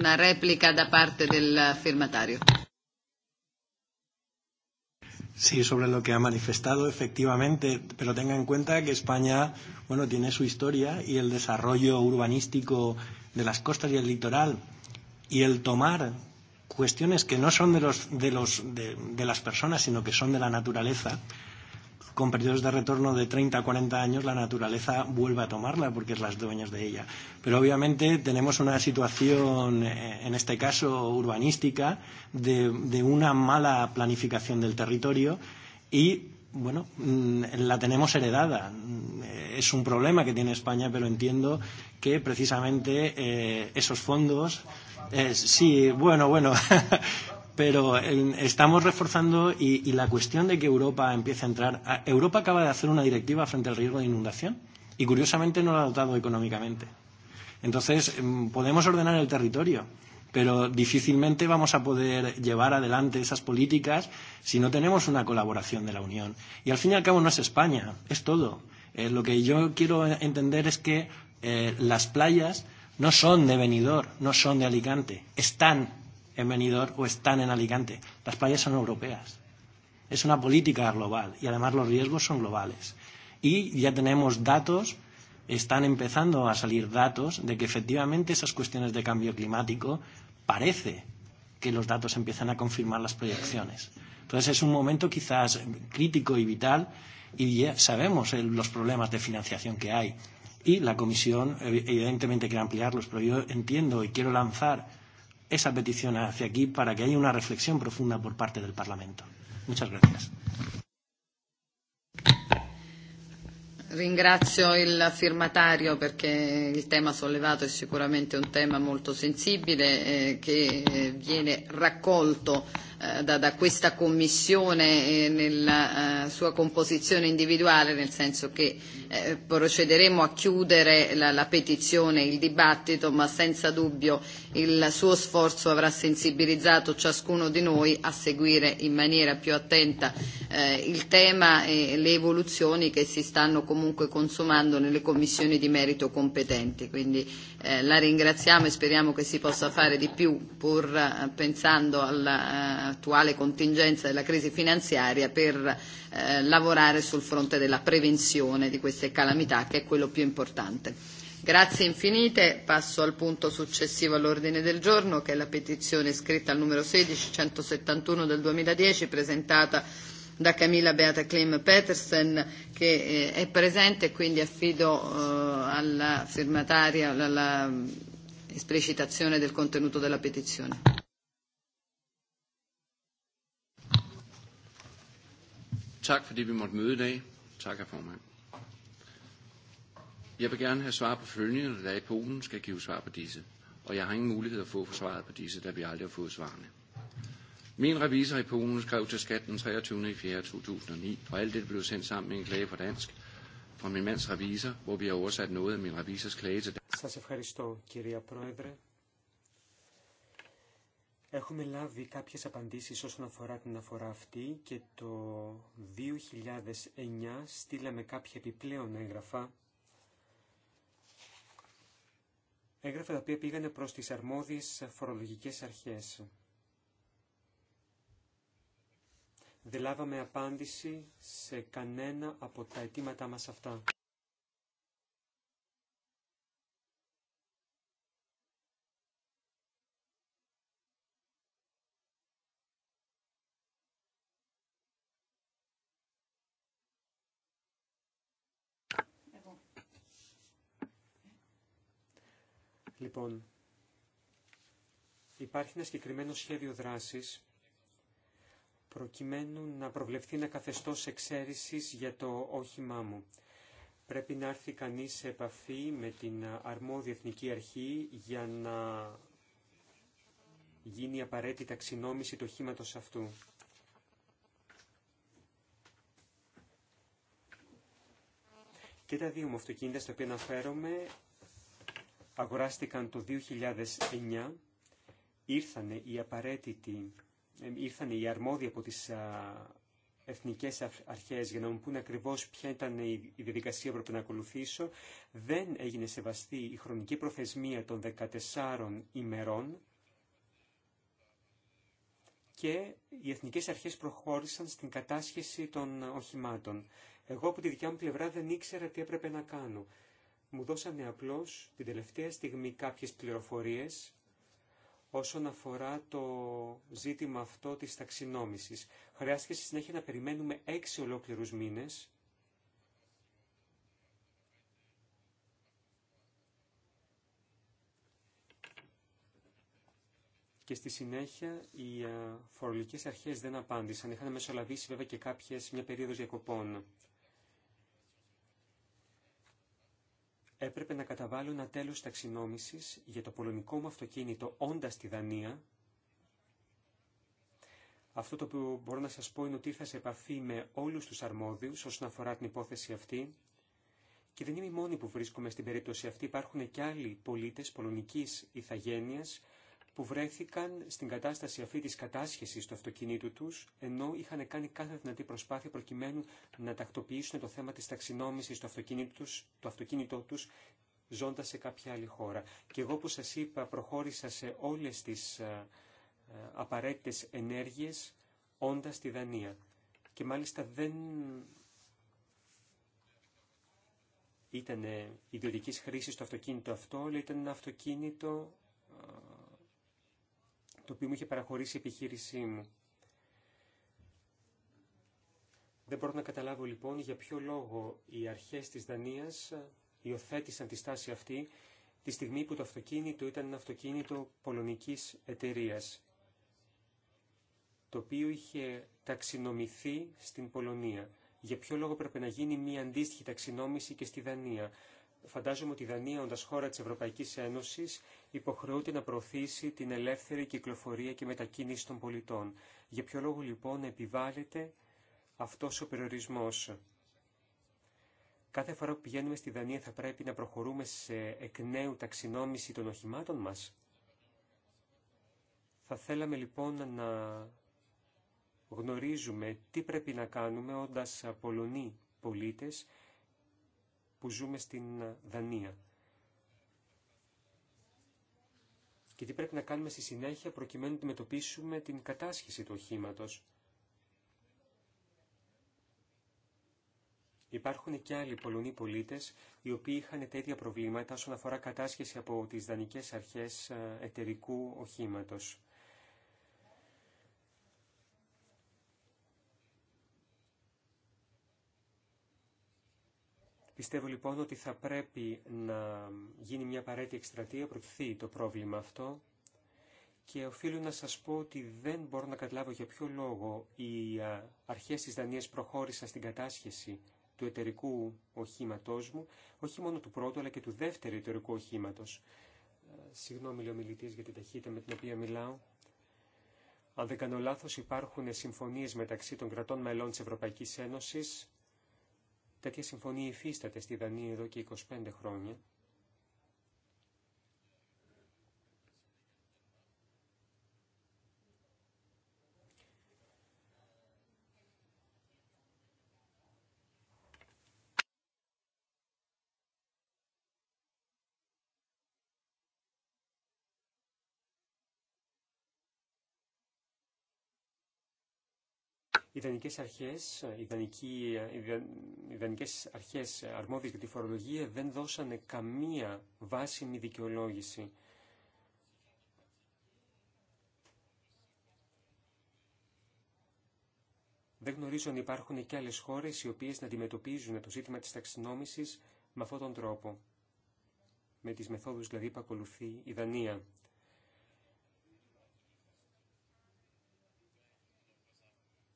una replica da parte del firmatario. Sí, sobre lo que ha manifestado, efectivamente, pero tenga en cuenta que España, bueno, tiene su historia y el desarrollo urbanístico de las costas y el litoral y el tomar cuestiones que no son de los de los de, de las personas, sino que son de la naturaleza con periodos de retorno de 30 a 40 años la naturaleza vuelva a tomarla porque es las dueñas de ella. Pero obviamente tenemos una situación, en este caso urbanística, de, de una mala planificación del territorio y, bueno, la tenemos heredada. Es un problema que tiene España, pero entiendo que precisamente esos fondos. Sí, bueno, bueno pero estamos reforzando y, y la cuestión de que Europa empiece a entrar. Europa acaba de hacer una directiva frente al riesgo de inundación y curiosamente no la ha dotado económicamente. Entonces, podemos ordenar el territorio, pero difícilmente vamos a poder llevar adelante esas políticas si no tenemos una colaboración de la Unión. Y al fin y al cabo no es España, es todo. Lo que yo quiero entender es que las playas no son de Benidorm, no son de Alicante, están en o están en Alicante. Las playas son europeas. Es una política global y además los riesgos son globales. Y ya tenemos datos, están empezando a salir datos de que efectivamente esas cuestiones de cambio climático parece que los datos empiezan a confirmar las proyecciones. Entonces es un momento quizás crítico y vital y ya sabemos los problemas de financiación que hay. Y la Comisión evidentemente quiere ampliarlos, pero yo entiendo y quiero lanzar esa petición hacia aquí para que haya una reflexión profunda por parte del Parlamento. Muchas gracias. Ringrazio il firmatario perché il tema sollevato è sicuramente un tema molto sensibile che viene raccolto da questa Commissione nella sua composizione individuale, nel senso che procederemo a chiudere la petizione, il dibattito, ma senza dubbio il suo sforzo avrà sensibilizzato ciascuno di noi a seguire in maniera più attenta il tema e le evoluzioni che si stanno comunque consumando nelle commissioni di merito competenti. Quindi La ringraziamo e speriamo che si possa fare di più pur pensando all'attuale contingenza della crisi finanziaria per lavorare sul fronte della prevenzione di queste calamità che è quello più importante. Grazie infinite. Passo al punto successivo all'ordine del giorno che è la petizione scritta al numero 16 del 2010 presentata da Camilla Beata Clem Petersen che è presente, quindi affido alla firmataria l'esplicitazione del contenuto della petizione. Tak fordi vi måtte møde i dag. Tak, herr formand. Jeg vil gerne have svar på følgende, der i Polen skal give svar på disse. Og jeg har ingen mulighed at få svaret på disse, da vi aldrig har fået svarene. Min revisor i Polen skrev til skat den 23. 4. 2009, og alt det blev sendt sammen med en klage på dansk fra min mands revisor, hvor vi har oversat noget af min revisors klage til dansk. Σας ευχαριστώ, κυρία Πρόεδρε. Έχουμε λάβει κάποιες απαντήσεις όσον αφορά την αφορά αυτή και το 2009 στείλαμε κάποια επιπλέον έγγραφα έγγραφα τα οποία πήγανε προς τις αρμόδιες φορολογικές αρχές. δεν λάβαμε απάντηση σε κανένα από τα αιτήματά μας αυτά. Λοιπόν, υπάρχει ένα συγκεκριμένο σχέδιο δράσης προκειμένου να προβλεφθεί ένα καθεστώς εξαίρεσης για το όχημά μου. Πρέπει να έρθει κανείς σε επαφή με την αρμόδια εθνική αρχή για να γίνει απαραίτητη ταξινόμηση του οχήματος αυτού. Και τα δύο μου αυτοκίνητα στα οποία αναφέρομαι αγοράστηκαν το 2009, ήρθανε οι απαραίτητοι ήρθαν οι αρμόδιοι από τις εθνικές αρχές για να μου πούνε ακριβώς ποια ήταν η διαδικασία που έπρεπε να ακολουθήσω, δεν έγινε σεβαστή η χρονική προθεσμία των 14 ημερών και οι εθνικές αρχές προχώρησαν στην κατάσχεση των οχημάτων. Εγώ από τη δικιά μου πλευρά δεν ήξερα τι έπρεπε να κάνω. Μου δώσανε απλώς την τελευταία στιγμή κάποιες πληροφορίες όσον αφορά το ζήτημα αυτό της ταξινόμησης. Χρειάστηκε στη συνέχεια να περιμένουμε έξι ολόκληρους μήνες και στη συνέχεια οι φορολογικές αρχές δεν απάντησαν. Είχαν μεσολαβήσει βέβαια και κάποιες, μια περίοδος διακοπών. έπρεπε να καταβάλω ένα τέλος ταξινόμησης για το πολωνικό μου αυτοκίνητο όντα στη Δανία. Αυτό το που μπορώ να σας πω είναι ότι ήρθα σε επαφή με όλους τους αρμόδιους όσον αφορά την υπόθεση αυτή και δεν είμαι η μόνη που βρίσκομαι στην περίπτωση αυτή. Υπάρχουν και άλλοι πολίτες πολωνικής ηθαγένειας που βρέθηκαν στην κατάσταση αυτή της κατάσχεσης του αυτοκινήτου τους, ενώ είχαν κάνει κάθε δυνατή προσπάθεια προκειμένου να τακτοποιήσουν το θέμα της ταξινόμησης του αυτοκινήτου τους, το αυτοκίνητό τους ζώντας σε κάποια άλλη χώρα. Και εγώ που σας είπα προχώρησα σε όλες τις ε, ε, απαραίτητες ενέργειες όντας τη Δανία. Και μάλιστα δεν ήταν ιδιωτικής χρήσης το αυτοκίνητο αυτό, αλλά ήταν ένα αυτοκίνητο το οποίο μου είχε παραχωρήσει η επιχείρησή μου. Δεν μπορώ να καταλάβω λοιπόν για ποιο λόγο οι αρχές της Δανίας υιοθέτησαν τη στάση αυτή τη στιγμή που το αυτοκίνητο ήταν ένα αυτοκίνητο πολωνικής εταιρείας, το οποίο είχε ταξινομηθεί στην Πολωνία. Για ποιο λόγο πρέπει να γίνει μια αντίστοιχη ταξινόμηση και στη Δανία φαντάζομαι ότι η Δανία, όντα χώρα τη Ευρωπαϊκή Ένωση, υποχρεούται να προωθήσει την ελεύθερη κυκλοφορία και μετακίνηση των πολιτών. Για ποιο λόγο λοιπόν επιβάλλεται αυτό ο περιορισμό. Κάθε φορά που πηγαίνουμε στη Δανία θα πρέπει να προχωρούμε σε εκ νέου ταξινόμηση των οχημάτων μας. Θα θέλαμε λοιπόν να γνωρίζουμε τι πρέπει να κάνουμε όντας Πολωνοί πολίτες που ζούμε στην Δανία. Και τι πρέπει να κάνουμε στη συνέχεια προκειμένου να αντιμετωπίσουμε την κατάσχεση του οχήματο. Υπάρχουν και άλλοι Πολωνοί πολίτε οι οποίοι είχαν τέτοια προβλήματα όσον αφορά κατάσχεση από τις δανεικές αρχές ε, εταιρικού οχήματο. Πιστεύω λοιπόν ότι θα πρέπει να γίνει μια απαραίτητη εκστρατεία προτιθεί το πρόβλημα αυτό και οφείλω να σας πω ότι δεν μπορώ να καταλάβω για ποιο λόγο οι αρχές της Δανίας προχώρησαν στην κατάσχεση του εταιρικού οχήματός μου, όχι μόνο του πρώτου αλλά και του δεύτερου εταιρικού οχήματος. Ε, συγγνώμη, λέω για την ταχύτητα με την οποία μιλάω. Αν δεν κάνω λάθος, υπάρχουν συμφωνίες μεταξύ των κρατών μελών της Ευρωπαϊκής Ένωσης Τέτοια συμφωνία υφίσταται στη Δανία εδώ και 25 χρόνια ιδανικές αρχές, ιδανική, ιδανικές αρχές αρμόδιες για τη φορολογία δεν δώσανε καμία βάσιμη δικαιολόγηση. Δεν γνωρίζω αν υπάρχουν και άλλες χώρες οι οποίες να αντιμετωπίζουν το ζήτημα της ταξινόμησης με αυτόν τον τρόπο. Με τις μεθόδους δηλαδή που ακολουθεί η Δανία.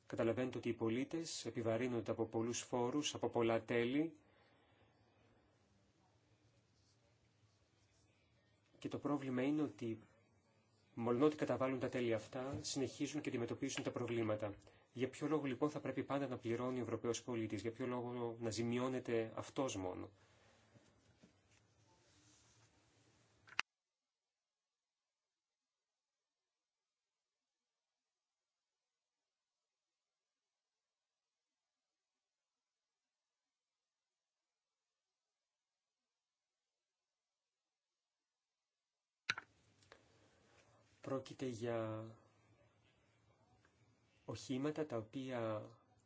Καταλαβαίνετε ότι οι πολίτες επιβαρύνονται από πολλούς φόρους, από πολλά τέλη και το πρόβλημα είναι ότι μολονότι καταβάλουν τα τέλη αυτά, συνεχίζουν και αντιμετωπίζουν τα προβλήματα. Για ποιο λόγο λοιπόν θα πρέπει πάντα να πληρώνει ο Ευρωπαίος πολίτης, για ποιο λόγο να ζημιώνεται αυτός μόνο. Πρόκειται για οχήματα τα οποία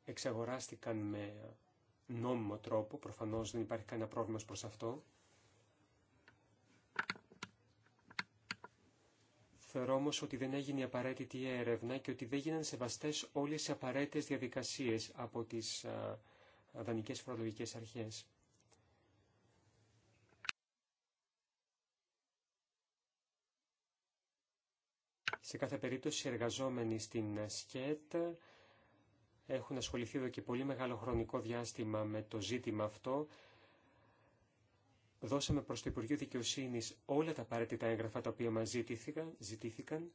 εξαγοράστηκαν με νόμιμο τρόπο, προφανώς δεν υπάρχει κανένα πρόβλημα προς αυτό. Θεωρώ όμως ότι δεν έγινε η απαραίτητη έρευνα και ότι δεν γίνανε σεβαστές όλες οι απαραίτητες διαδικασίες από τις δανεικές φορολογικές αρχές. Σε κάθε περίπτωση οι εργαζόμενοι στην ΣΚΕΤ έχουν ασχοληθεί εδώ και πολύ μεγάλο χρονικό διάστημα με το ζήτημα αυτό. Δώσαμε προς το Υπουργείο Δικαιοσύνης όλα τα απαραίτητα έγγραφα τα οποία μας ζητήθηκαν, ζητήθηκαν.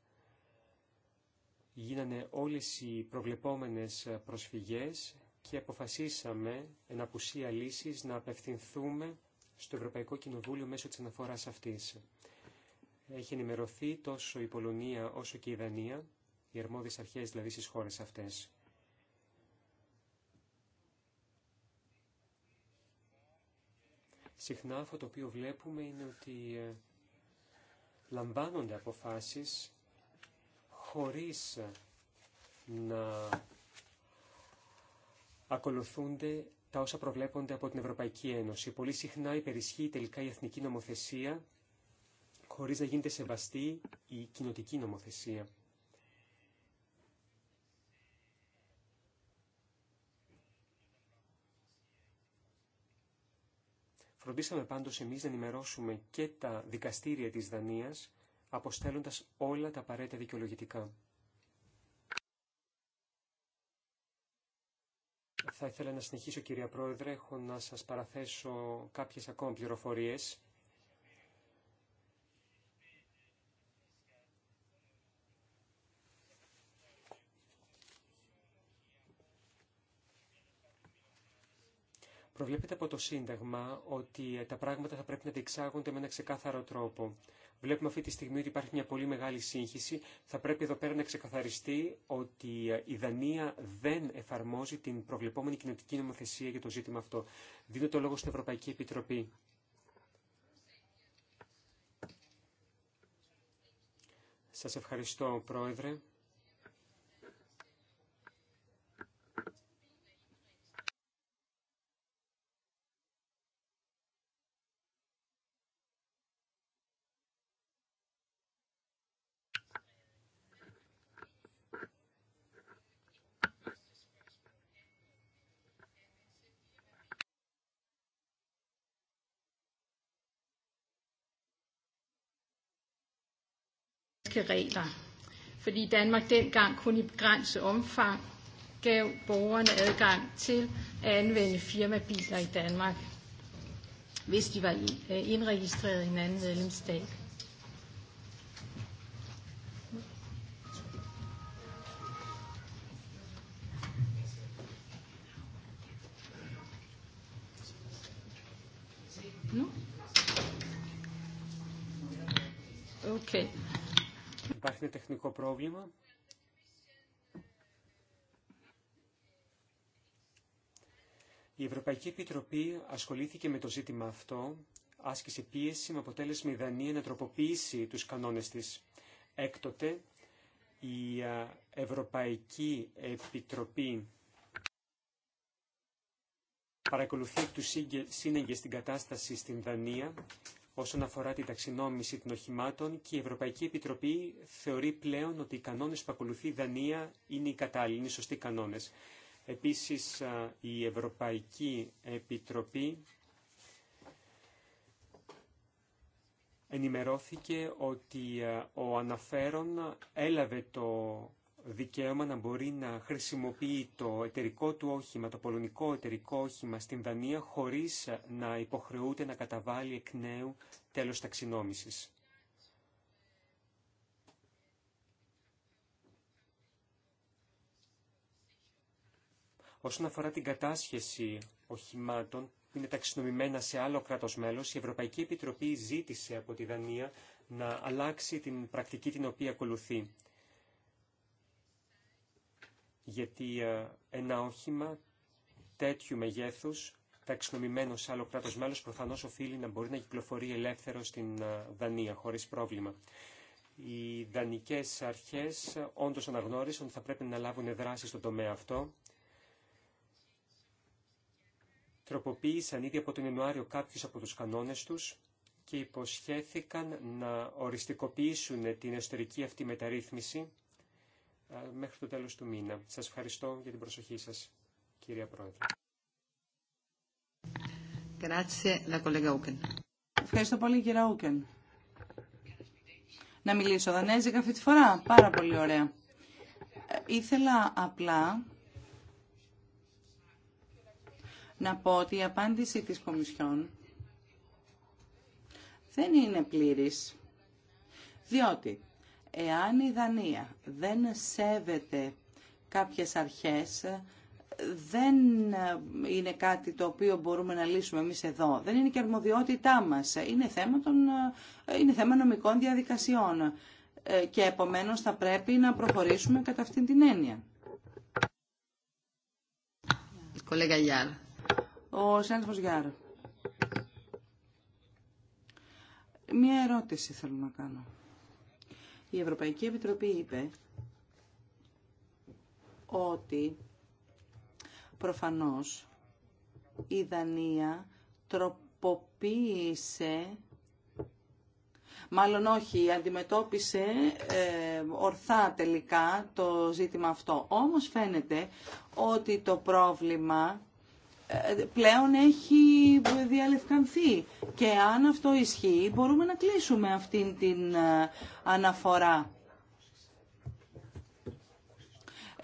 Γίνανε όλες οι προβλεπόμενες προσφυγές και αποφασίσαμε εν απουσία λύσης να απευθυνθούμε στο Ευρωπαϊκό Κοινοβούλιο μέσω της αναφοράς αυτής έχει ενημερωθεί τόσο η Πολωνία όσο και η Δανία, οι αρμόδιες αρχές δηλαδή στις χώρες αυτές. Συχνά αυτό το οποίο βλέπουμε είναι ότι ε, λαμβάνονται αποφάσεις χωρίς ε, να ακολουθούνται τα όσα προβλέπονται από την Ευρωπαϊκή Ένωση. Πολύ συχνά υπερισχύει τελικά η εθνική νομοθεσία χωρίς να γίνεται σεβαστή η κοινοτική νομοθεσία. Φροντίσαμε πάντως εμείς να ενημερώσουμε και τα δικαστήρια της Δανίας, αποστέλλοντας όλα τα απαραίτητα δικαιολογητικά. Θα ήθελα να συνεχίσω κυρία Πρόεδρε, έχω να σας παραθέσω κάποιες ακόμα πληροφορίες Βλέπετε από το Σύνταγμα ότι τα πράγματα θα πρέπει να διεξάγονται με ένα ξεκάθαρο τρόπο. Βλέπουμε αυτή τη στιγμή ότι υπάρχει μια πολύ μεγάλη σύγχυση. Θα πρέπει εδώ πέρα να ξεκαθαριστεί ότι ε, η Δανία δεν εφαρμόζει την προβλεπόμενη κοινοτική νομοθεσία για το ζήτημα αυτό. Δίνω το λόγο στην Ευρωπαϊκή Επιτροπή. Σας ευχαριστώ, Πρόεδρε. danske regler, fordi Danmark dengang kun i begrænset omfang gav borgerne adgang til at anvende firmabiler i Danmark, hvis de var indregistreret i en anden medlemsstat. Okay είναι τεχνικό πρόβλημα. Η Ευρωπαϊκή Επιτροπή ασχολήθηκε με το ζήτημα αυτό, άσκησε πίεση με αποτέλεσμα η Δανία να τροποποιήσει τους κανόνες της. Έκτοτε, η Ευρωπαϊκή Επιτροπή παρακολουθεί τους του σύνεγγε στην κατάσταση στην Δανία όσον αφορά την ταξινόμηση των οχημάτων και η Ευρωπαϊκή Επιτροπή θεωρεί πλέον ότι οι κανόνες που ακολουθεί η Δανία είναι οι κατάλληλοι, είναι οι σωστοί κανόνες. Επίσης, η Ευρωπαϊκή Επιτροπή ενημερώθηκε ότι ο αναφέρον έλαβε το δικαίωμα να μπορεί να χρησιμοποιεί το εταιρικό του όχημα, το πολωνικό εταιρικό όχημα στην Δανία χωρίς να υποχρεούται να καταβάλει εκ νέου τέλος ταξινόμησης. Όσον αφορά την κατάσχεση οχημάτων που είναι ταξινομημένα σε άλλο κράτος μέλος, η Ευρωπαϊκή Επιτροπή ζήτησε από τη Δανία να αλλάξει την πρακτική την οποία ακολουθεί γιατί ε, ένα όχημα τέτοιου μεγέθους ταξινομημένο σε άλλο κράτος μέλος προφανώς οφείλει να μπορεί να κυκλοφορεί ελεύθερο στην ε, Δανία χωρίς πρόβλημα. Οι δανεικές αρχές όντως αναγνώρισαν ότι θα πρέπει να λάβουν δράση στον τομέα αυτό. Τροποποίησαν ήδη από τον Ιανουάριο κάποιους από τους κανόνες τους και υποσχέθηκαν να οριστικοποιήσουν την εσωτερική αυτή μεταρρύθμιση μέχρι το τέλος του μήνα. Σας ευχαριστώ για την προσοχή σας, κυρία Πρόεδρε. Ευχαριστώ πολύ, κύριε Ούκεν. Να μιλήσω δανέζικα αυτή τη φορά. Πάρα πολύ ωραία. Ε, ήθελα απλά να πω ότι η απάντηση της Κομισιόν δεν είναι πλήρης, διότι Εάν η Δανία δεν σέβεται κάποιες αρχές, δεν είναι κάτι το οποίο μπορούμε να λύσουμε εμείς εδώ. Δεν είναι και αρμοδιότητά μας. Είναι θέμα, των, είναι θέμα νομικών διαδικασιών. Ε, και επομένως θα πρέπει να προχωρήσουμε κατά αυτήν την έννοια. Ο Σένθος Γιάρ. Μία ερώτηση θέλω να κάνω. Η Ευρωπαϊκή Επιτροπή είπε ότι προφανώς η Δανία τροποποίησε Μάλλον όχι, αντιμετώπισε ε, ορθά τελικά το ζήτημα αυτό. Όμως φαίνεται ότι το πρόβλημα πλέον έχει διαλευκανθεί. Και αν αυτό ισχύει μπορούμε να κλείσουμε αυτήν την ε, αναφορά.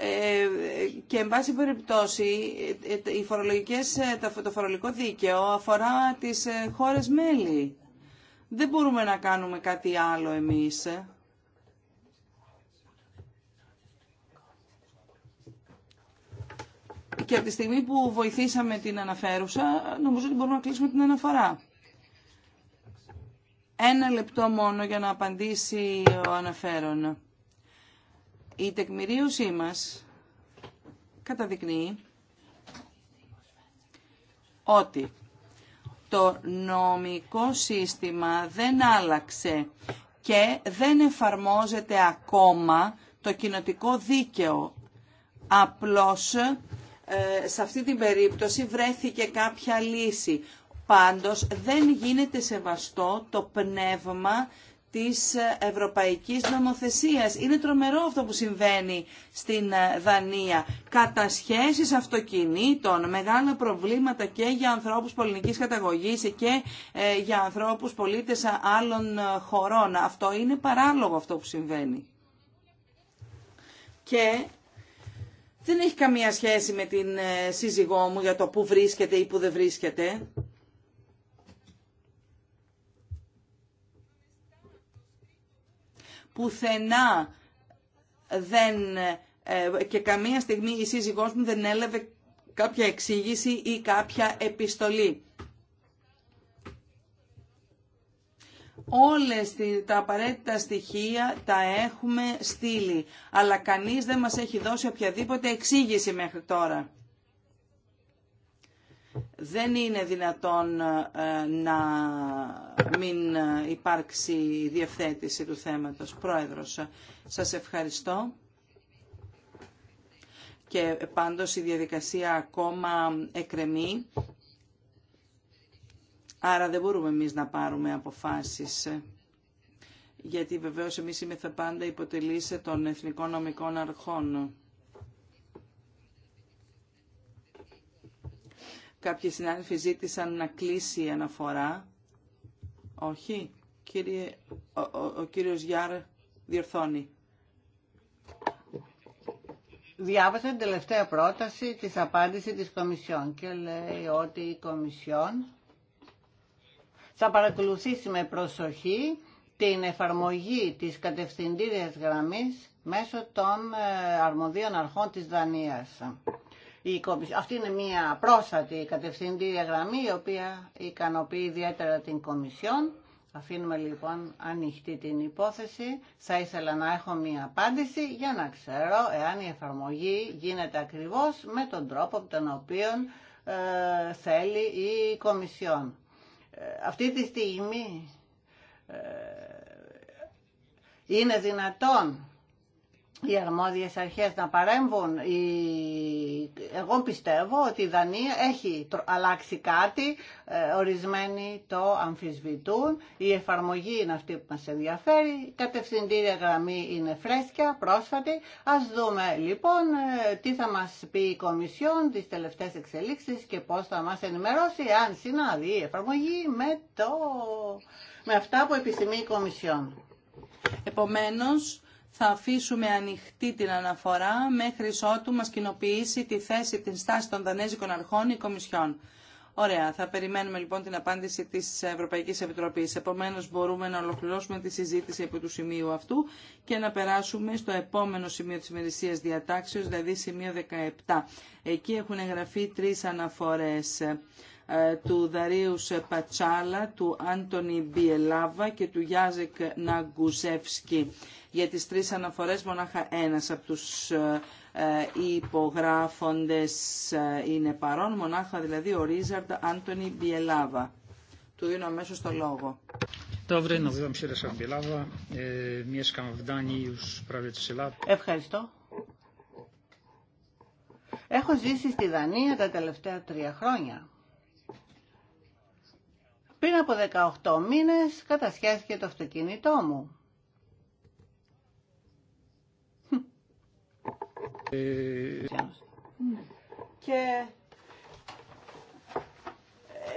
Ε, και εν πάση περιπτώσει ε, οι φορολογικές, το φορολογικό δίκαιο αφορά τις χώρες μέλη. Δεν μπορούμε να κάνουμε κάτι άλλο εμείς. και από τη στιγμή που βοηθήσαμε την αναφέρουσα, νομίζω ότι μπορούμε να κλείσουμε την αναφορά. Ένα λεπτό μόνο για να απαντήσει ο αναφέρον. Η τεκμηρίωσή μας καταδεικνύει ότι το νομικό σύστημα δεν άλλαξε και δεν εφαρμόζεται ακόμα το κοινοτικό δίκαιο. Απλώς ε, σε αυτή την περίπτωση βρέθηκε κάποια λύση. Πάντως δεν γίνεται σεβαστό το πνεύμα της ευρωπαϊκής νομοθεσίας. Είναι τρομερό αυτό που συμβαίνει στην ε, Δανία. Κατασχέσεις αυτοκινήτων, μεγάλα προβλήματα και για ανθρώπους πολιτικής καταγωγής και ε, για ανθρώπους πολίτες άλλων χωρών. Αυτό είναι παράλογο αυτό που συμβαίνει. Και δεν έχει καμία σχέση με την ε, σύζυγό μου για το που βρίσκεται ή που δεν βρίσκεται. Πουθενά δεν, ε, και καμία στιγμή η σύζυγός μου δεν έλαβε κάποια εξήγηση ή κάποια επιστολή. Όλες τα απαραίτητα στοιχεία τα έχουμε στείλει, αλλά κανείς δεν μας έχει δώσει οποιαδήποτε εξήγηση μέχρι τώρα. Δεν είναι δυνατόν ε, να μην ε, υπάρξει διευθέτηση του θέματος. Πρόεδρος, σας ευχαριστώ. Και πάντως η διαδικασία ακόμα εκρεμεί Άρα δεν μπορούμε εμείς να πάρουμε αποφάσεις γιατί βεβαίως εμείς είμαστε πάντα υποτελείς των εθνικών νομικών αρχών. Κάποιοι συνάδελφοι ζήτησαν να κλείσει η αναφορά. Όχι, κύριε, ο, ο, κύριος Γιάρ διορθώνει. Διάβασα την τελευταία πρόταση της απάντησης της Κομισιόν και λέει ότι η Κομισιόν θα παρακολουθήσει με προσοχή την εφαρμογή της κατευθυντήριας γραμμής μέσω των ε, αρμοδίων αρχών της Δανίας. Αυτή είναι μια πρόσφατη κατευθυντήρια γραμμή η οποία ικανοποιεί ιδιαίτερα την Κομισιόν. Αφήνουμε λοιπόν ανοιχτή την υπόθεση. Θα ήθελα να έχω μια απάντηση για να ξέρω εάν η εφαρμογή γίνεται ακριβώς με τον τρόπο από τον οποίο ε, θέλει η Κομισιόν. Ε, αυτή τη στιγμή ε, είναι δυνατόν οι αρμόδιες αρχές να παρέμβουν. Εγώ πιστεύω ότι η Δανία έχει αλλάξει κάτι, ε, ορισμένοι το αμφισβητούν, η εφαρμογή είναι αυτή που μας ενδιαφέρει, η κατευθυντήρια γραμμή είναι φρέσκια, πρόσφατη. Ας δούμε λοιπόν ε, τι θα μας πει η Κομισιόν, τις τελευταίες εξελίξεις και πώς θα μας ενημερώσει αν συνάδει η εφαρμογή με, με αυτά που επισημεί η Κομισιόν. Επομένως, θα αφήσουμε ανοιχτή την αναφορά μέχρι ότου μας κοινοποιήσει τη θέση, την στάση των Δανέζικων Αρχών ή Κομισιόν. Ωραία, θα περιμένουμε λοιπόν την απάντηση της Ευρωπαϊκής Επιτροπής. Επομένως μπορούμε να ολοκληρώσουμε τη συζήτηση από του σημείου αυτού και να περάσουμε στο επόμενο σημείο της ημερησίας διατάξεως, δηλαδή σημείο 17. Εκεί έχουν εγγραφεί τρεις αναφορές του Δαρίου Πατσάλα, του Άντωνη Μπιελάβα και του Γιάζεκ Ναγκουζεύσκη. Για τις τρεις αναφορές μονάχα ένας από τους ε, ε, υπογράφοντες ε, είναι παρόν, μονάχα δηλαδή ο Ρίζαρντ Άντωνη Μπιελάβα. Του δίνω αμέσω το λόγο. E, Ευχαριστώ. Έχω ζήσει στη Δανία τα τελευταία τρία χρόνια. Πριν από 18 μήνες κατασχέθηκε το αυτοκίνητό μου. Και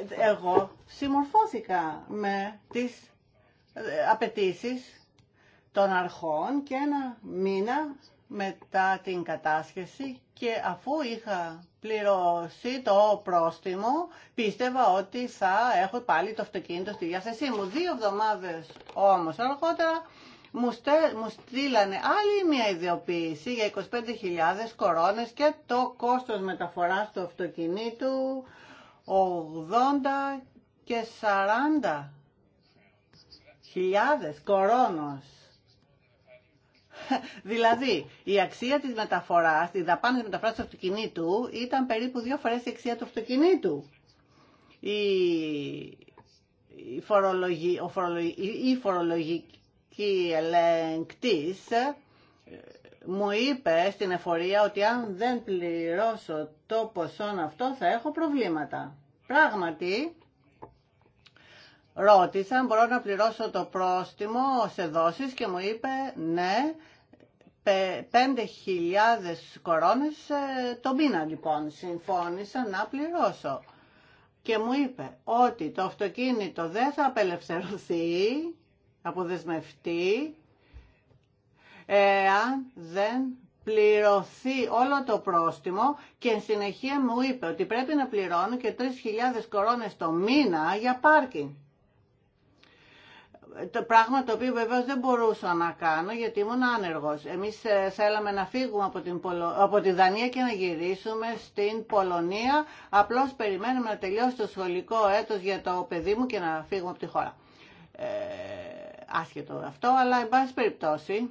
εγώ συμμορφώθηκα με τις ε, απαιτήσεις των αρχών και ένα μήνα μετά την κατάσχεση και αφού είχα πληρώσει το πρόστιμο, πίστευα ότι θα έχω πάλι το αυτοκίνητο στη διάθεσή μου. Δύο εβδομάδες όμως αργότερα μου, μου στείλανε άλλη μια ιδιοποίηση για 25.000 κορώνες και το κόστος μεταφοράς του αυτοκινήτου 80 και 40 χιλιάδες κορώνος. [LAUGHS] Δηλαδή, η αξία της μεταφοράς, τη δαπάνη της μεταφοράς του αυτοκινήτου ήταν περίπου δύο φορές η αξία του αυτοκινήτου. Η, η, φορολογική, ο ελεγκτής ε, μου είπε στην εφορία ότι αν δεν πληρώσω το ποσό αυτό θα έχω προβλήματα. Πράγματι, ρώτησα αν μπορώ να πληρώσω το πρόστιμο σε δόσεις και μου είπε ναι, 5.000 κορώνες ε, το μήνα λοιπόν συμφώνησα να πληρώσω και μου είπε ότι το αυτοκίνητο δεν θα απελευθερωθεί, αποδεσμευτεί, εάν δεν πληρωθεί όλο το πρόστιμο και εν συνεχεία μου είπε ότι πρέπει να πληρώνω και 3.000 κορώνες το μήνα για πάρκινγκ το πράγμα το οποίο βεβαίω δεν μπορούσα να κάνω γιατί ήμουν άνεργο. Εμείς ε, θέλαμε να φύγουμε από, την τη Δανία και να γυρίσουμε στην Πολωνία. Απλώ περιμένουμε να τελειώσει το σχολικό έτος για το παιδί μου και να φύγουμε από τη χώρα. Ε, άσχετο αυτό, αλλά εν πάση περιπτώσει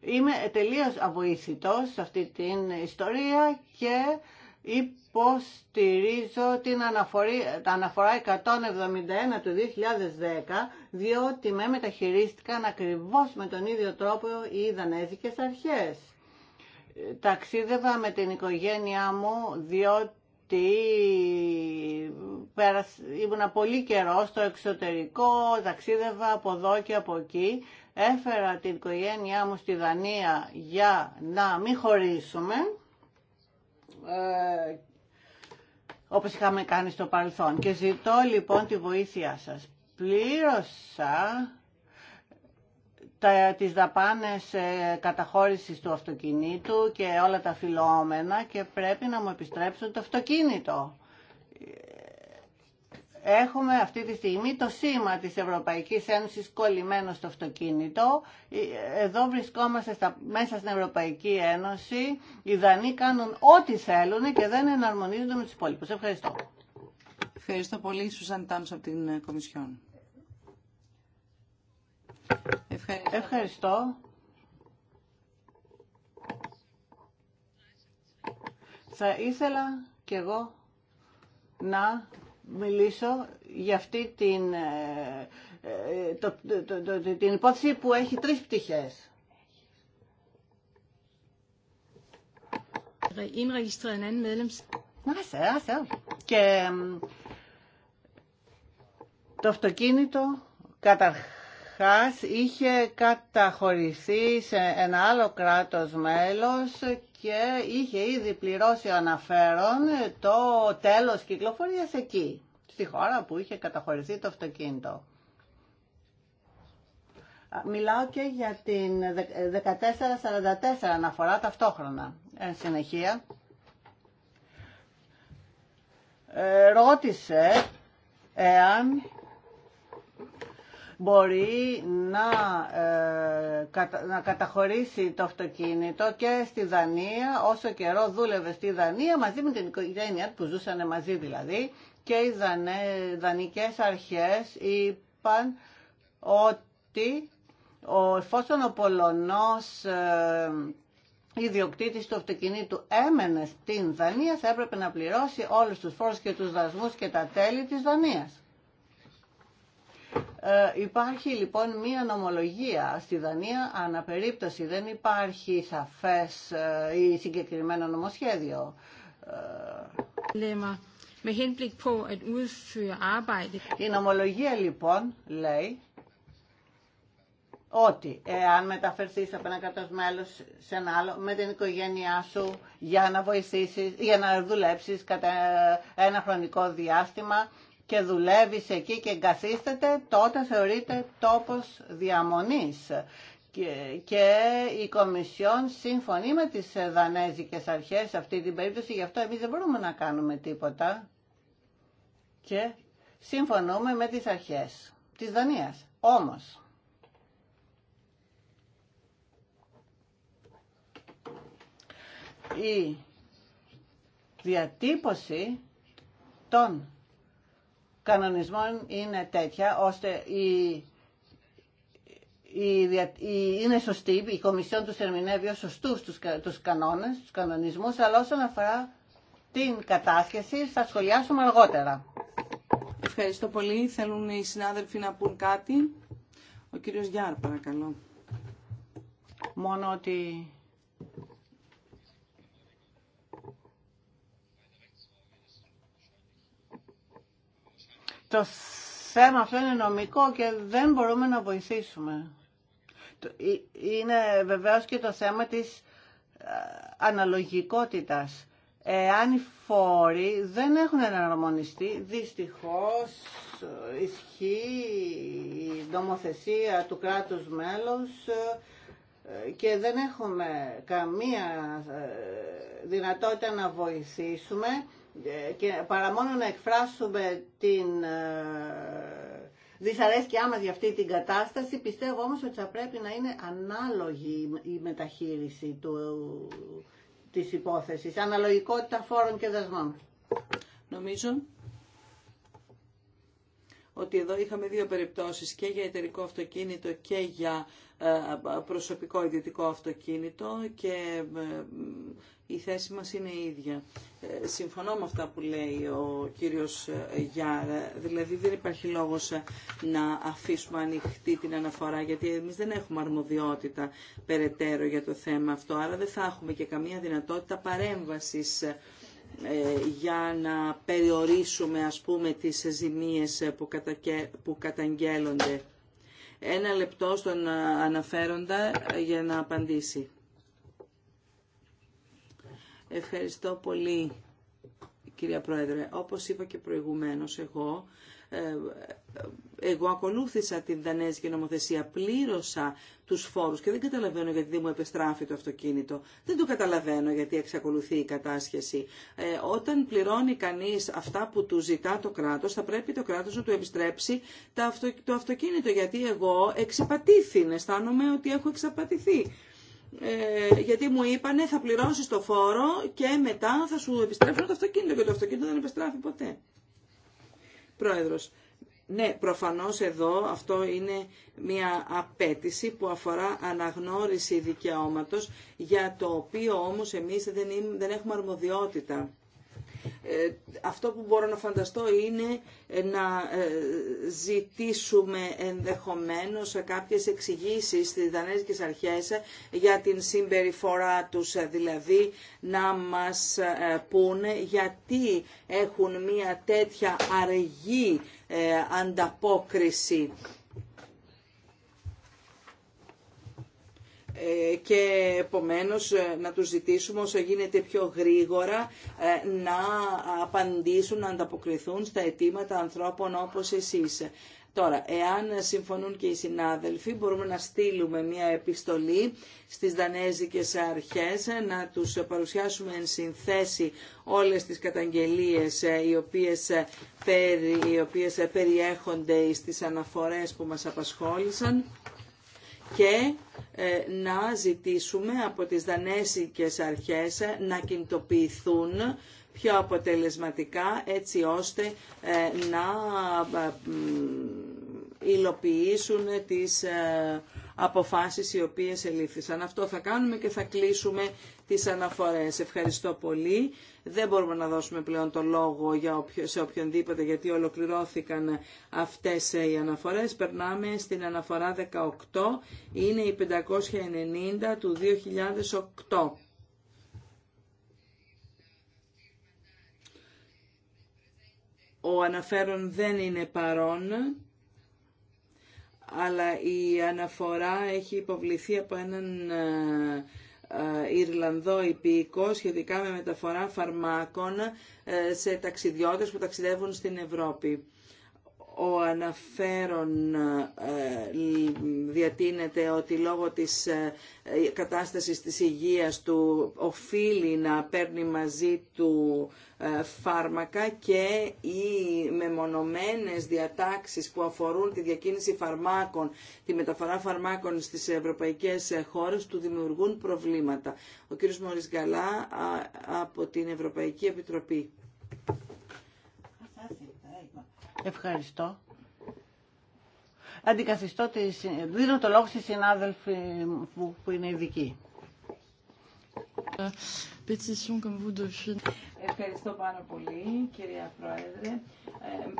είμαι τελείω αβοηθητο σε αυτή την ιστορία και υποστηρίζω την αναφορά 171 του 2010 διότι με μεταχειρίστηκαν ακριβώς με τον ίδιο τρόπο οι Δανέζικες αρχές. Ταξίδευα με την οικογένειά μου διότι ήμουν πολύ καιρό στο εξωτερικό, ταξίδευα από εδώ και από εκεί. Έφερα την οικογένειά μου στη Δανία για να μην χωρίσουμε ε, όπως είχαμε κάνει στο παρελθόν. Και ζητώ λοιπόν τη βοήθειά σας. Πλήρωσα τα, τις δαπάνες ε, καταχώρησης του αυτοκινήτου και όλα τα φιλόμενα και πρέπει να μου επιστρέψουν το αυτοκίνητο. Έχουμε αυτή τη στιγμή το σήμα της Ευρωπαϊκής Ένωσης κολλημένο στο αυτοκίνητο. Ε, εδώ βρισκόμαστε μέσα στην Ευρωπαϊκή Ένωση. Οι Δανείοι κάνουν ό,τι θέλουν και δεν εναρμονίζονται με τους υπόλοιπους. Ευχαριστώ. Ευχαριστώ πολύ, Σουζάν Τάμς από την ε, Κομισιόν. Ευχαριστώ. Ευχαριστώ. Θα ήθελα κι εγώ να μιλήσω για αυτή την, ε, ε, το, το, το, την υπόθεση που έχει τρεις πτυχές. Άσε, άσε. Και το αυτοκίνητο καταρχάς είχε καταχωρηθεί σε ένα άλλο κράτος μέλος και είχε ήδη πληρώσει ο αναφέρον το τέλος κυκλοφορίας εκεί, στη χώρα που είχε καταχωρηθεί το αυτοκίνητο. Μιλάω και για την 1444 αναφορά ταυτόχρονα. Εν συνεχεία, ε, ρώτησε εάν μπορεί να, ε, να καταχωρήσει το αυτοκίνητο και στη Δανία όσο καιρό δούλευε στη Δανία μαζί με την οικογένεια που ζούσαν μαζί δηλαδή και οι Δανικές αρχές είπαν ότι ο, εφόσον ο Πολωνός ε, ιδιοκτήτης του αυτοκινήτου έμενε στην Δανία θα έπρεπε να πληρώσει όλους τους φόρους και τους δασμούς και τα τέλη της Δανίας. Ε, υπάρχει λοιπόν μία νομολογία στη Δανία, αναπερίπτωση δεν υπάρχει σαφές ε, ή συγκεκριμένο νομοσχέδιο. Ε, Η νομολογία λοιπόν λέει ότι εάν μεταφερθείς από ένα κράτος μέλος σε ένα άλλο με την οικογένειά σου για να βοηθήσεις, για να δουλέψεις κατά ένα χρονικό διάστημα και δουλεύεις εκεί και εγκαθίσταται, τότε θεωρείται τόπος διαμονής. Και η Κομισιόν συμφωνεί με τις δανέζικες αρχές σε αυτή την περίπτωση, γι' αυτό εμείς δεν μπορούμε να κάνουμε τίποτα. Και συμφωνούμε με τις αρχές της Δανίας. Όμως, η διατύπωση των κανονισμών είναι τέτοια ώστε η, η, η είναι σωστή, η Κομισιόν τους ερμηνεύει ως σωστούς τους, τους κανόνες, τους κανονισμούς, αλλά όσον αφορά την κατάσχεση θα σχολιάσουμε αργότερα. Ευχαριστώ πολύ. Θέλουν οι συνάδελφοι να πούν κάτι. Ο κύριος Γιάρ, παρακαλώ. Μόνο ότι το θέμα αυτό είναι νομικό και δεν μπορούμε να βοηθήσουμε. Ε, είναι βεβαίως και το θέμα της ε, αναλογικότητας. Εάν οι φόροι δεν έχουν εναρμονιστεί, δυστυχώς ε, ισχύει η νομοθεσία του κράτους μέλους και δεν έχουμε καμία δυνατότητα να βοηθήσουμε ε, και παρά μόνο να εκφράσουμε την ε, δυσαρέσκειά μας για αυτή την κατάσταση, πιστεύω όμως ότι θα πρέπει να είναι ανάλογη η μεταχείριση του, της υπόθεσης, αναλογικότητα φόρων και δασμών. Νομίζω ότι εδώ είχαμε δύο περιπτώσεις και για εταιρικό αυτοκίνητο και για ε, προσωπικό ιδιωτικό αυτοκίνητο και η θέση μας είναι η ίδια. Ε, συμφωνώ με αυτά που λέει ο κύριος ε, Γιάρα, δηλαδή δεν υπάρχει λόγος ε, να αφήσουμε ανοιχτή την αναφορά, γιατί εμείς δεν έχουμε αρμοδιότητα περαιτέρω για το θέμα αυτό, άρα δεν θα έχουμε και καμία δυνατότητα παρέμβασης για να περιορίσουμε ας πούμε τις ζημίες που, κατακε... που καταγγέλλονται. Ένα λεπτό στον αναφέροντα για να απαντήσει. Ευχαριστώ πολύ, κυρία Πρόεδρε. Όπως είπα και προηγουμένως, εγώ ε, εγώ ακολούθησα την Δανέζικη νομοθεσία, πλήρωσα τους φόρους και δεν καταλαβαίνω γιατί δεν μου επιστράφει το αυτοκίνητο. Δεν το καταλαβαίνω γιατί εξακολουθεί η κατάσχεση. Ε, όταν πληρώνει κανείς αυτά που του ζητά το κράτος, θα πρέπει το κράτος να του επιστρέψει το αυτοκίνητο, γιατί εγώ εξαπατήθη, αισθάνομαι ότι έχω εξαπατηθεί. Ε, γιατί μου είπανε θα πληρώσεις το φόρο και μετά θα σου επιστρέψουν το αυτοκίνητο και το αυτοκίνητο δεν επιστράφει ποτέ. Πρόεδρος, ναι, προφανώς εδώ αυτό είναι μια απέτηση που αφορά αναγνώριση δικαιώματος για το οποίο όμως εμείς δεν, δεν έχουμε αρμοδιότητα. Ε, αυτό που μπορώ να φανταστώ είναι ε, να ε, ζητήσουμε ενδεχομένως κάποιες εξηγήσεις στις δανέζικες αρχές για την συμπεριφορά τους, δηλαδή να μας πούνε γιατί έχουν μια τέτοια αργή ανταπόκριση Ε, και επομένως ε, να τους ζητήσουμε όσο γίνεται πιο γρήγορα ε, να απαντήσουν, να ανταποκριθούν στα αιτήματα ανθρώπων όπως εσείς. Τώρα, εάν συμφωνούν και οι συνάδελφοι, μπορούμε να στείλουμε μια επιστολή στις δανέζικες αρχές, να τους παρουσιάσουμε εν συνθέσει όλες τις καταγγελίες οι οποίες, περι, οι οποίες περιέχονται στις αναφορές που μας απασχόλησαν και ε, να ζητήσουμε από τις δανέσικες αρχές ε, να κινητοποιηθούν πιο αποτελεσματικά έτσι ώστε ε, να υλοποιήσουν τις αποφάσεις οι οποίες ελήφθησαν. Αυτό θα κάνουμε και θα κλείσουμε τις αναφορές. Ευχαριστώ πολύ. Δεν μπορούμε να δώσουμε πλέον το λόγο για σε οποιονδήποτε γιατί ολοκληρώθηκαν αυτές οι αναφορές. Περνάμε στην αναφορά 18. Είναι η 590 του 2008. Ο αναφέρον δεν είναι παρόν αλλά η αναφορά έχει υποβληθεί από έναν ε, ε, Ιρλανδό υπήκο σχετικά με μεταφορά φαρμάκων ε, σε ταξιδιώτες που ταξιδεύουν στην Ευρώπη ο αναφέρον ε, διατείνεται ότι λόγω της ε, κατάστασης της υγείας του οφείλει να παίρνει μαζί του ε, φάρμακα και οι μεμονωμένες διατάξεις που αφορούν τη διακίνηση φαρμάκων, τη μεταφορά φαρμάκων στις ευρωπαϊκές χώρες του δημιουργούν προβλήματα. Ο κύριος Μωρίς Γκαλά από την Ευρωπαϊκή Επιτροπή. Ευχαριστώ. Αντικαθιστώ, δίνω το λόγο στη συνάδελφη που είναι ειδική. Ε, ευχαριστώ πάρα πολύ, κυρία Πρόεδρε. Ε,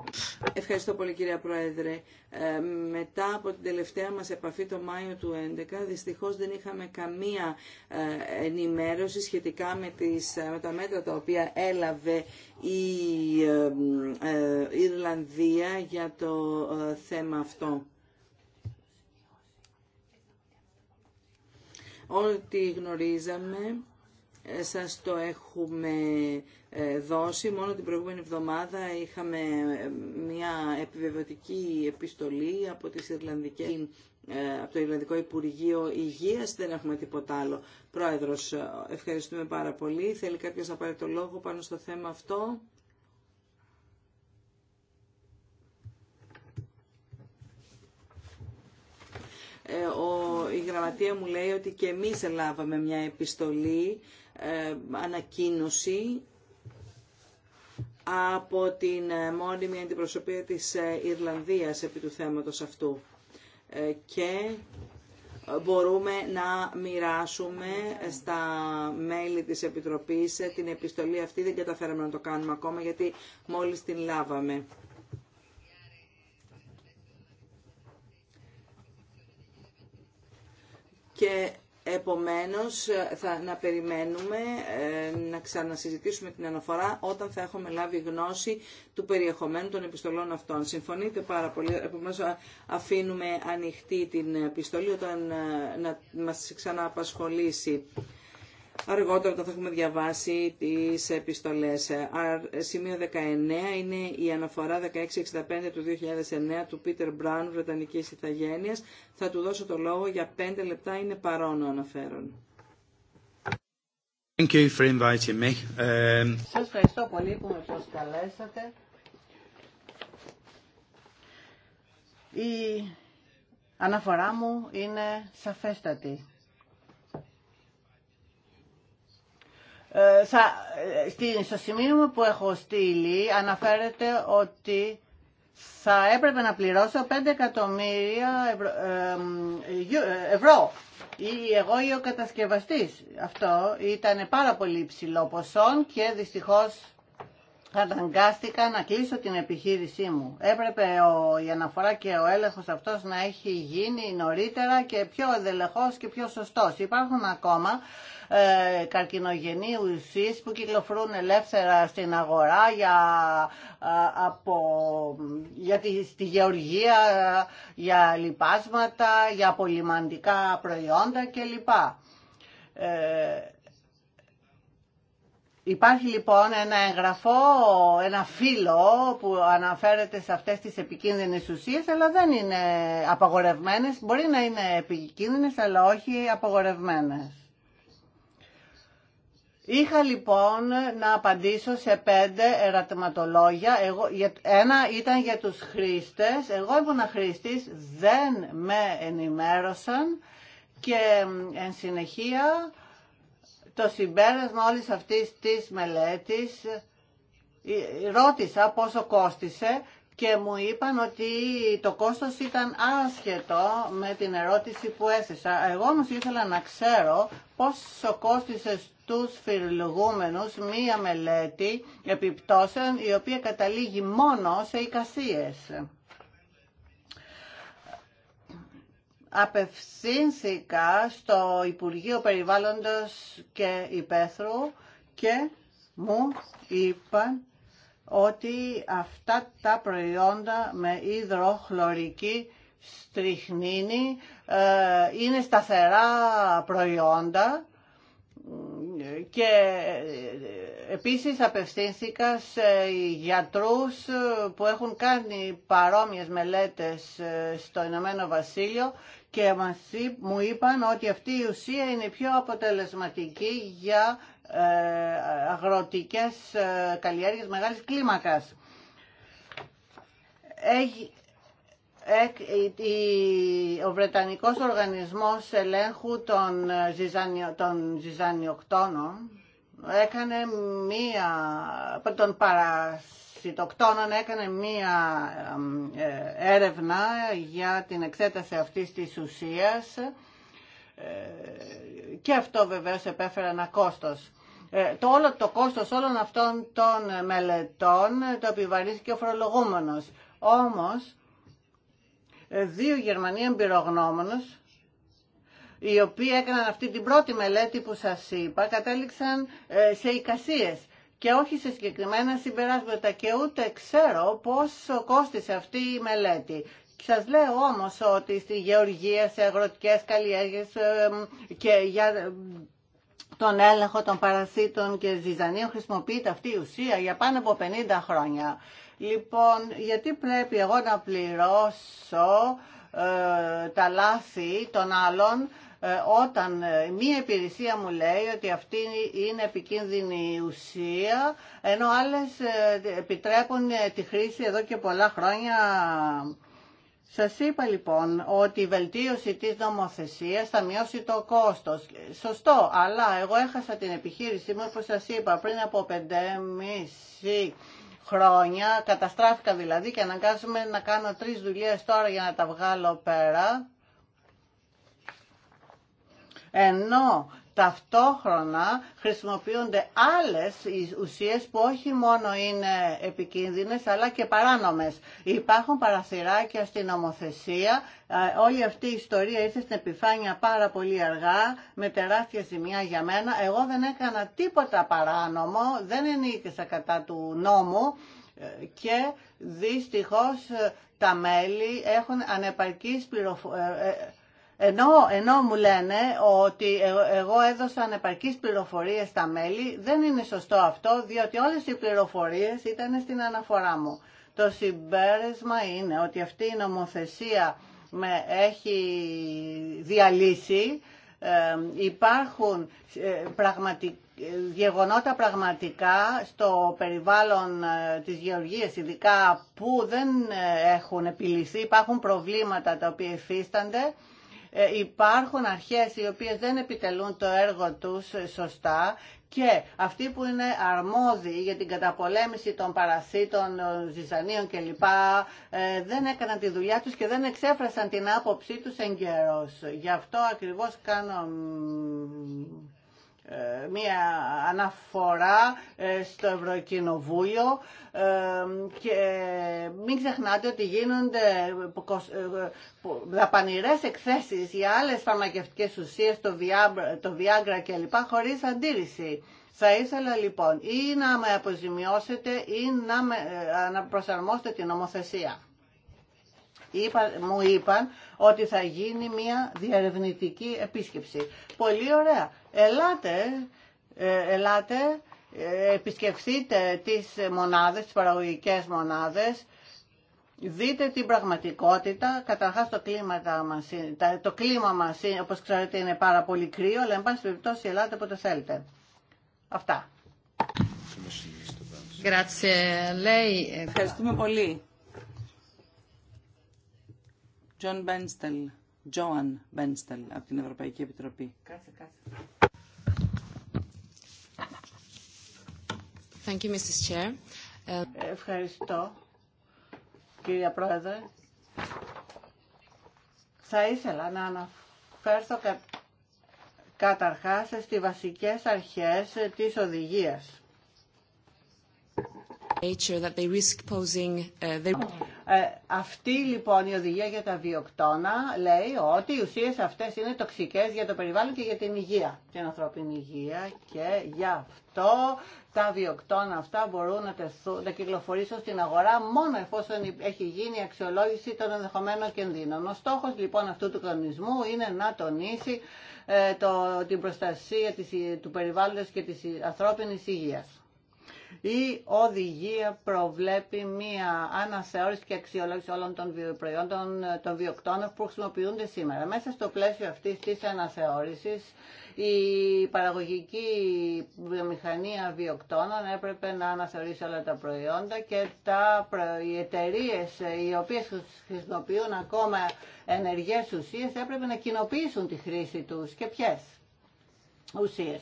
ευχαριστώ πολύ, κυρία Πρόεδρε. Ε, μετά από την τελευταία μας επαφή το Μάιο του 2011, δυστυχώς δεν είχαμε καμία ενημέρωση σχετικά με, τα μέτρα τα οποία έλαβε η ε, Ιρλανδία για το θέμα αυτό. Ό,τι γνωρίζαμε ε, σας το έχουμε ε, δώσει. Μόνο την προηγούμενη εβδομάδα είχαμε ε, μια επιβεβαιωτική επιστολή από, το Ιρλανδικό Υπουργείο Υγείας. Δεν έχουμε τίποτα άλλο. Πρόεδρος, ευχαριστούμε πάρα πολύ. Θέλει κάποιος να πάρει το λόγο πάνω στο θέμα αυτό. Ε, ο, η γραμματεία μου λέει ότι και εμείς ελάβαμε μια επιστολή, ε, ανακοίνωση από την μόνιμη αντιπροσωπεία της ε, Ιρλανδίας επί του θέματος αυτού. Ε, και μπορούμε να μοιράσουμε στα μέλη της Επιτροπής την επιστολή αυτή. Δεν καταφέραμε να το κάνουμε ακόμα γιατί μόλις την λάβαμε. και επομένως ε, θα, να περιμένουμε ε, να ξανασυζητήσουμε την αναφορά όταν θα έχουμε λάβει γνώση του περιεχομένου των επιστολών αυτών. Συμφωνείτε πάρα πολύ, επομένως αφήνουμε ανοιχτή την επιστολή όταν ε, να μας ξανααπασχολήσει αργότερα θα έχουμε διαβάσει τις επιστολές. Σημείο 19 είναι η αναφορά 1665 του 2009 του Πίτερ Μπράουν, Βρετανικής Ιθαγένειας. Θα του δώσω το λόγο για 5 λεπτά, είναι παρόν ο αναφέρον. Thank you for inviting me. Um, Σας ευχαριστώ πολύ που με προσκαλέσατε. Η αναφορά μου είναι σαφέστατη Ε, θα, ε, στο σημείο μου που έχω στείλει αναφέρεται ότι θα έπρεπε να πληρώσω 5 εκατομμύρια ε, ευρώ, ή εγώ ή ο κατασκευαστής. Αυτό ήταν πάρα πολύ υψηλό ποσό και δυστυχώς καταγκάστηκα να κλείσω την επιχείρησή μου. Έπρεπε ο, η αναφορά και ο έλεγχος αυτός να έχει γίνει νωρίτερα και πιο εδελεχώς και πιο σωστός. Υπάρχουν ακόμα ε, καρκινογενείς ουσίες που κυκλοφορούν ελεύθερα στην αγορά για, ε, από, για τη, στη γεωργία, για λιπάσματα, για απολυμαντικά προϊόντα κλπ. Ε, Υπάρχει λοιπόν ένα εγγραφό, ένα φύλλο που αναφέρεται σε αυτές τις επικίνδυνες ουσίες, αλλά δεν είναι απαγορευμένες. Μπορεί να είναι επικίνδυνες, αλλά όχι απαγορευμένες. Είχα λοιπόν να απαντήσω σε πέντε ερατηματολόγια. Εγώ, ένα ήταν για τους χρήστες. Εγώ ήμουν χρήστης, δεν με ενημέρωσαν και εν συνεχεία το συμπέρασμα όλης αυτής της μελέτης ε, ρώτησα πόσο κόστισε και μου είπαν ότι το κόστος ήταν άσχετο με την ερώτηση που έθεσα. Εγώ όμως ήθελα να ξέρω πόσο κόστισε στους φιλουγούμενους μία μελέτη επιπτώσεων η οποία καταλήγει μόνο σε εικασίες. απευθύνθηκα στο Υπουργείο Περιβάλλοντος και Υπέθρου και μου είπαν ότι αυτά τα προϊόντα με υδροχλωρική στριχνίνη ε, είναι σταθερά προϊόντα και επίσης απευθύνθηκα σε γιατρούς που έχουν κάνει παρόμοιες μελέτες ε, στο Ηνωμένο Βασίλειο και μου είπαν ότι αυτή η ουσία είναι πιο αποτελεσματική για ε, αγροτικές ε, καλλιέργειες μεγάλης κλίμακας. Ο Βρετανικός Οργανισμός Ελέγχου των, ε, ζυζανιο, των Ζυζανιοκτώνων έκανε μία, τον παρασύρει Συντοκτόνων έκανε μία ε, έρευνα για την εξέταση αυτής της ουσίας ε, και αυτό βεβαίως επέφερε ένα κόστος. Ε, το όλο το κόστος όλων αυτών των μελετών το επιβαρύνθηκε ο φορολογούμενος. Όμως, δύο Γερμανοί εμπειρογνώμονες, οι οποίοι έκαναν αυτή την πρώτη μελέτη που σας είπα, κατέληξαν σε εικασίες και όχι σε συγκεκριμένα συμπεράσματα και ούτε ξέρω πώς κόστησε αυτή η μελέτη. Σας λέω όμως ότι στη γεωργία, σε αγροτικές καλλιέργειες ε, και για ε, τον έλεγχο των παρασίτων και ζυζανίων χρησιμοποιείται αυτή η ουσία για πάνω από 50 χρόνια. Λοιπόν, γιατί πρέπει εγώ να πληρώσω ε, τα λάθη των άλλων ε, όταν ε, μία υπηρεσία μου λέει ότι αυτή είναι επικίνδυνη ουσία, ενώ άλλες ε, επιτρέπουν τη χρήση εδώ και πολλά χρόνια. Σας είπα λοιπόν ότι η βελτίωση της νομοθεσίας θα μειώσει το κόστος. Σωστό, αλλά εγώ έχασα την επιχείρησή μου, όπως σας είπα, πριν από 5,5 χρόνια, καταστράφηκα δηλαδή και αναγκάζομαι να κάνω τρεις δουλειές τώρα για να τα βγάλω πέρα ενώ ταυτόχρονα χρησιμοποιούνται άλλες ουσίες που όχι μόνο είναι επικίνδυνες αλλά και παράνομες. Υπάρχουν παραθυράκια στην νομοθεσία. Ε, όλη αυτή η ιστορία ήρθε στην επιφάνεια πάρα πολύ αργά, με τεράστια ζημιά για μένα. Εγώ δεν έκανα τίποτα παράνομο, δεν ενήκησα κατά του νόμου ε, και δυστυχώς ε, τα μέλη έχουν ανεπαρκείς πληροφορίες ενώ, ενώ μου λένε ότι ε, εγώ έδωσα ανεπαρκείς πληροφορίες στα μέλη, δεν είναι σωστό αυτό, διότι όλες οι πληροφορίες ήταν στην αναφορά μου. Το συμπέρασμα είναι ότι αυτή η νομοθεσία με έχει διαλύσει, ε, υπάρχουν ε, γεγονότα πραγματικά στο περιβάλλον της γεωργίας ειδικά που δεν έχουν επιληθεί, υπάρχουν προβλήματα τα οποία υφίστανται ε, υπάρχουν αρχές οι οποίες δεν επιτελούν το έργο τους σωστά και αυτοί που είναι αρμόδιοι για την καταπολέμηση των παρασίτων, ζυζανίων κλπ. Ε, δεν έκαναν τη δουλειά τους και δεν εξέφρασαν την άποψή τους εγκαιρός. Γι' αυτό ακριβώς κάνω ε, μία αναφορά ε, στο Ευρωκοινοβούλιο ε, και μην ξεχνάτε ότι γίνονται δαπανηρές εκθέσεις για άλλες φαρμακευτικές ουσίες, το Viagra, το λοιπά χωρίς αντίρρηση. Θα ήθελα λοιπόν ή να με αποζημιώσετε ή να, με, προσαρμόσετε την νομοθεσία. Είπα, μου είπαν ότι θα γίνει μια διαρευνητική επίσκεψη. Πολύ ωραία ελάτε, ε, ελάτε, ε, επισκεφθείτε τις μονάδες, τις παραγωγικές μονάδες, δείτε την πραγματικότητα. Καταρχάς το κλίμα, μας, το κλίμα μας, όπως ξέρετε, είναι πάρα πολύ κρύο, αλλά εν πάση περιπτώσει ελάτε όποτε θέλετε. Αυτά. Ευχαριστούμε πολύ. John Benstel, Joan Benstel, από την Ευρωπαϊκή Επιτροπή. Ευχαριστώ, κυρία Πρόεδρε. Θα ήθελα να αναφέρθω κα... καταρχάς στις βασικές αρχές της οδηγίας. Uh, ε, αυτή λοιπόν η οδηγία για τα βιοκτώνα λέει ότι οι ουσίες αυτές είναι τοξικές για το περιβάλλον και για την υγεία, την ανθρώπινη υγεία και γι' αυτό τα βιοκτώνα αυτά μπορούν να, τεθούν, κυκλοφορήσουν στην αγορά μόνο εφόσον έχει γίνει η αξιολόγηση των ενδεχομένων κινδύνων. Ο στόχος λοιπόν αυτού του κανονισμού είναι να τονίσει ε, το, την προστασία της, του περιβάλλοντος και της ανθρώπινης υγείας. Η οδηγία προβλέπει μία αναθεώρηση και αξιολόγηση όλων των προϊόντων ε, των βιοκτώνων που χρησιμοποιούνται σήμερα. Μέσα στο πλαίσιο αυτής της αναθεώρησης η παραγωγική βιομηχανία βιοκτώνων έπρεπε να αναθεωρήσει όλα τα προϊόντα και τα, οι εταιρείε ε, οι οποίες χρησιμοποιούν ακόμα ενεργές ουσίες έπρεπε να κοινοποιήσουν τη χρήση τους και ποιες ουσίες.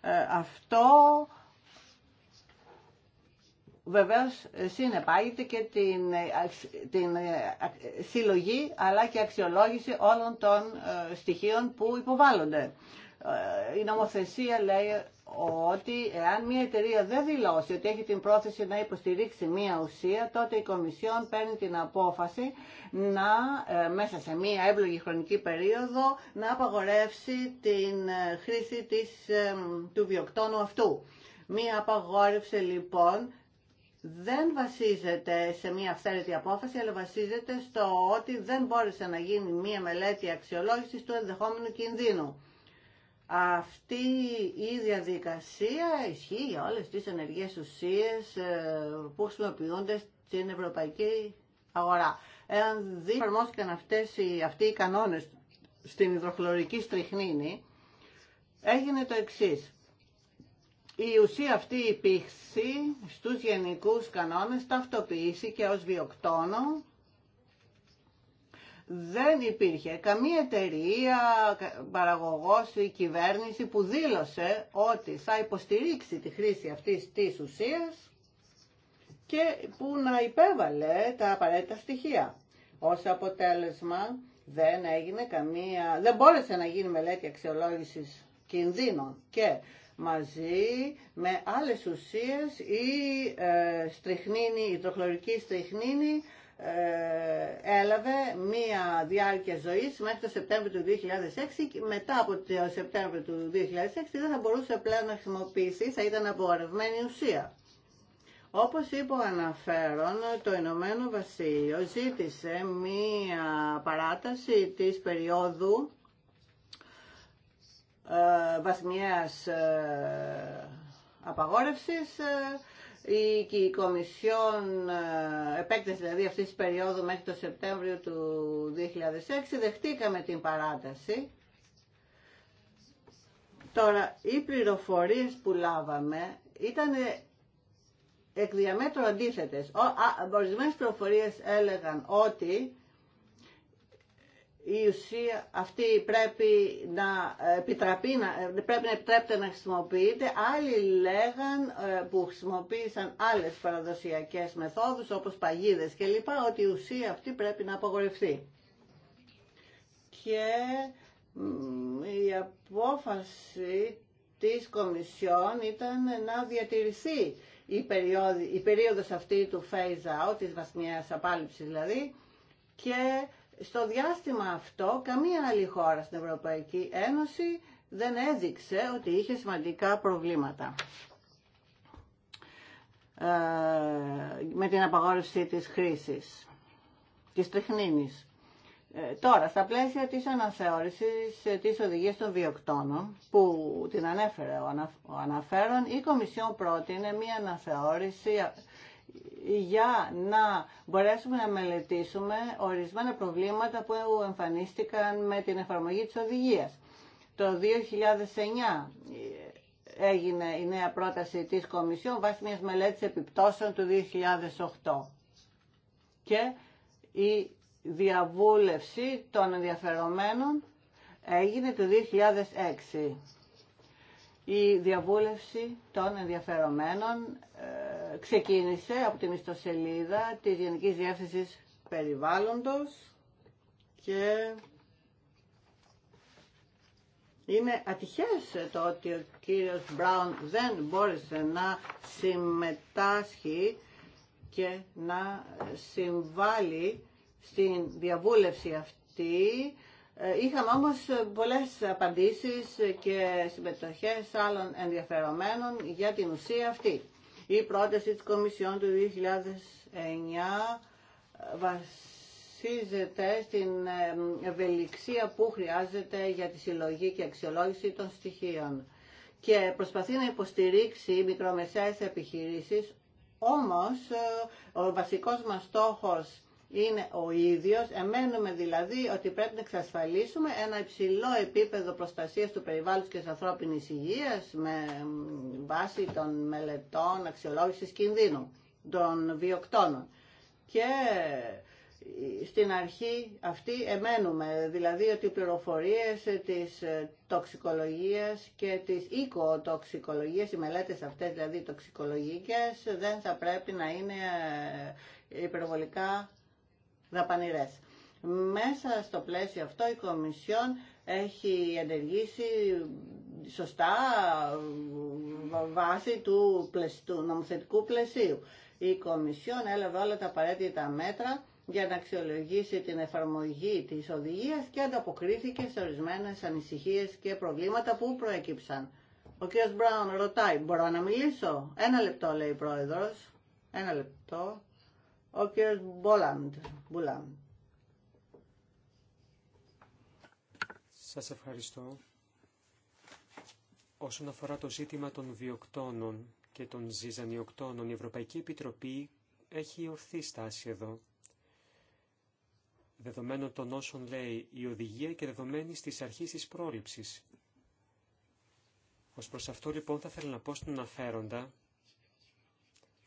Ε, αυτό βεβαίως συνεπάγεται και την, ε, την συλλογή αλλά και αξιολόγηση όλων των στοιχείων που υποβάλλονται. Ε, η νομοθεσία λέει ότι εάν μια εταιρεία δεν δηλώσει ότι έχει την πρόθεση να υποστηρίξει μια ουσία, τότε η Κομισιόν παίρνει την απόφαση να, ε, μέσα σε μια εύλογη χρονική περίοδο, να απαγορεύσει την ε, χρήση της, του βιοκτώνου αυτού. Μία απαγόρευση λοιπόν δεν βασίζεται σε μία αυθαίρετη απόφαση, αλλά βασίζεται στο ότι δεν μπόρεσε να γίνει μία μελέτη αξιολόγησης του ενδεχόμενου κινδύνου. Αυτή η διαδικασία ισχύει για όλες τις ενεργές ουσίες ε, που χρησιμοποιούνται στην ευρωπαϊκή αγορά. Εάν δεν εφαρμόστηκαν αυτές οι, αυτοί οι κανόνες στην υδροχλωρική στριχνίνη, έγινε το εξής. Η ουσία αυτή υπήρξε στους γενικούς κανόνες, ταυτοποιήσει και ως βιοκτόνο δεν υπήρχε καμία εταιρεία, παραγωγός ή κυβέρνηση που δήλωσε ότι θα υποστηρίξει τη χρήση αυτής της ουσίας και που να υπέβαλε τα απαραίτητα στοιχεία. Ως αποτέλεσμα δεν έγινε καμία, δεν μπόρεσε να γίνει μελέτη αξιολόγησης κινδύνων και μαζί με άλλες ουσίες ή ε, στριχνίνη, η τροχλωρική στριχνίνη ε, έλαβε μία διάρκεια ζωής μέχρι το Σεπτέμβριο του 2006 και μετά από το Σεπτέμβριο του 2006 δεν θα μπορούσε πλέον να χρησιμοποιηθεί, θα ήταν απογορευμένη ουσία. Όπως είπε ο αναφέρον, το Ηνωμένο Βασίλειο ζήτησε μία παράταση της περίοδου ε, απαγόρευση. απαγόρευσης ε, η Κομισιόν ε, επέκταση δηλαδή αυτής της περίοδου μέχρι το Σεπτέμβριο του 2006 δεχτήκαμε την παράταση. Τώρα, οι πληροφορίες που λάβαμε ήταν εκ διαμέτρου αντίθετες. Ορισμένε πληροφορίες έλεγαν ότι η ουσία αυτή πρέπει να, επιτραπεί, να, πρέπει να επιτρέπεται να χρησιμοποιείται. Άλλοι λέγαν ε, που χρησιμοποίησαν άλλες παραδοσιακές μεθόδους όπως παγίδες κλπ. ότι η ουσία αυτή πρέπει να απογορευτεί. Και η απόφαση της Κομισιόν ήταν να διατηρηθεί η, περίοδο, η περίοδος αυτή του phase out, της βασμιάς απάλληψης δηλαδή, και στο διάστημα αυτό, καμία άλλη χώρα στην Ευρωπαϊκή Ένωση δεν έδειξε ότι είχε σημαντικά προβλήματα ε, με την απαγόρευση της χρήσης, της τεχνίνης. Ε, τώρα, στα πλαίσια της αναθεώρησης ε, της οδηγίας των βιοκτώνων, που την ανέφερε ο, ο αναφέρον, η Κομισιόν πρότεινε μία αναθεώρηση για να μπορέσουμε να μελετήσουμε ορισμένα προβλήματα που εμφανίστηκαν με την εφαρμογή της οδηγίας. Το 2009 έγινε η νέα πρόταση της Κομισιόν βάσει μιας μελέτης επιπτώσεων του 2008 και η διαβούλευση των ενδιαφερομένων έγινε το 2006. Η διαβούλευση των ενδιαφερομένων ε, ξεκίνησε από την ιστοσελίδα της Γενικής Διεύθυνσης Περιβάλλοντος και είναι ατυχές το ότι ο κύριος Μπράουν δεν μπόρεσε να συμμετάσχει και να συμβάλλει στην διαβούλευση αυτή Είχαμε όμως πολλές απαντήσεις και συμμετοχές άλλων ενδιαφερομένων για την ουσία αυτή. Η πρόταση της Κομισιόν του 2009 βασίζεται στην ε, ευελιξία που χρειάζεται για τη συλλογή και αξιολόγηση των στοιχείων και προσπαθεί να υποστηρίξει μικρομεσαίες επιχειρήσεις όμως ε, ο βασικός μας στόχος είναι ο ίδιος. Εμένουμε δηλαδή ότι πρέπει να εξασφαλίσουμε ένα υψηλό επίπεδο προστασίας του περιβάλλοντος και της ανθρώπινης υγείας με βάση των μελετών αξιολόγησης κινδύνου των βιοκτώνων. Και στην αρχή αυτή εμένουμε, δηλαδή ότι οι πληροφορίες της τοξικολογίας και της οικοτοξικολογίας, οι μελέτες αυτές δηλαδή τοξικολογικές, δεν θα πρέπει να είναι υπερβολικά μέσα στο πλαίσιο αυτό η Κομισιόν έχει ενεργήσει σωστά βάσει του, του νομοθετικού πλαισίου. Η Κομισιόν έλαβε όλα τα απαραίτητα μέτρα για να αξιολογήσει την εφαρμογή της οδηγίας και ανταποκρίθηκε σε ορισμένες ανησυχίες και προβλήματα που προέκυψαν. Ο κ. Μπράουν ρωτάει, μπορώ να μιλήσω. Ένα λεπτό λέει η πρόεδρος. Ένα λεπτό. Ο κ. Μπόλαντ. Σα Σας ευχαριστώ. Όσον αφορά το ζήτημα των βιοκτώνων και των ζυζανιοκτώνων, η Ευρωπαϊκή Επιτροπή έχει ορθή στάση εδώ. Δεδομένων των όσων λέει η οδηγία και δεδομένη της αρχής της πρόληψης. Ως προς αυτό λοιπόν θα ήθελα να πω στον αναφέροντα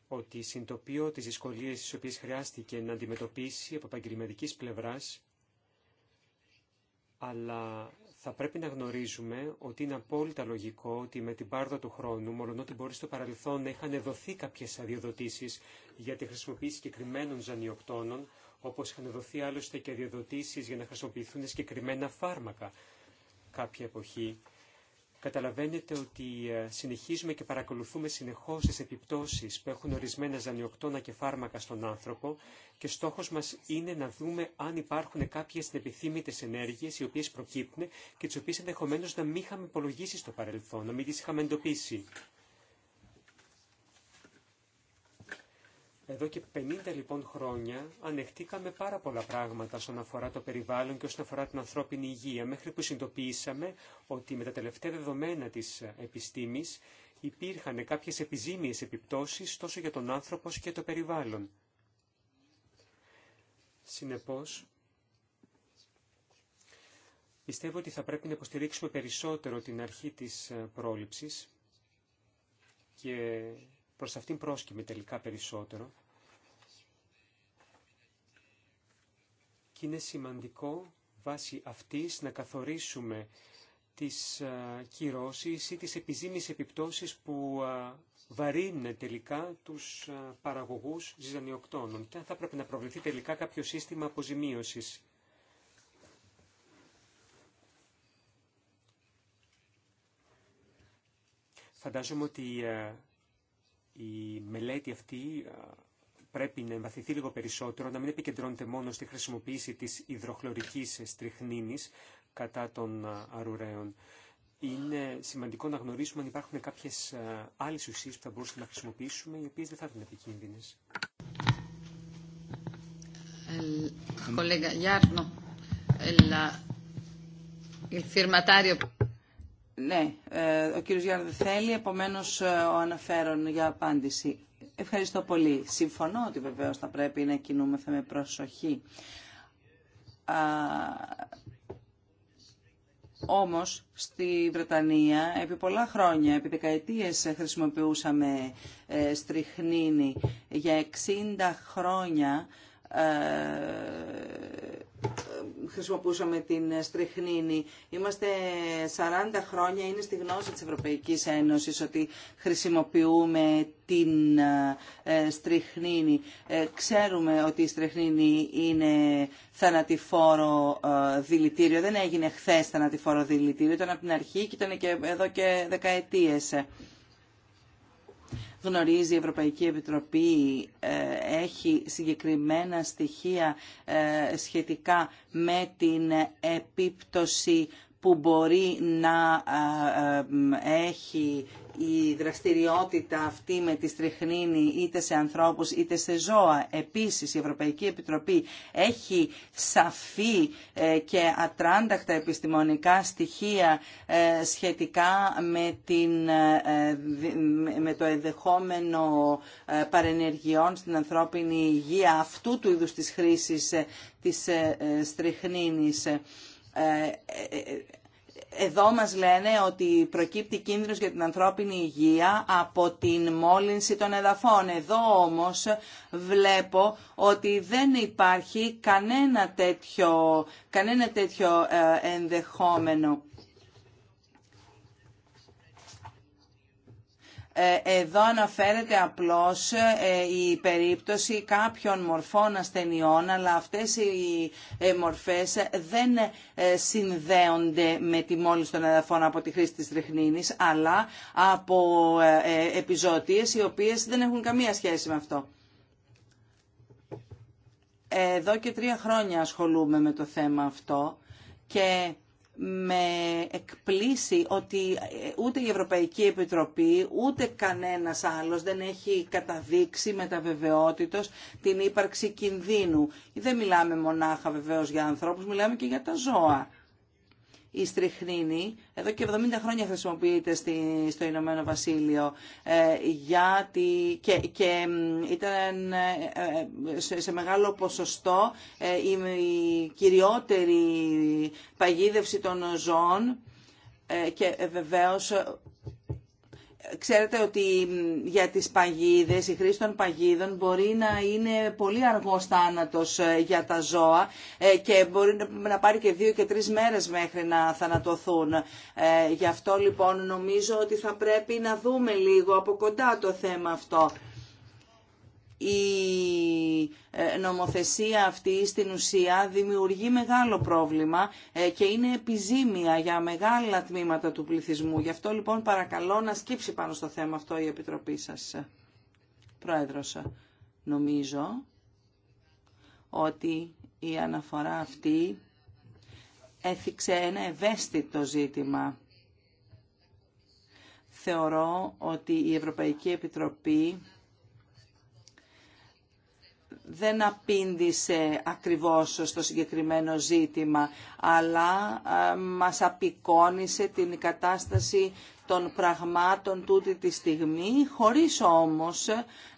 ότι συντοπίω τις δυσκολίες τις οποίες χρειάστηκε να αντιμετωπίσει από επαγγελματική πλευράς, αλλά θα πρέπει να γνωρίζουμε ότι είναι απόλυτα λογικό ότι με την πάρδα του χρόνου, μόλον ότι μπορεί στο παρελθόν να είχαν δοθεί κάποιες αδειοδοτήσεις για τη χρησιμοποίηση συγκεκριμένων ζανιοκτώνων, όπως είχαν δοθεί άλλωστε και αδειοδοτήσεις για να χρησιμοποιηθούν συγκεκριμένα φάρμακα κάποια εποχή Καταλαβαίνετε ότι ε, συνεχίζουμε και παρακολουθούμε συνεχώς τις επιπτώσεις που έχουν ορισμένα ζανιοκτώνα και φάρμακα στον άνθρωπο και στόχος μας είναι να δούμε αν υπάρχουν κάποιες επιθύμητες ενέργειες οι οποίες προκύπτουν και τις οποίες ενδεχομένως να μην είχαμε υπολογίσει στο παρελθόν, να μην τις είχαμε εντοπίσει. Εδώ και 50 λοιπόν χρόνια ανεχτήκαμε πάρα πολλά πράγματα όσον αφορά το περιβάλλον και όσον αφορά την ανθρώπινη υγεία, μέχρι που συνειδητοποιήσαμε ότι με τα τελευταία δεδομένα της επιστήμης υπήρχαν κάποιες επιζήμιες επιπτώσεις τόσο για τον άνθρωπο και το περιβάλλον. Συνεπώς, πιστεύω ότι θα πρέπει να υποστηρίξουμε περισσότερο την αρχή της πρόληψης και προς αυτήν πρόσκυμε τελικά περισσότερο. Και είναι σημαντικό βάσει αυτής να καθορίσουμε τις κυρώσεις ή τις επιζήμιες επιπτώσεις που βαρύνουν τελικά τους παραγωγούς ζυζανιοκτώνων και αν θα πρέπει να προβληθεί τελικά κάποιο σύστημα αποζημίωσης. Φαντάζομαι ότι η μελέτη αυτή πρέπει να εμβαθυνθεί λίγο περισσότερο, να μην επικεντρώνεται μόνο στη χρησιμοποίηση της υδροχλωρικής στριχνίνης κατά των αρουραίων. Είναι σημαντικό να γνωρίσουμε αν υπάρχουν κάποιες άλλες ουσίες που θα μπορούσαμε να χρησιμοποιήσουμε, οι οποίες δεν θα ήταν επικίνδυνες. Ναι, ε, ο κύριος Γιάννη δεν θέλει, επομένως ε, ο αναφέρον για απάντηση. Ευχαριστώ πολύ. Συμφωνώ ότι βεβαίως θα πρέπει να κινούμεθα με προσοχή. Α, όμως στη Βρετανία επί πολλά χρόνια, επί δεκαετίες χρησιμοποιούσαμε ε, στριχνίνη. Για 60 χρόνια χρησιμοποιούσαμε την στριχνίνη. Είμαστε 40 χρόνια, είναι στη γνώση της Ευρωπαϊκής Ένωσης ότι χρησιμοποιούμε την ε, στριχνίνη. Ε, ξέρουμε ότι η στριχνίνη είναι θανατηφόρο ε, δηλητήριο. Δεν έγινε χθες θανατηφόρο δηλητήριο, ήταν από την αρχή και ήταν και εδώ και δεκαετίες γνωρίζει η Ευρωπαϊκή Επιτροπή, ε, έχει συγκεκριμένα στοιχεία ε, σχετικά με την επίπτωση που μπορεί να ε, ε, έχει η δραστηριότητα αυτή με τη στριχνίνη είτε σε ανθρώπους είτε σε ζώα. Επίσης η Ευρωπαϊκή Επιτροπή έχει σαφή ε, και ατράνταχτα επιστημονικά στοιχεία σχετικά με, την, με το ενδεχόμενο παρενεργειών στην ανθρώπινη υγεία αυτού του είδους της χρήσης της στριχνίνης. Ε, ε, ε, εδώ μας λένε ότι προκύπτει κίνδυνος για την ανθρώπινη υγεία από την μόλυνση των εδαφών. Εδώ όμως βλέπω ότι δεν υπάρχει κανένα τέτοιο, κανένα τέτοιο ενδεχόμενο. Ε, εδώ αναφέρεται απλώς ε, η περίπτωση κάποιων μορφών ασθενειών, αλλά αυτές οι ε, μορφές δεν συνδέονται με τη μόλις των εδαφών από τη χρήση της τριχνίνης, αλλά από επιζωτίες οι οποίες δεν έχουν καμία σχέση με αυτό. Εδώ και τρία χρόνια ασχολούμαι με το θέμα αυτό και με εκπλήσει ότι ε, ούτε η Ευρωπαϊκή Επιτροπή ούτε κανένας άλλος δεν έχει καταδείξει με τα βεβαιότητος την ύπαρξη κινδύνου. Δεν μιλάμε μονάχα βεβαίως για ανθρώπους, μιλάμε και για τα ζώα η στριχνίνη εδώ και 70 χρόνια χρησιμοποιείται στη, στο Ηνωμένο Βασίλειο ε, γιατί και, και ήταν ε, ε, σε, σε, μεγάλο ποσοστό ε, η, κυριότερη παγίδευση των ζώων και βεβαίως Ξέρετε ότι για τις παγίδες, η χρήση των παγίδων μπορεί να είναι πολύ αργός θάνατος ε, για τα ζώα ε, και μπορεί να πάρει και δύο και τρεις μέρες μέχρι να θανατωθούν. Ε, γι' αυτό λοιπόν νομίζω ότι θα πρέπει να δούμε λίγο από κοντά το θέμα αυτό. Η ε, νομοθεσία αυτή στην ουσία δημιουργεί μεγάλο πρόβλημα ε, και είναι επιζήμια για μεγάλα τμήματα του πληθυσμού. Γι' αυτό λοιπόν παρακαλώ να σκύψει πάνω στο θέμα αυτό η Επιτροπή σας. Ε, Πρόεδρος, νομίζω ότι η αναφορά αυτή έθιξε ένα ευαίσθητο ζήτημα. Θεωρώ ότι η Ευρωπαϊκή Επιτροπή δεν απήντησε ακριβώς στο συγκεκριμένο ζήτημα, αλλά ε, μας απεικόνισε την κατάσταση των πραγμάτων τούτη τη στιγμή, χωρίς όμως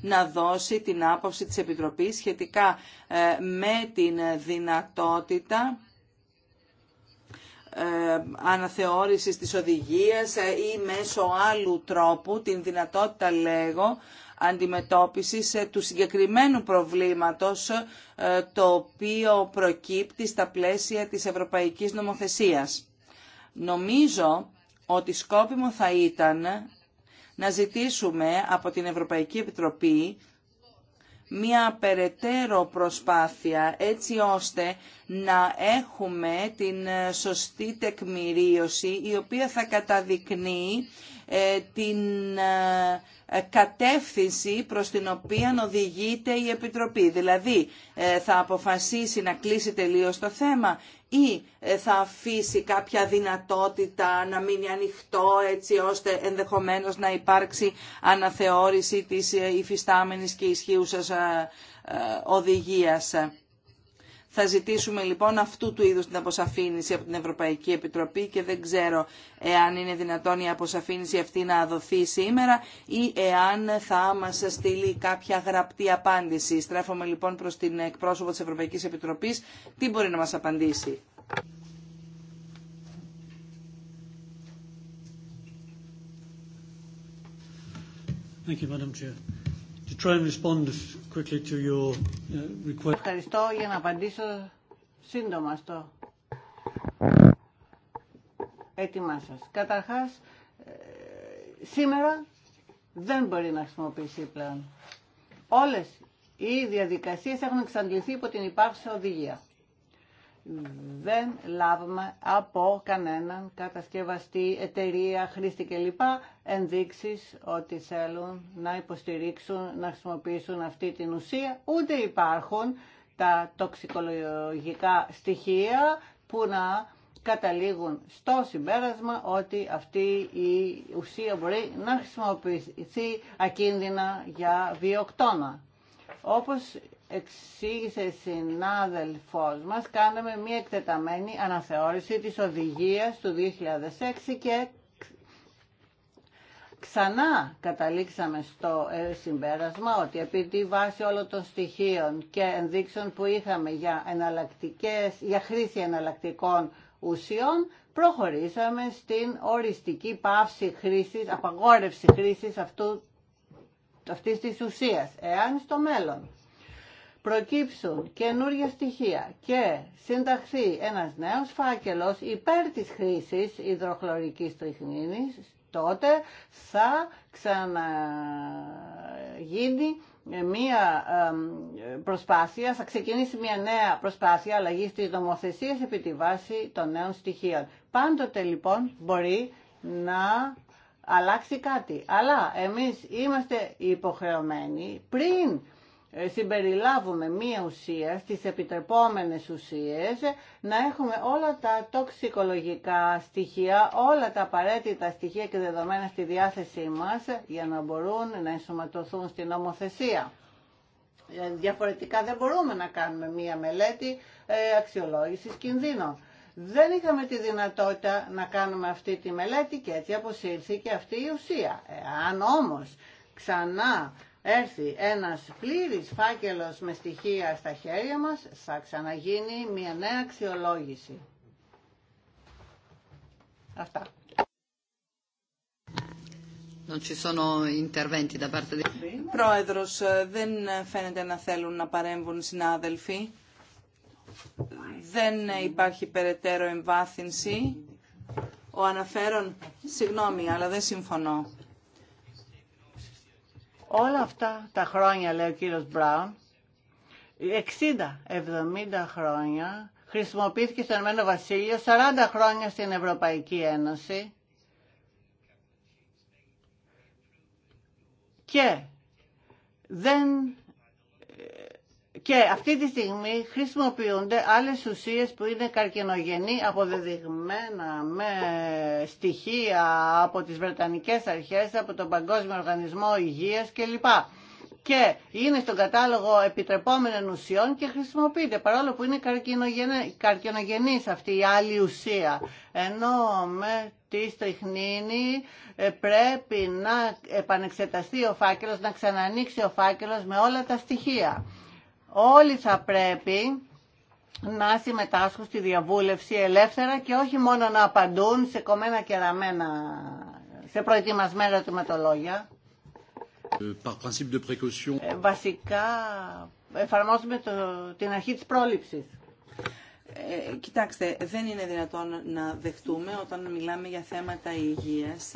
να δώσει την άποψη της Επιτροπής σχετικά ε, με την δυνατότητα ε, αναθεώρησης της οδηγίας ή μέσω άλλου τρόπου, την δυνατότητα λέγω, αντιμετώπισης ε, του συγκεκριμένου προβλήματος ε, το οποίο προκύπτει στα πλαίσια της ευρωπαϊκής νομοθεσίας. Νομίζω ότι σκόπιμο θα ήταν να ζητήσουμε από την Ευρωπαϊκή Επιτροπή μια περαιτέρω προσπάθεια έτσι ώστε να έχουμε την ε, σωστή τεκμηρίωση η οποία θα καταδεικνύει ε, την ε, κατεύθυνση προς την οποία οδηγείται η Επιτροπή. Δηλαδή ε, θα αποφασίσει να κλείσει τελείως το θέμα ή θα αφήσει κάποια δυνατότητα να μείνει ανοιχτό έτσι ώστε ενδεχομένως να υπάρξει αναθεώρηση της υφιστάμενης και ισχύουσας οδηγίας. Θα ζητήσουμε λοιπόν αυτού του είδους την αποσαφήνιση από την Ευρωπαϊκή Επιτροπή και δεν ξέρω εάν είναι δυνατόν η αποσαφήνιση αυτή να δοθεί σήμερα ή εάν θα μας στείλει κάποια γραπτή απάντηση. Στρέφομαι λοιπόν προς την εκπρόσωπο της Ευρωπαϊκής Επιτροπής. Τι μπορεί να μας απαντήσει try respond quickly to your uh, request. Ευχαριστώ για να απαντήσω σύντομα στο έτοιμά σας. Καταρχάς, ε, σήμερα δεν μπορεί να χρησιμοποιηθεί πλέον. Όλες οι διαδικασίες έχουν εξαντληθεί από την υπάρχουσα οδηγία δεν λάβουμε από κανέναν κατασκευαστή, εταιρεία, χρήστη κλπ. ενδείξεις ότι θέλουν να υποστηρίξουν, να χρησιμοποιήσουν αυτή την ουσία. Ούτε υπάρχουν τα τοξικολογικά στοιχεία που να καταλήγουν στο συμπέρασμα ότι αυτή η ουσία μπορεί να χρησιμοποιηθεί ακίνδυνα για βιοκτώνα. Όπως εξήγησε συνάδελφός μας, κάναμε μία εκτεταμένη αναθεώρηση της οδηγίας του 2006 και ξανά καταλήξαμε στο ε, συμπέρασμα ότι επειδή τη βάση όλων των στοιχείων και ενδείξεων που είχαμε για, εναλλακτικές, για χρήση εναλλακτικών ουσιών, προχωρήσαμε στην οριστική παύση χρήσης, απαγόρευση χρήσης αυτού, αυτής της ουσίας, εάν στο μέλλον προκύψουν καινούργια στοιχεία και συνταχθεί ένας νέος φάκελος υπέρ της χρήσης υδροχλωρικής τριχνίνης, τότε θα ξαναγίνει μία προσπάθεια, θα ξεκινήσει μία νέα προσπάθεια αλλαγή τη νομοθεσία επί τη βάση των νέων στοιχείων. Πάντοτε λοιπόν μπορεί να αλλάξει κάτι. Αλλά εμείς είμαστε υποχρεωμένοι πριν ε, συμπεριλάβουμε μία ουσία στις επιτρεπόμενες ουσίες, να έχουμε όλα τα τοξικολογικά στοιχεία, όλα τα απαραίτητα στοιχεία και δεδομένα στη διάθεσή μας για να μπορούν να ενσωματωθούν στην νομοθεσία. Ε, διαφορετικά δεν μπορούμε να κάνουμε μία μελέτη ε, αξιολόγησης κινδύνων. Δεν είχαμε τη δυνατότητα να κάνουμε αυτή τη μελέτη και έτσι αποσύρθηκε αυτή η ουσία. Αν όμως ξανά έρθει ένας πλήρης φάκελος με στοιχεία στα χέρια μας, θα ξαναγίνει μια νέα αξιολόγηση. Αυτά. Πρόεδρος, ε, δεν φαίνεται να θέλουν να παρέμβουν συνάδελφοι. Δεν υπάρχει περαιτέρω εμβάθυνση. Ο αναφέρον, συγγνώμη, αλλά δεν συμφωνώ. Όλα αυτά τα χρόνια, λέει ο κύριος Μπράουν, 60-70 χρόνια χρησιμοποιήθηκε στο Ενωμένο Βασίλειο, 40 χρόνια στην Ευρωπαϊκή Ένωση και δεν και αυτή τη στιγμή χρησιμοποιούνται άλλες ουσίες που είναι καρκινογενή αποδεδειγμένα με στοιχεία από τις Βρετανικές Αρχές, από τον Παγκόσμιο Οργανισμό Υγείας κλπ. Και είναι στον κατάλογο επιτρεπόμενων ουσιών και χρησιμοποιείται παρόλο που είναι καρκινογενής αυτή η άλλη ουσία. Ενώ με τη στριχνίνη ε, πρέπει να επανεξεταστεί ο φάκελος, να ξανανοίξει ο φάκελος με όλα τα στοιχεία όλοι θα πρέπει να συμμετάσχουν στη διαβούλευση ελεύθερα και όχι μόνο να απαντούν σε κομμένα και ραμμένα, σε προετοιμασμένα ερωτηματολόγια. Ε, ε βασικά εφαρμόζουμε το, την αρχή της πρόληψης. Ε, κοιτάξτε, δεν είναι δυνατόν να δεχτούμε όταν μιλάμε για θέματα υγείας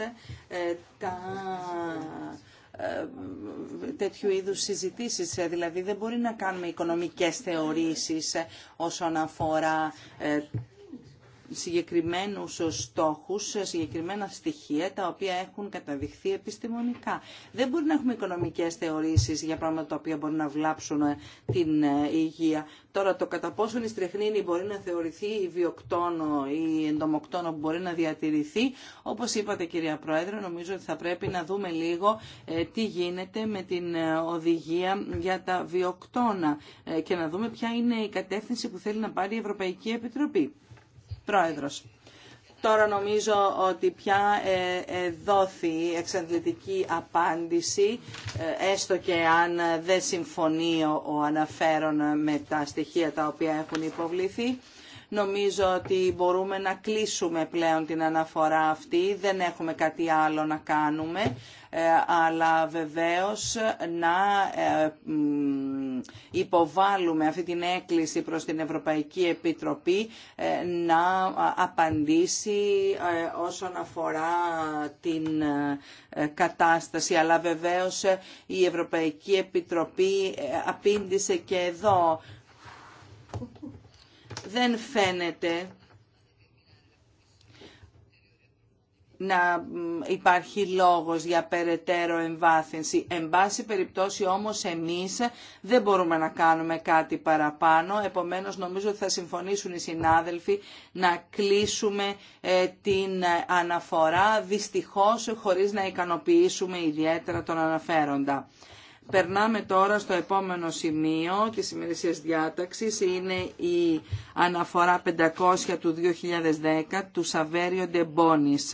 ε, τα ε, τέτοιου είδους συζητήσεις. Ε, δηλαδή δεν μπορεί να κάνουμε οικονομικές θεωρήσεις ε, όσον αφορά συγκεκριμένους στόχους, συγκεκριμένα στοιχεία τα οποία έχουν καταδειχθεί επιστημονικά. Δεν μπορεί να έχουμε οικονομικές θεωρήσεις για πράγματα τα οποία μπορούν να βλάψουν ε, την ε, υγεία. Τώρα το κατά πόσον η στρεχνίνη μπορεί να θεωρηθεί η βιοκτόνο ή εντομοκτόνο που μπορεί να διατηρηθεί, όπως είπατε κυρία Πρόεδρε, νομίζω ότι θα πρέπει να δούμε λίγο ε, τι γίνεται με την οδηγία για τα βιοκτόνα και να δούμε ποια είναι η κατεύθυνση που θέλει να πάρει η Ευρωπαϊκή Επιτροπή. Πρόεδρος. Τώρα νομίζω ότι πια ε, δόθη εξαντλητική απάντηση, ε, έστω και αν δεν συμφωνεί ο αναφέρον με τα στοιχεία τα οποία έχουν υποβληθεί. Νομίζω ότι μπορούμε να κλείσουμε πλέον την αναφορά αυτή. Δεν έχουμε κάτι άλλο να κάνουμε, ε, αλλά βεβαίως να ε, υποβάλουμε αυτή την έκκληση προς την Ευρωπαϊκή Επιτροπή ε, να απαντήσει όσον αφορά την κατάσταση. Αλλά βεβαίως η Ευρωπαϊκή Επιτροπή απήντησε και εδώ δεν φαίνεται να υπάρχει λόγος για περαιτέρω εμβάθυνση. Εν πάση περιπτώσει όμως εμείς δεν μπορούμε να κάνουμε κάτι παραπάνω, επομένως νομίζω ότι θα συμφωνήσουν οι συνάδελφοι να κλείσουμε ε, την αναφορά δυστυχώς χωρίς να ικανοποιήσουμε ιδιαίτερα τον αναφέροντα. Περνάμε τώρα στο επόμενο σημείο της ημερησίας διάταξης. Είναι η αναφορά 500 του 2010 του Σαβέριο Ντεμπόνης.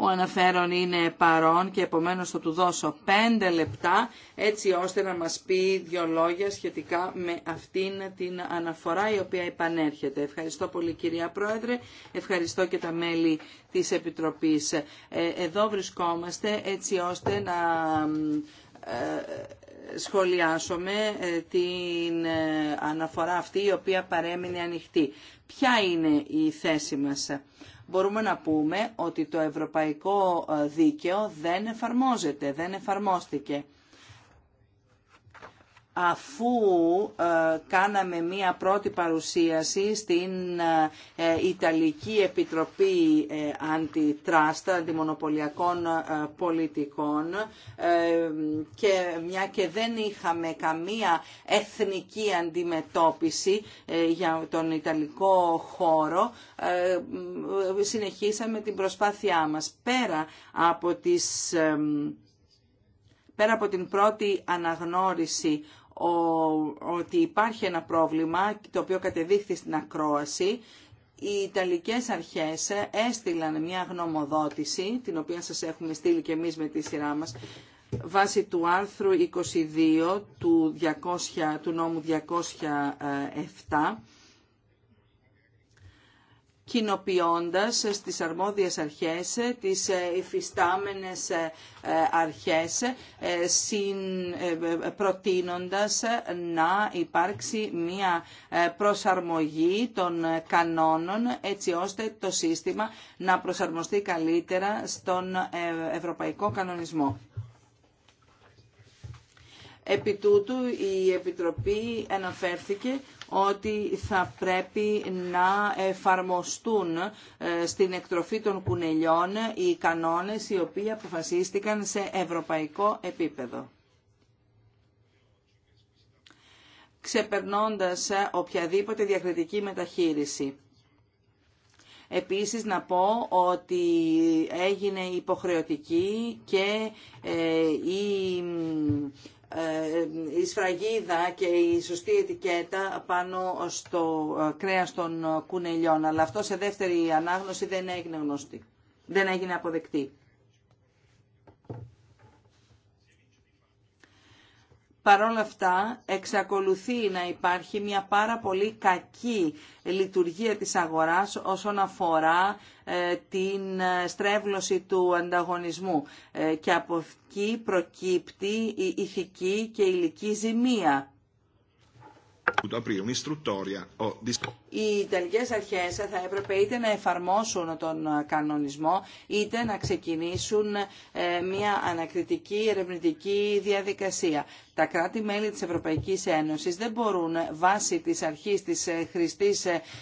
Ο αναφέρον είναι παρόν και επομένως θα του δώσω πέντε λεπτά έτσι ώστε να μας πει δύο λόγια σχετικά με αυτήν την αναφορά η οποία επανέρχεται. Ευχαριστώ πολύ κυρία Πρόεδρε, ευχαριστώ και τα μέλη της Επιτροπής. Ε, εδώ βρισκόμαστε έτσι ώστε να ε, σχολιάσουμε ε, την αναφορά αυτή η οποία παρέμεινε ανοιχτή. Ποια είναι η θέση μας μπορούμε να πούμε ότι το ευρωπαϊκό ε, δίκαιο δεν εφαρμόζεται, δεν εφαρμόστηκε αφού ε, κάναμε μία πρώτη παρουσίαση στην ε, ε, Ιταλική Επιτροπή Αντιτράστα, Αντιμονοπολιακών Πολιτικών και μια και δεν είχαμε καμία εθνική αντιμετώπιση για τον Ιταλικό χώρο, συνεχίσαμε την προσπάθειά μας. Πέρα από τις πέρα από την πρώτη αναγνώριση ότι υπάρχει ένα πρόβλημα το οποίο κατεδείχθη στην ακρόαση. Οι Ιταλικές αρχές έστειλαν μια γνωμοδότηση, την οποία σας έχουμε στείλει και εμείς με τη σειρά μας, βάσει του άρθρου 22 του, 200, του νόμου 207, κοινοποιώντας στις αρμόδιες αρχές, τις υφιστάμενες ε, αρχές, ε, ε, προτείνοντας να υπάρξει μία προσαρμογή των κανόνων έτσι ώστε το σύστημα να προσαρμοστεί καλύτερα στον ευρωπαϊκό κανονισμό. Επί τούτου η Επιτροπή αναφέρθηκε ότι θα πρέπει να εφαρμοστούν ε, στην εκτροφή των κουνελιών οι κανόνες οι οποίοι αποφασίστηκαν σε ευρωπαϊκό επίπεδο. ξεπερνώντας ε, οποιαδήποτε διακριτική μεταχείριση. Επίσης να πω ότι έγινε υποχρεωτική και ε, η ε, η σφραγίδα και η σωστή ετικέτα πάνω στο ε, κρέας των κουνελιών. Αλλά αυτό σε δεύτερη ανάγνωση δεν έγινε γνωστή. Δεν έγινε αποδεκτή. παρόλα αυτά εξακολουθεί να υπάρχει μια πάρα πολύ κακή λειτουργία της αγοράς όσον αφορά ε, την ε, στρέβλωση του ανταγωνισμού ε, και από εκεί προκύπτει η ηθική και ηλική ζημία. Οι ιταλικέ αρχέ θα έπρεπε είτε να εφαρμόσουν τον κανονισμό είτε να ξεκινήσουν ε, μια ανακριτική ερευνητική διαδικασία. Τα κράτη-μέλη τη Ευρωπαϊκή Ένωση δεν μπορούν βάσει της αρχή της ε, χρηστή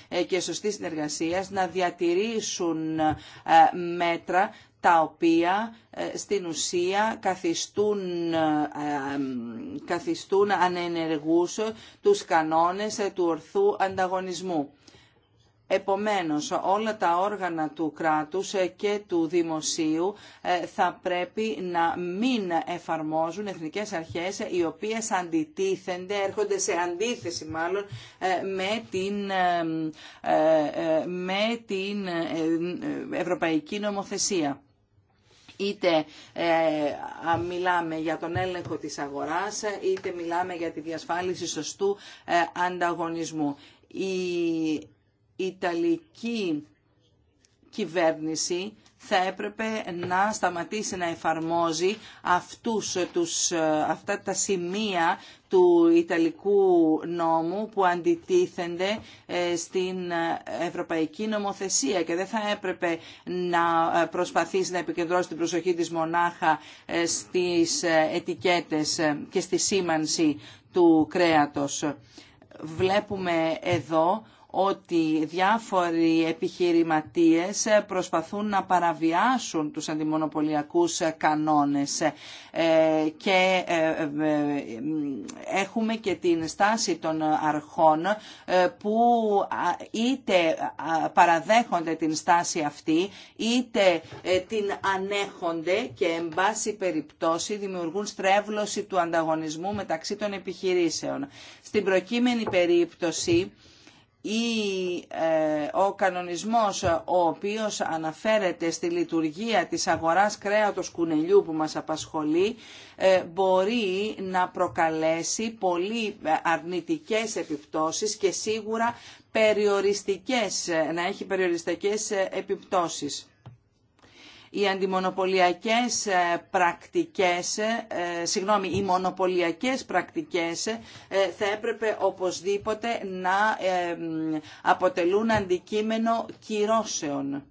ε, και σωστή συνεργασία να διατηρήσουν μέτρα τα οποία ε, στην ουσία καθιστούν, ε, ε, καθιστούν ανενεργούς τους κανόνες του ορθού ανταγωνισμού. Επομένως, όλα τα όργανα του κράτους και του δημοσίου θα πρέπει να μην εφαρμόζουν εθνικές αρχές οι οποίες αντιτίθενται, έρχονται σε αντίθεση μάλλον με την, με την ευρωπαϊκή νομοθεσία. Είτε ε, μιλάμε για τον έλεγχο της αγοράς, είτε μιλάμε για τη διασφάλιση σωστού ε, ανταγωνισμού. Η Ιταλική κυβέρνηση θα έπρεπε να σταματήσει να εφαρμόζει αυτούς, τους, αυτά τα σημεία του Ιταλικού νόμου που αντιτίθενται ε, στην Ευρωπαϊκή Νομοθεσία και δεν θα έπρεπε να προσπαθήσει να επικεντρώσει την προσοχή της μονάχα ε, στις ετικέτες ε, και στη σήμανση του κρέατος. Βλέπουμε εδώ ότι διάφοροι επιχειρηματίες προσπαθούν να παραβιάσουν τους αντιμονοπολιακούς κανόνες ε, και ε, ε, έχουμε και την στάση των αρχών που είτε παραδέχονται την στάση αυτή είτε την ανέχονται και εν πάση περιπτώσει δημιουργούν στρέβλωση του ανταγωνισμού μεταξύ των επιχειρήσεων. Στην προκείμενη περίπτωση ή ε, ο κανονισμός ο οποίος αναφέρεται στη λειτουργία της αγοράς κρέατος κουνελιού που μας απασχολεί ε, μπορεί να προκαλέσει πολύ ε, αρνητικές επιπτώσεις και σίγουρα περιοριστικές, να έχει περιοριστικές επιπτώσεις οι αντιμονοπολιακές ε, πρακτικές, ε, συγγνώμη, οι μονοπωλιακές πρακτικές ε, θα έπρεπε οπωσδήποτε να αποτελούν αντικείμενο κυρώσεων.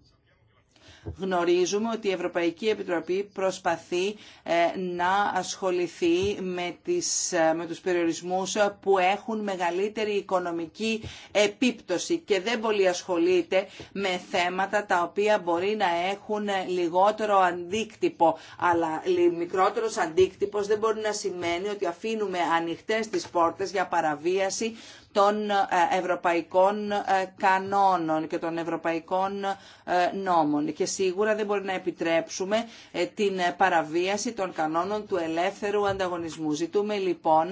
Γνωρίζουμε ότι η Ευρωπαϊκή Επιτροπή προσπαθεί ε, να ασχοληθεί με, τις, ε, με τους περιορισμούς που έχουν μεγαλύτερη οικονομική επίπτωση και δεν πολύ ασχολείται με θέματα τα οποία μπορεί να έχουν λιγότερο αντίκτυπο. Αλλά μικρότερος αντίκτυπος δεν μπορεί να σημαίνει ότι αφήνουμε ανοιχτές τις πόρτες για παραβίαση των ε, ευρωπαϊκών ε, κανόνων και των ευρωπαϊκών ε, νόμων. Και σίγουρα δεν μπορεί να επιτρέψουμε την παραβίαση των κανόνων του ελεύθερου ανταγωνισμού. Ζητούμε λοιπόν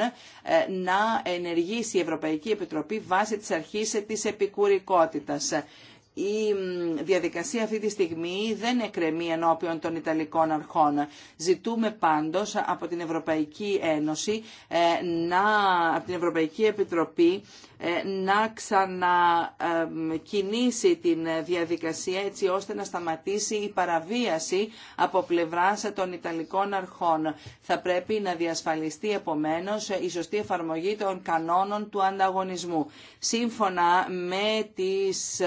να ενεργήσει η Ευρωπαϊκή Επιτροπή βάσει της αρχής της επικουρικότητας η διαδικασία αυτή τη στιγμή δεν εκκρεμεί ενώπιον των Ιταλικών αρχών. Ζητούμε πάντως από την Ευρωπαϊκή Ένωση, ε, να, από την Ευρωπαϊκή Επιτροπή ε, να ξανακινήσει την διαδικασία έτσι ώστε να σταματήσει η παραβίαση από πλευράς των Ιταλικών αρχών. Θα πρέπει να διασφαλιστεί επομένως η σωστή εφαρμογή των κανόνων του ανταγωνισμού. Σύμφωνα με τις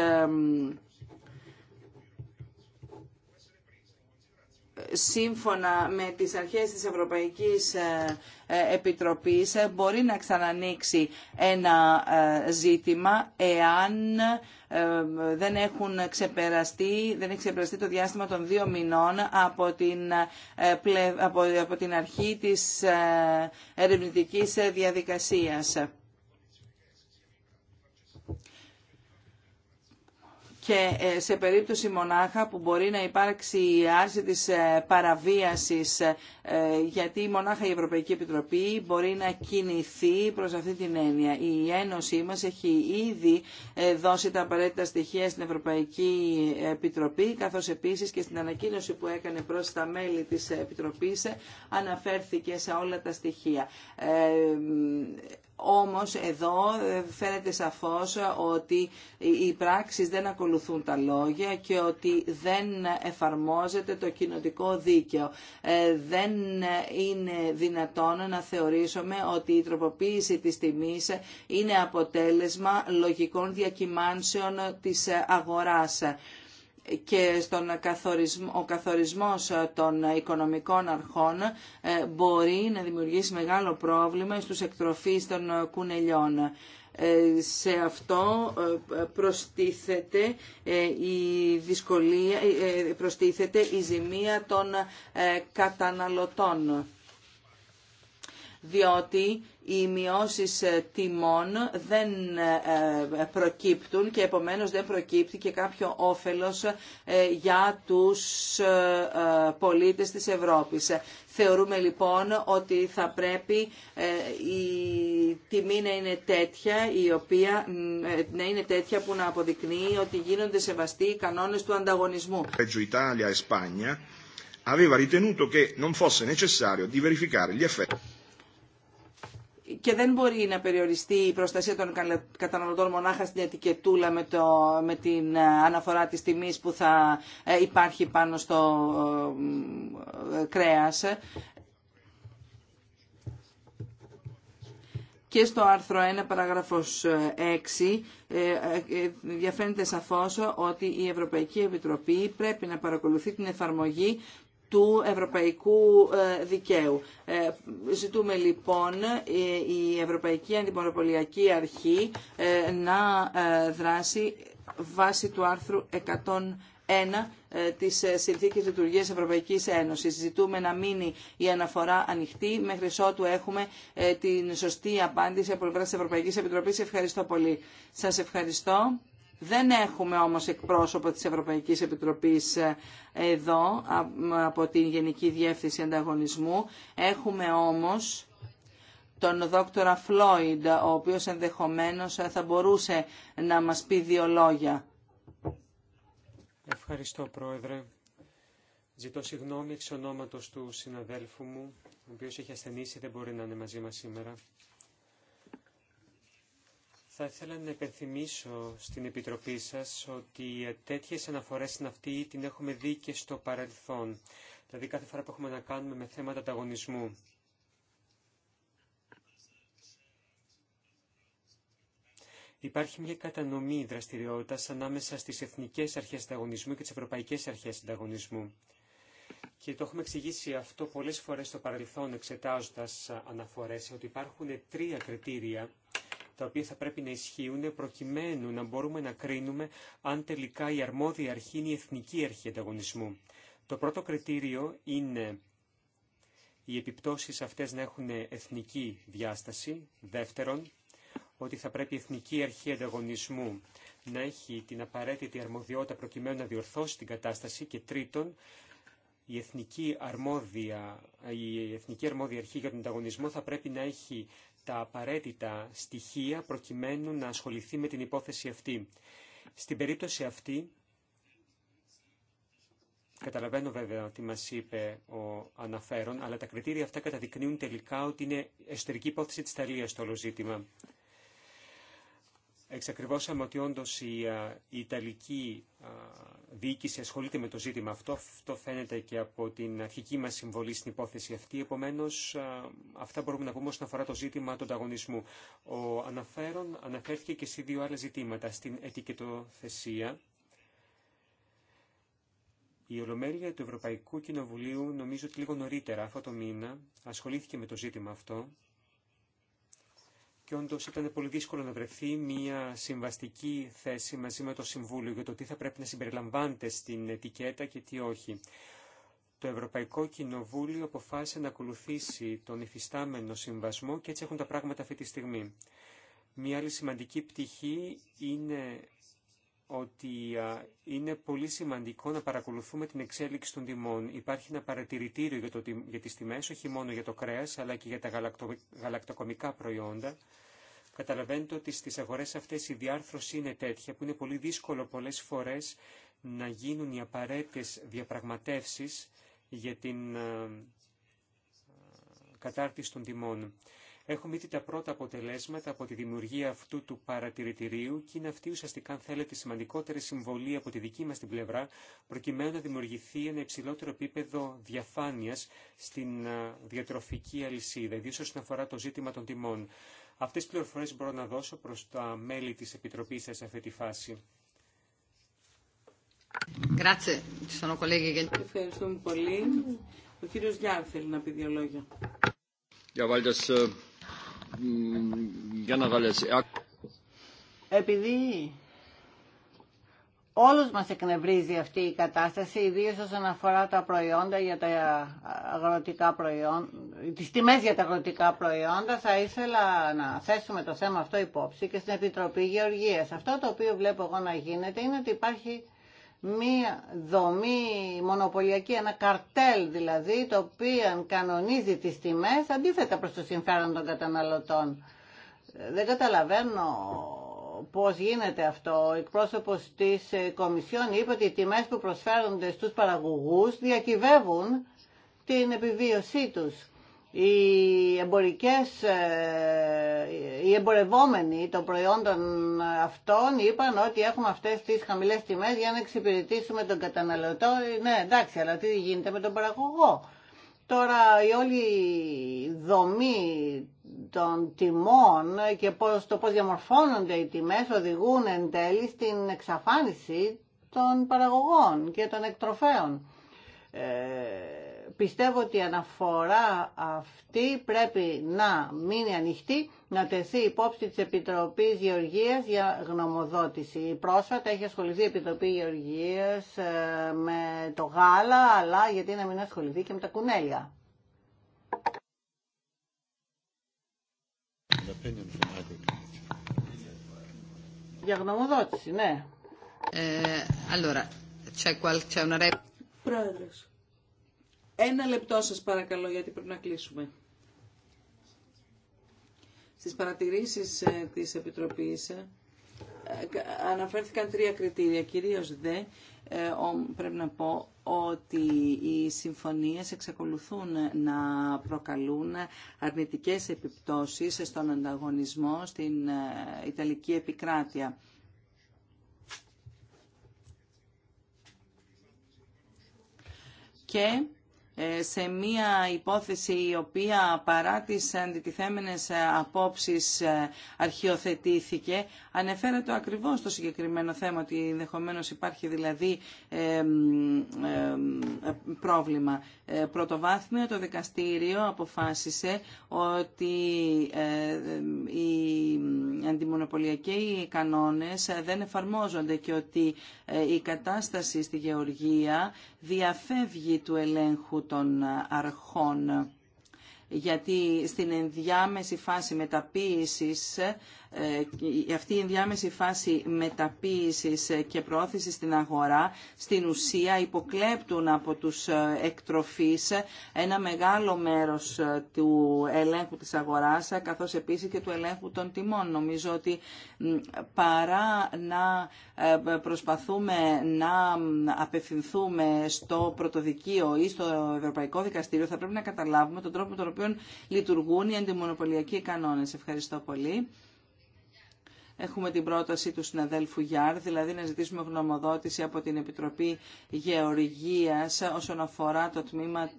σύμφωνα με τις αρχές της Ευρωπαϊκής ε, ε, Επιτροπής ε, μπορεί να ξανανοίξει ένα ζήτημα εάν δεν έχουν ξεπεραστεί, δεν έχει ξεπεραστεί το διάστημα των δύο μηνών από την, από, την αρχή της ερευνητικής διαδικασίας. και ε, σε περίπτωση μονάχα που μπορεί να υπάρξει η άρση της ε, παραβίασης ε, γιατί μονάχα η Ευρωπαϊκή Επιτροπή μπορεί να κινηθεί προς αυτή την έννοια. Η Ένωσή μας έχει ήδη δώσει τα απαραίτητα στοιχεία στην Ευρωπαϊκή Επιτροπή καθώς επίσης και στην ανακοίνωση που έκανε προς τα μέλη της Επιτροπής αναφέρθηκε σε όλα τα στοιχεία. Όμως εδώ ε, φαίνεται σαφώς ότι οι πράξεις δεν ακολουθούν τα λόγια και ότι δεν εφαρμόζεται το κοινοτικό δίκαιο. Ε, δεν είναι δυνατόν να θεωρήσουμε ότι η τροποποίηση της τιμής είναι αποτέλεσμα λογικών διακυμάνσεων της αγοράς και στον καθορισμό, ο καθορισμός των οικονομικών αρχών ε, μπορεί να δημιουργήσει μεγάλο πρόβλημα στους εκτροφείς των κουνελιών. Ε, σε αυτό ε, προστίθεται η δυσκολία, προστίθεται η ζημία των καταναλωτών διότι οι μειώσεις ε, τιμών δεν ε, ε, προκύπτουν και επομένως δεν προκύπτει και κάποιο όφελος για τους πολίτες της Ευρώπης. Θεωρούμε λοιπόν ότι θα πρέπει η τιμή να είναι τέτοια, η οποία, να είναι τέτοια που να αποδεικνύει ότι γίνονται σεβαστοί οι κανόνες του ανταγωνισμού και δεν μπορεί να περιοριστεί η προστασία των καταναλωτών μονάχα στην ετικετούλα με, το, με την ε, αναφορά της τιμής που θα ε, υπάρχει πάνω στο ε, κρέας. Και στο άρθρο 1 παραγραφός 6 διαφαίνεται σαφώς ότι η Ευρωπαϊκή Επιτροπή πρέπει να παρακολουθεί την εφαρμογή του ευρωπαϊκού ε, δικαίου. Ε, ζητούμε λοιπόν η Ευρωπαϊκή Αντιμονοπολιακή Αρχή ε, να δράσει βάσει του άρθρου 101 της Συνθήκης Λειτουργίας Ευρωπαϊκής Ένωσης. Ζητούμε να μείνει η αναφορά ανοιχτή μέχρι ότου έχουμε την σωστή απάντηση από την Ευρωπαϊκή Επιτροπή. Επιτροπής. Ευχαριστώ πολύ. Σας ευχαριστώ. Δεν έχουμε όμως εκπρόσωπο της Ευρωπαϊκής Επιτροπής ε, εδώ από την Γενική Διεύθυνση Ανταγωνισμού. Έχουμε όμως τον Δόκτωρα Φλόιντ, ο οποίος ενδεχομένως ε, θα μπορούσε να μας πει δύο λόγια. Ευχαριστώ, Πρόεδρε. Ζητώ συγγνώμη εξ ονόματος του συναδέλφου μου, ο οποίος έχει ασθενήσει, δεν μπορεί να είναι μαζί μας σήμερα. Θα ήθελα να υπενθυμίσω στην Επιτροπή σας ότι τέτοιες αναφορές στην αυτή την έχουμε δει και στο παρελθόν. Δηλαδή κάθε φορά που έχουμε να κάνουμε με θέματα ανταγωνισμού. Υπάρχει μια κατανομή δραστηριότητας ανάμεσα στις εθνικές αρχές ανταγωνισμού και τις ευρωπαϊκές αρχές ανταγωνισμού. Και το έχουμε εξηγήσει αυτό πολλές φορές στο παρελθόν εξετάζοντας αναφορές, ότι υπάρχουν τρία κριτήρια τα οποία θα πρέπει να ισχύουν προκειμένου να μπορούμε να κρίνουμε αν τελικά η αρμόδια αρχή είναι η εθνική αρχή ανταγωνισμού. Το πρώτο κριτήριο είναι οι επιπτώσεις αυτές να έχουν εθνική διάσταση. Δεύτερον, ότι θα πρέπει η Εθνική Αρχή Ανταγωνισμού να έχει την απαραίτητη αρμοδιότητα προκειμένου να διορθώσει την κατάσταση και τρίτον, η Εθνική Αρμόδια, η Εθνική Αρμόδια Αρχή για τον Ανταγωνισμό θα πρέπει να έχει τα απαραίτητα στοιχεία προκειμένου να ασχοληθεί με την υπόθεση αυτή. Στην περίπτωση αυτή, καταλαβαίνω βέβαια τι μας είπε ο αναφέρον, αλλά τα κριτήρια αυτά καταδεικνύουν τελικά ότι είναι εσωτερική υπόθεση της Ιταλίας το όλο ζήτημα εξακριβώσαμε ότι όντω ε, η, Ιταλική ε, διοίκηση ασχολείται με το ζήτημα αυτό. Αυτό φαίνεται και από την αρχική μα συμβολή στην υπόθεση αυτή. Επομένω, ε, αυτά μπορούμε να πούμε όσον αφορά το ζήτημα του ανταγωνισμού. Ο αναφέρον αναφέρθηκε και σε δύο άλλα ζητήματα. Στην ετικετοθεσία. Η Ολομέλεια του Ευρωπαϊκού Κοινοβουλίου, νομίζω ότι λίγο νωρίτερα αυτό το μήνα, ασχολήθηκε με το ζήτημα αυτό και όντω ήταν πολύ δύσκολο να βρεθεί μια συμβαστική θέση μαζί με το Συμβούλιο για το τι θα πρέπει να συμπεριλαμβάνεται στην ετικέτα και τι όχι. Το Ευρωπαϊκό Κοινοβούλιο αποφάσισε να ακολουθήσει τον υφιστάμενο συμβασμό και έτσι έχουν τα πράγματα αυτή τη στιγμή. Μία άλλη σημαντική πτυχή είναι ότι είναι πολύ σημαντικό να παρακολουθούμε την εξέλιξη των τιμών. Υπάρχει ένα παρατηρητήριο για, το, για τις τιμές, όχι μόνο για το κρέας, αλλά και για τα γαλακτοκομικά προϊόντα. Καταλαβαίνετε ότι στις αγορές αυτές η διάρθρωση είναι τέτοια που είναι πολύ δύσκολο πολλές φορές να γίνουν οι απαραίτητες διαπραγματεύσεις για την κατάρτιση των τιμών. Έχουμε ήδη τα πρώτα αποτελέσματα από τη δημιουργία αυτού του παρατηρητηρίου και είναι αυτή ουσιαστικά, αν θέλετε, σημαντικότερη συμβολή από τη δική μα την πλευρά, προκειμένου να δημιουργηθεί ένα υψηλότερο επίπεδο διαφάνεια στην διατροφική αλυσίδα, ιδίω όσον αφορά το ζήτημα των τιμών. Αυτέ τι πληροφορίε μπορώ να δώσω προ τα μέλη τη Επιτροπή σα σε αυτή τη φάση. Ευχαριστούμε πολύ. Ο κύριος Γιάρ θέλει να πει δύο λόγια. Ε, επειδή όλους μας εκνευρίζει αυτή η κατάσταση, ιδίως όσον αφορά τα προϊόντα για τα αγροτικά προϊόντα, τις τιμές για τα αγροτικά προϊόντα, θα ήθελα να θέσουμε το θέμα αυτό υπόψη και στην Επιτροπή Γεωργίας. Αυτό το οποίο βλέπω εγώ να γίνεται είναι ότι υπάρχει μία δομή μονοπωλιακή, ένα καρτέλ δηλαδή, το οποίο κανονίζει τις τιμές αντίθετα προς το συμφέρον των καταναλωτών. Δεν καταλαβαίνω πώς γίνεται αυτό. Ο εκπρόσωπος της ε, Κομισιόν είπε ότι οι τιμές που προσφέρονται στους παραγωγούς διακυβεύουν την επιβίωσή τους οι εμπορικές, ε, οι εμπορευόμενοι των προϊόντων αυτών είπαν ότι έχουμε αυτές τις χαμηλές τιμές για να εξυπηρετήσουμε τον καταναλωτό. Ναι, εντάξει, αλλά τι γίνεται με τον παραγωγό. Τώρα η όλη δομή των τιμών και πώς, το πώς διαμορφώνονται οι τιμές οδηγούν εν τέλει στην εξαφάνιση των παραγωγών και των εκτροφέων. Ε, πιστεύω ότι η αναφορά αυτή πρέπει να μείνει ανοιχτή, να τεθεί υπόψη της Επιτροπής Γεωργίας για γνωμοδότηση. Πρόσφατα έχει ασχοληθεί η Επιτροπή Γεωργίας ε, με το γάλα, αλλά γιατί να μην ασχοληθεί και με τα κουνέλια. Για γνωμοδότηση, ναι. Ε, allora, c'è qual... c'è una... Πρόεδρος. Ένα λεπτό σας παρακαλώ γιατί πρέπει να κλείσουμε. Στις παρατηρήσεις ε, της Επιτροπής ε, αναφέρθηκαν τρία κριτήρια, κυρίως δε ε, πρέπει να πω ότι οι συμφωνίες εξακολουθούν να προκαλούν αρνητικές επιπτώσεις στον ανταγωνισμό στην Ιταλική επικράτεια. Και σε μία υπόθεση η οποία παρά τις αντιτιθέμενες ε, απόψεις ε, αρχιοθετήθηκε. Ανεφέρεται ακριβώς το συγκεκριμένο θέμα ότι ενδεχομένω υπάρχει δηλαδή πρόβλημα. Ε, Πρωτοβάθμιο το δικαστήριο αποφάσισε ότι οι αντιμονοπολιακοί κανόνες δεν εφαρμόζονται και ότι η κατάσταση στη Γεωργία διαφεύγει του ελέγχου των αρχών γιατί στην ενδιάμεση φάση μεταποίησης ε, αυτή η ενδιάμεση φάση μεταποίησης και προώθησης στην αγορά στην ουσία υποκλέπτουν από τους ε, εκτροφείς ένα μεγάλο μέρος ε, του ελέγχου της αγοράς καθώς επίσης και του ελέγχου των τιμών. Νομίζω ότι παρά να προσπαθούμε να απευθυνθούμε στο πρωτοδικείο ή στο Ευρωπαϊκό Δικαστήριο θα πρέπει να καταλάβουμε τον τρόπο με τον οποίο λειτουργούν οι αντιμονοπολιακοί κανόνες. Ευχαριστώ πολύ. Έχουμε την πρόταση του συναδέλφου Γιάρ, δηλαδή να ζητήσουμε γνωμοδότηση από την Επιτροπή Γεωργίας όσον αφορά το τμήμα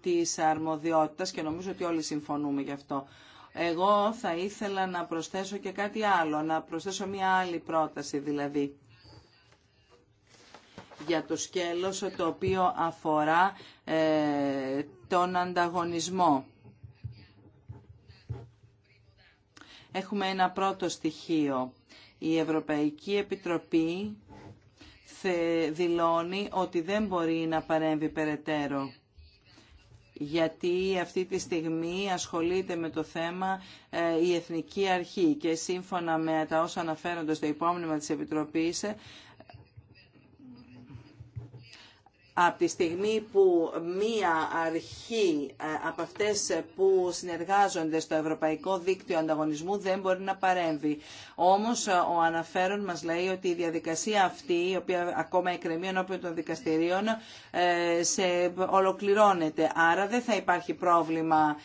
της αρμοδιότητας και νομίζω ότι όλοι συμφωνούμε γι' αυτό. Εγώ θα ήθελα να προσθέσω και κάτι άλλο, να προσθέσω μια άλλη πρόταση δηλαδή για το σκέλος το οποίο αφορά ε, τον ανταγωνισμό. Έχουμε ένα πρώτο στοιχείο. Η Ευρωπαϊκή Επιτροπή δηλώνει ότι δεν μπορεί να παρέμβει περαιτέρω γιατί αυτή τη στιγμή ασχολείται με το θέμα ε, η Εθνική Αρχή και σύμφωνα με τα όσα αναφέρονται στο υπόμνημα της Επιτροπής από τη στιγμή που μία αρχή ε, από αυτές που συνεργάζονται στο Ευρωπαϊκό Δίκτυο Ανταγωνισμού δεν μπορεί να παρέμβει. Όμως ε, ο αναφέρον μας λέει ότι η διαδικασία αυτή, η οποία ακόμα εκκρεμεί ενώπιον των δικαστηρίων, ε, σε ολοκληρώνεται. Άρα δεν θα υπάρχει πρόβλημα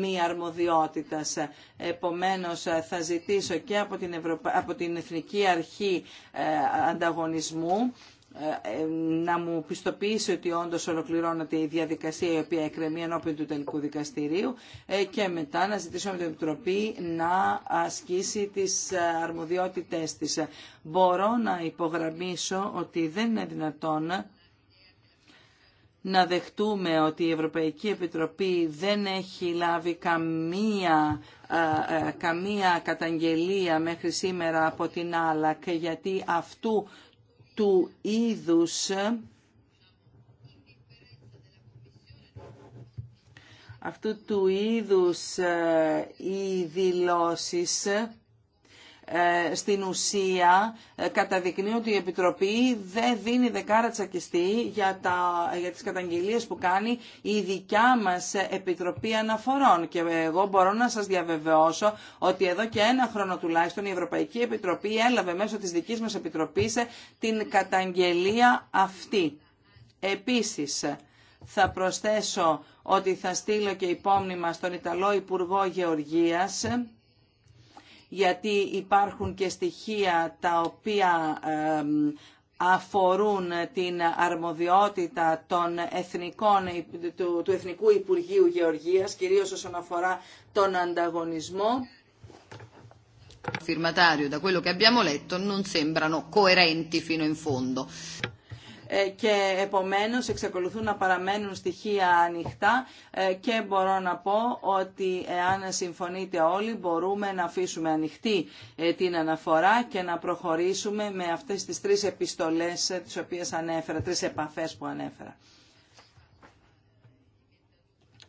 μη αρμοδιότητας. Επομένως θα ζητήσω και από από την Εθνική Αρχή Ανταγωνισμού ε, ε, να μου πιστοποιήσει ότι όντω ολοκληρώνεται η διαδικασία η οποία εκκρεμεί ενώπιον του τελικού δικαστηρίου ε, και μετά να ζητήσω με την Επιτροπή να ασκήσει τις αρμοδιότητές της. Μπορώ να υπογραμμίσω ότι δεν είναι δυνατόν να δεχτούμε ότι η Ευρωπαϊκή Επιτροπή δεν έχει λάβει καμία, καμία καταγγελία μέχρι σήμερα από την ΑΛΑΚ γιατί αυτού του είδους αυτού του είδους ε, οι δηλώσεις ε, στην ουσία ε, καταδεικνύει ότι η Επιτροπή δεν δίνει δεκάρα τσακιστή για, τα, για τις καταγγελίες που κάνει η δικιά μας Επιτροπή Αναφορών. Και εγώ μπορώ να σας διαβεβαιώσω ότι εδώ και ένα χρόνο τουλάχιστον η Ευρωπαϊκή Επιτροπή έλαβε μέσω της δικής μας Επιτροπής ε, την καταγγελία αυτή. Επίσης, θα προσθέσω ότι θα στείλω και υπόμνημα στον Ιταλό Υπουργό Γεωργίας γιατί υπάρχουν και στοιχεία τα οποία αφορούν την αρμοδιότητα των εθνικών, του, του Εθνικού Υπουργείου Γεωργίας, κυρίως όσον αφορά τον ανταγωνισμό. Firmatario, da quello che abbiamo letto, non sembrano coerenti fino in fondo. Ε, και επομένως εξακολουθούν να παραμένουν στοιχεία ανοιχτά ε, και μπορώ να πω ότι εάν συμφωνείτε όλοι μπορούμε να αφήσουμε ανοιχτή ε, την αναφορά και να προχωρήσουμε με αυτές τις τρεις επιστολές τις οποίες ανέφερα, τρεις επαφές που ανέφερα.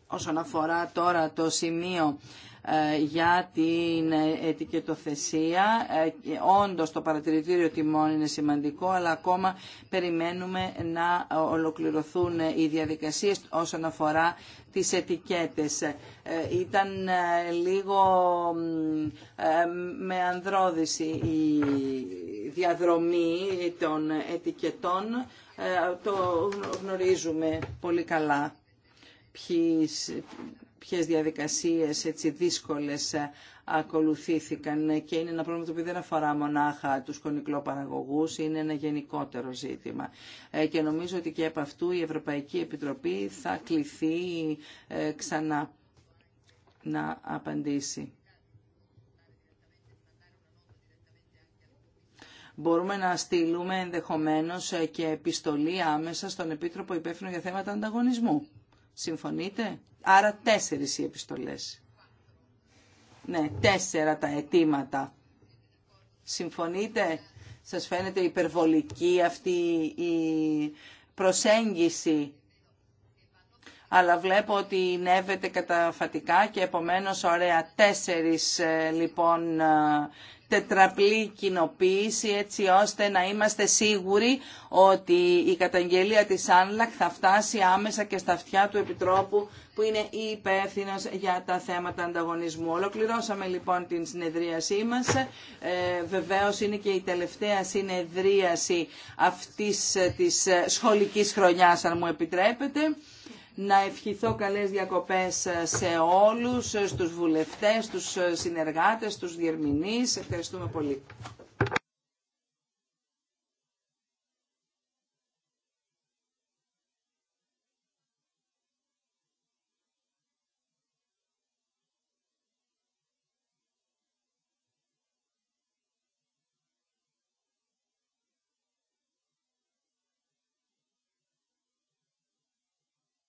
Όσον αφορά τώρα το σημείο ε, για την ετικετοθεσία. Ε, όντως το παρατηρητήριο τιμών είναι σημαντικό, αλλά ακόμα περιμένουμε να ολοκληρωθούν οι διαδικασίες όσον αφορά τις ετικέτες. Ε, ήταν λίγο με ανδρόδηση η διαδρομή των ετικετών. Το γνωρίζουμε πολύ καλά ποιες διαδικασίες έτσι δύσκολες ε, ακολουθήθηκαν και είναι ένα πρόβλημα το οποίο δεν αφορά μονάχα τους κονικλόπαραγωγούς, είναι ένα γενικότερο ζήτημα. Ε, και νομίζω ότι και από αυτού η Ευρωπαϊκή Επιτροπή θα κληθεί ε, ξανά να απαντήσει. μπορούμε να στείλουμε ενδεχομένως και επιστολή άμεσα στον Επίτροπο Υπεύθυνο για θέματα ανταγωνισμού. Συμφωνείτε. Άρα τέσσερις οι επιστολές. Ναι, τέσσερα τα αιτήματα. Συμφωνείτε. Σας φαίνεται υπερβολική αυτή η προσέγγιση. Αλλά βλέπω ότι νεύεται καταφατικά και επομένως ωραία τέσσερις ε, λοιπόν ε, τετραπλή κοινοποίηση έτσι ώστε να είμαστε σίγουροι ότι η καταγγελία της Άνλακ θα φτάσει άμεσα και στα αυτιά του Επιτρόπου που είναι υπεύθυνο για τα θέματα ανταγωνισμού. Ολοκληρώσαμε λοιπόν την συνεδρίασή μας. Ε, βεβαίως είναι και η τελευταία συνεδρίαση αυτής ε, της ε, σχολικής χρονιάς αν μου επιτρέπετε να ευχηθώ καλές διακοπές σε όλους, στους βουλευτές, στους συνεργάτες, στους διερμηνείς. Ευχαριστούμε πολύ.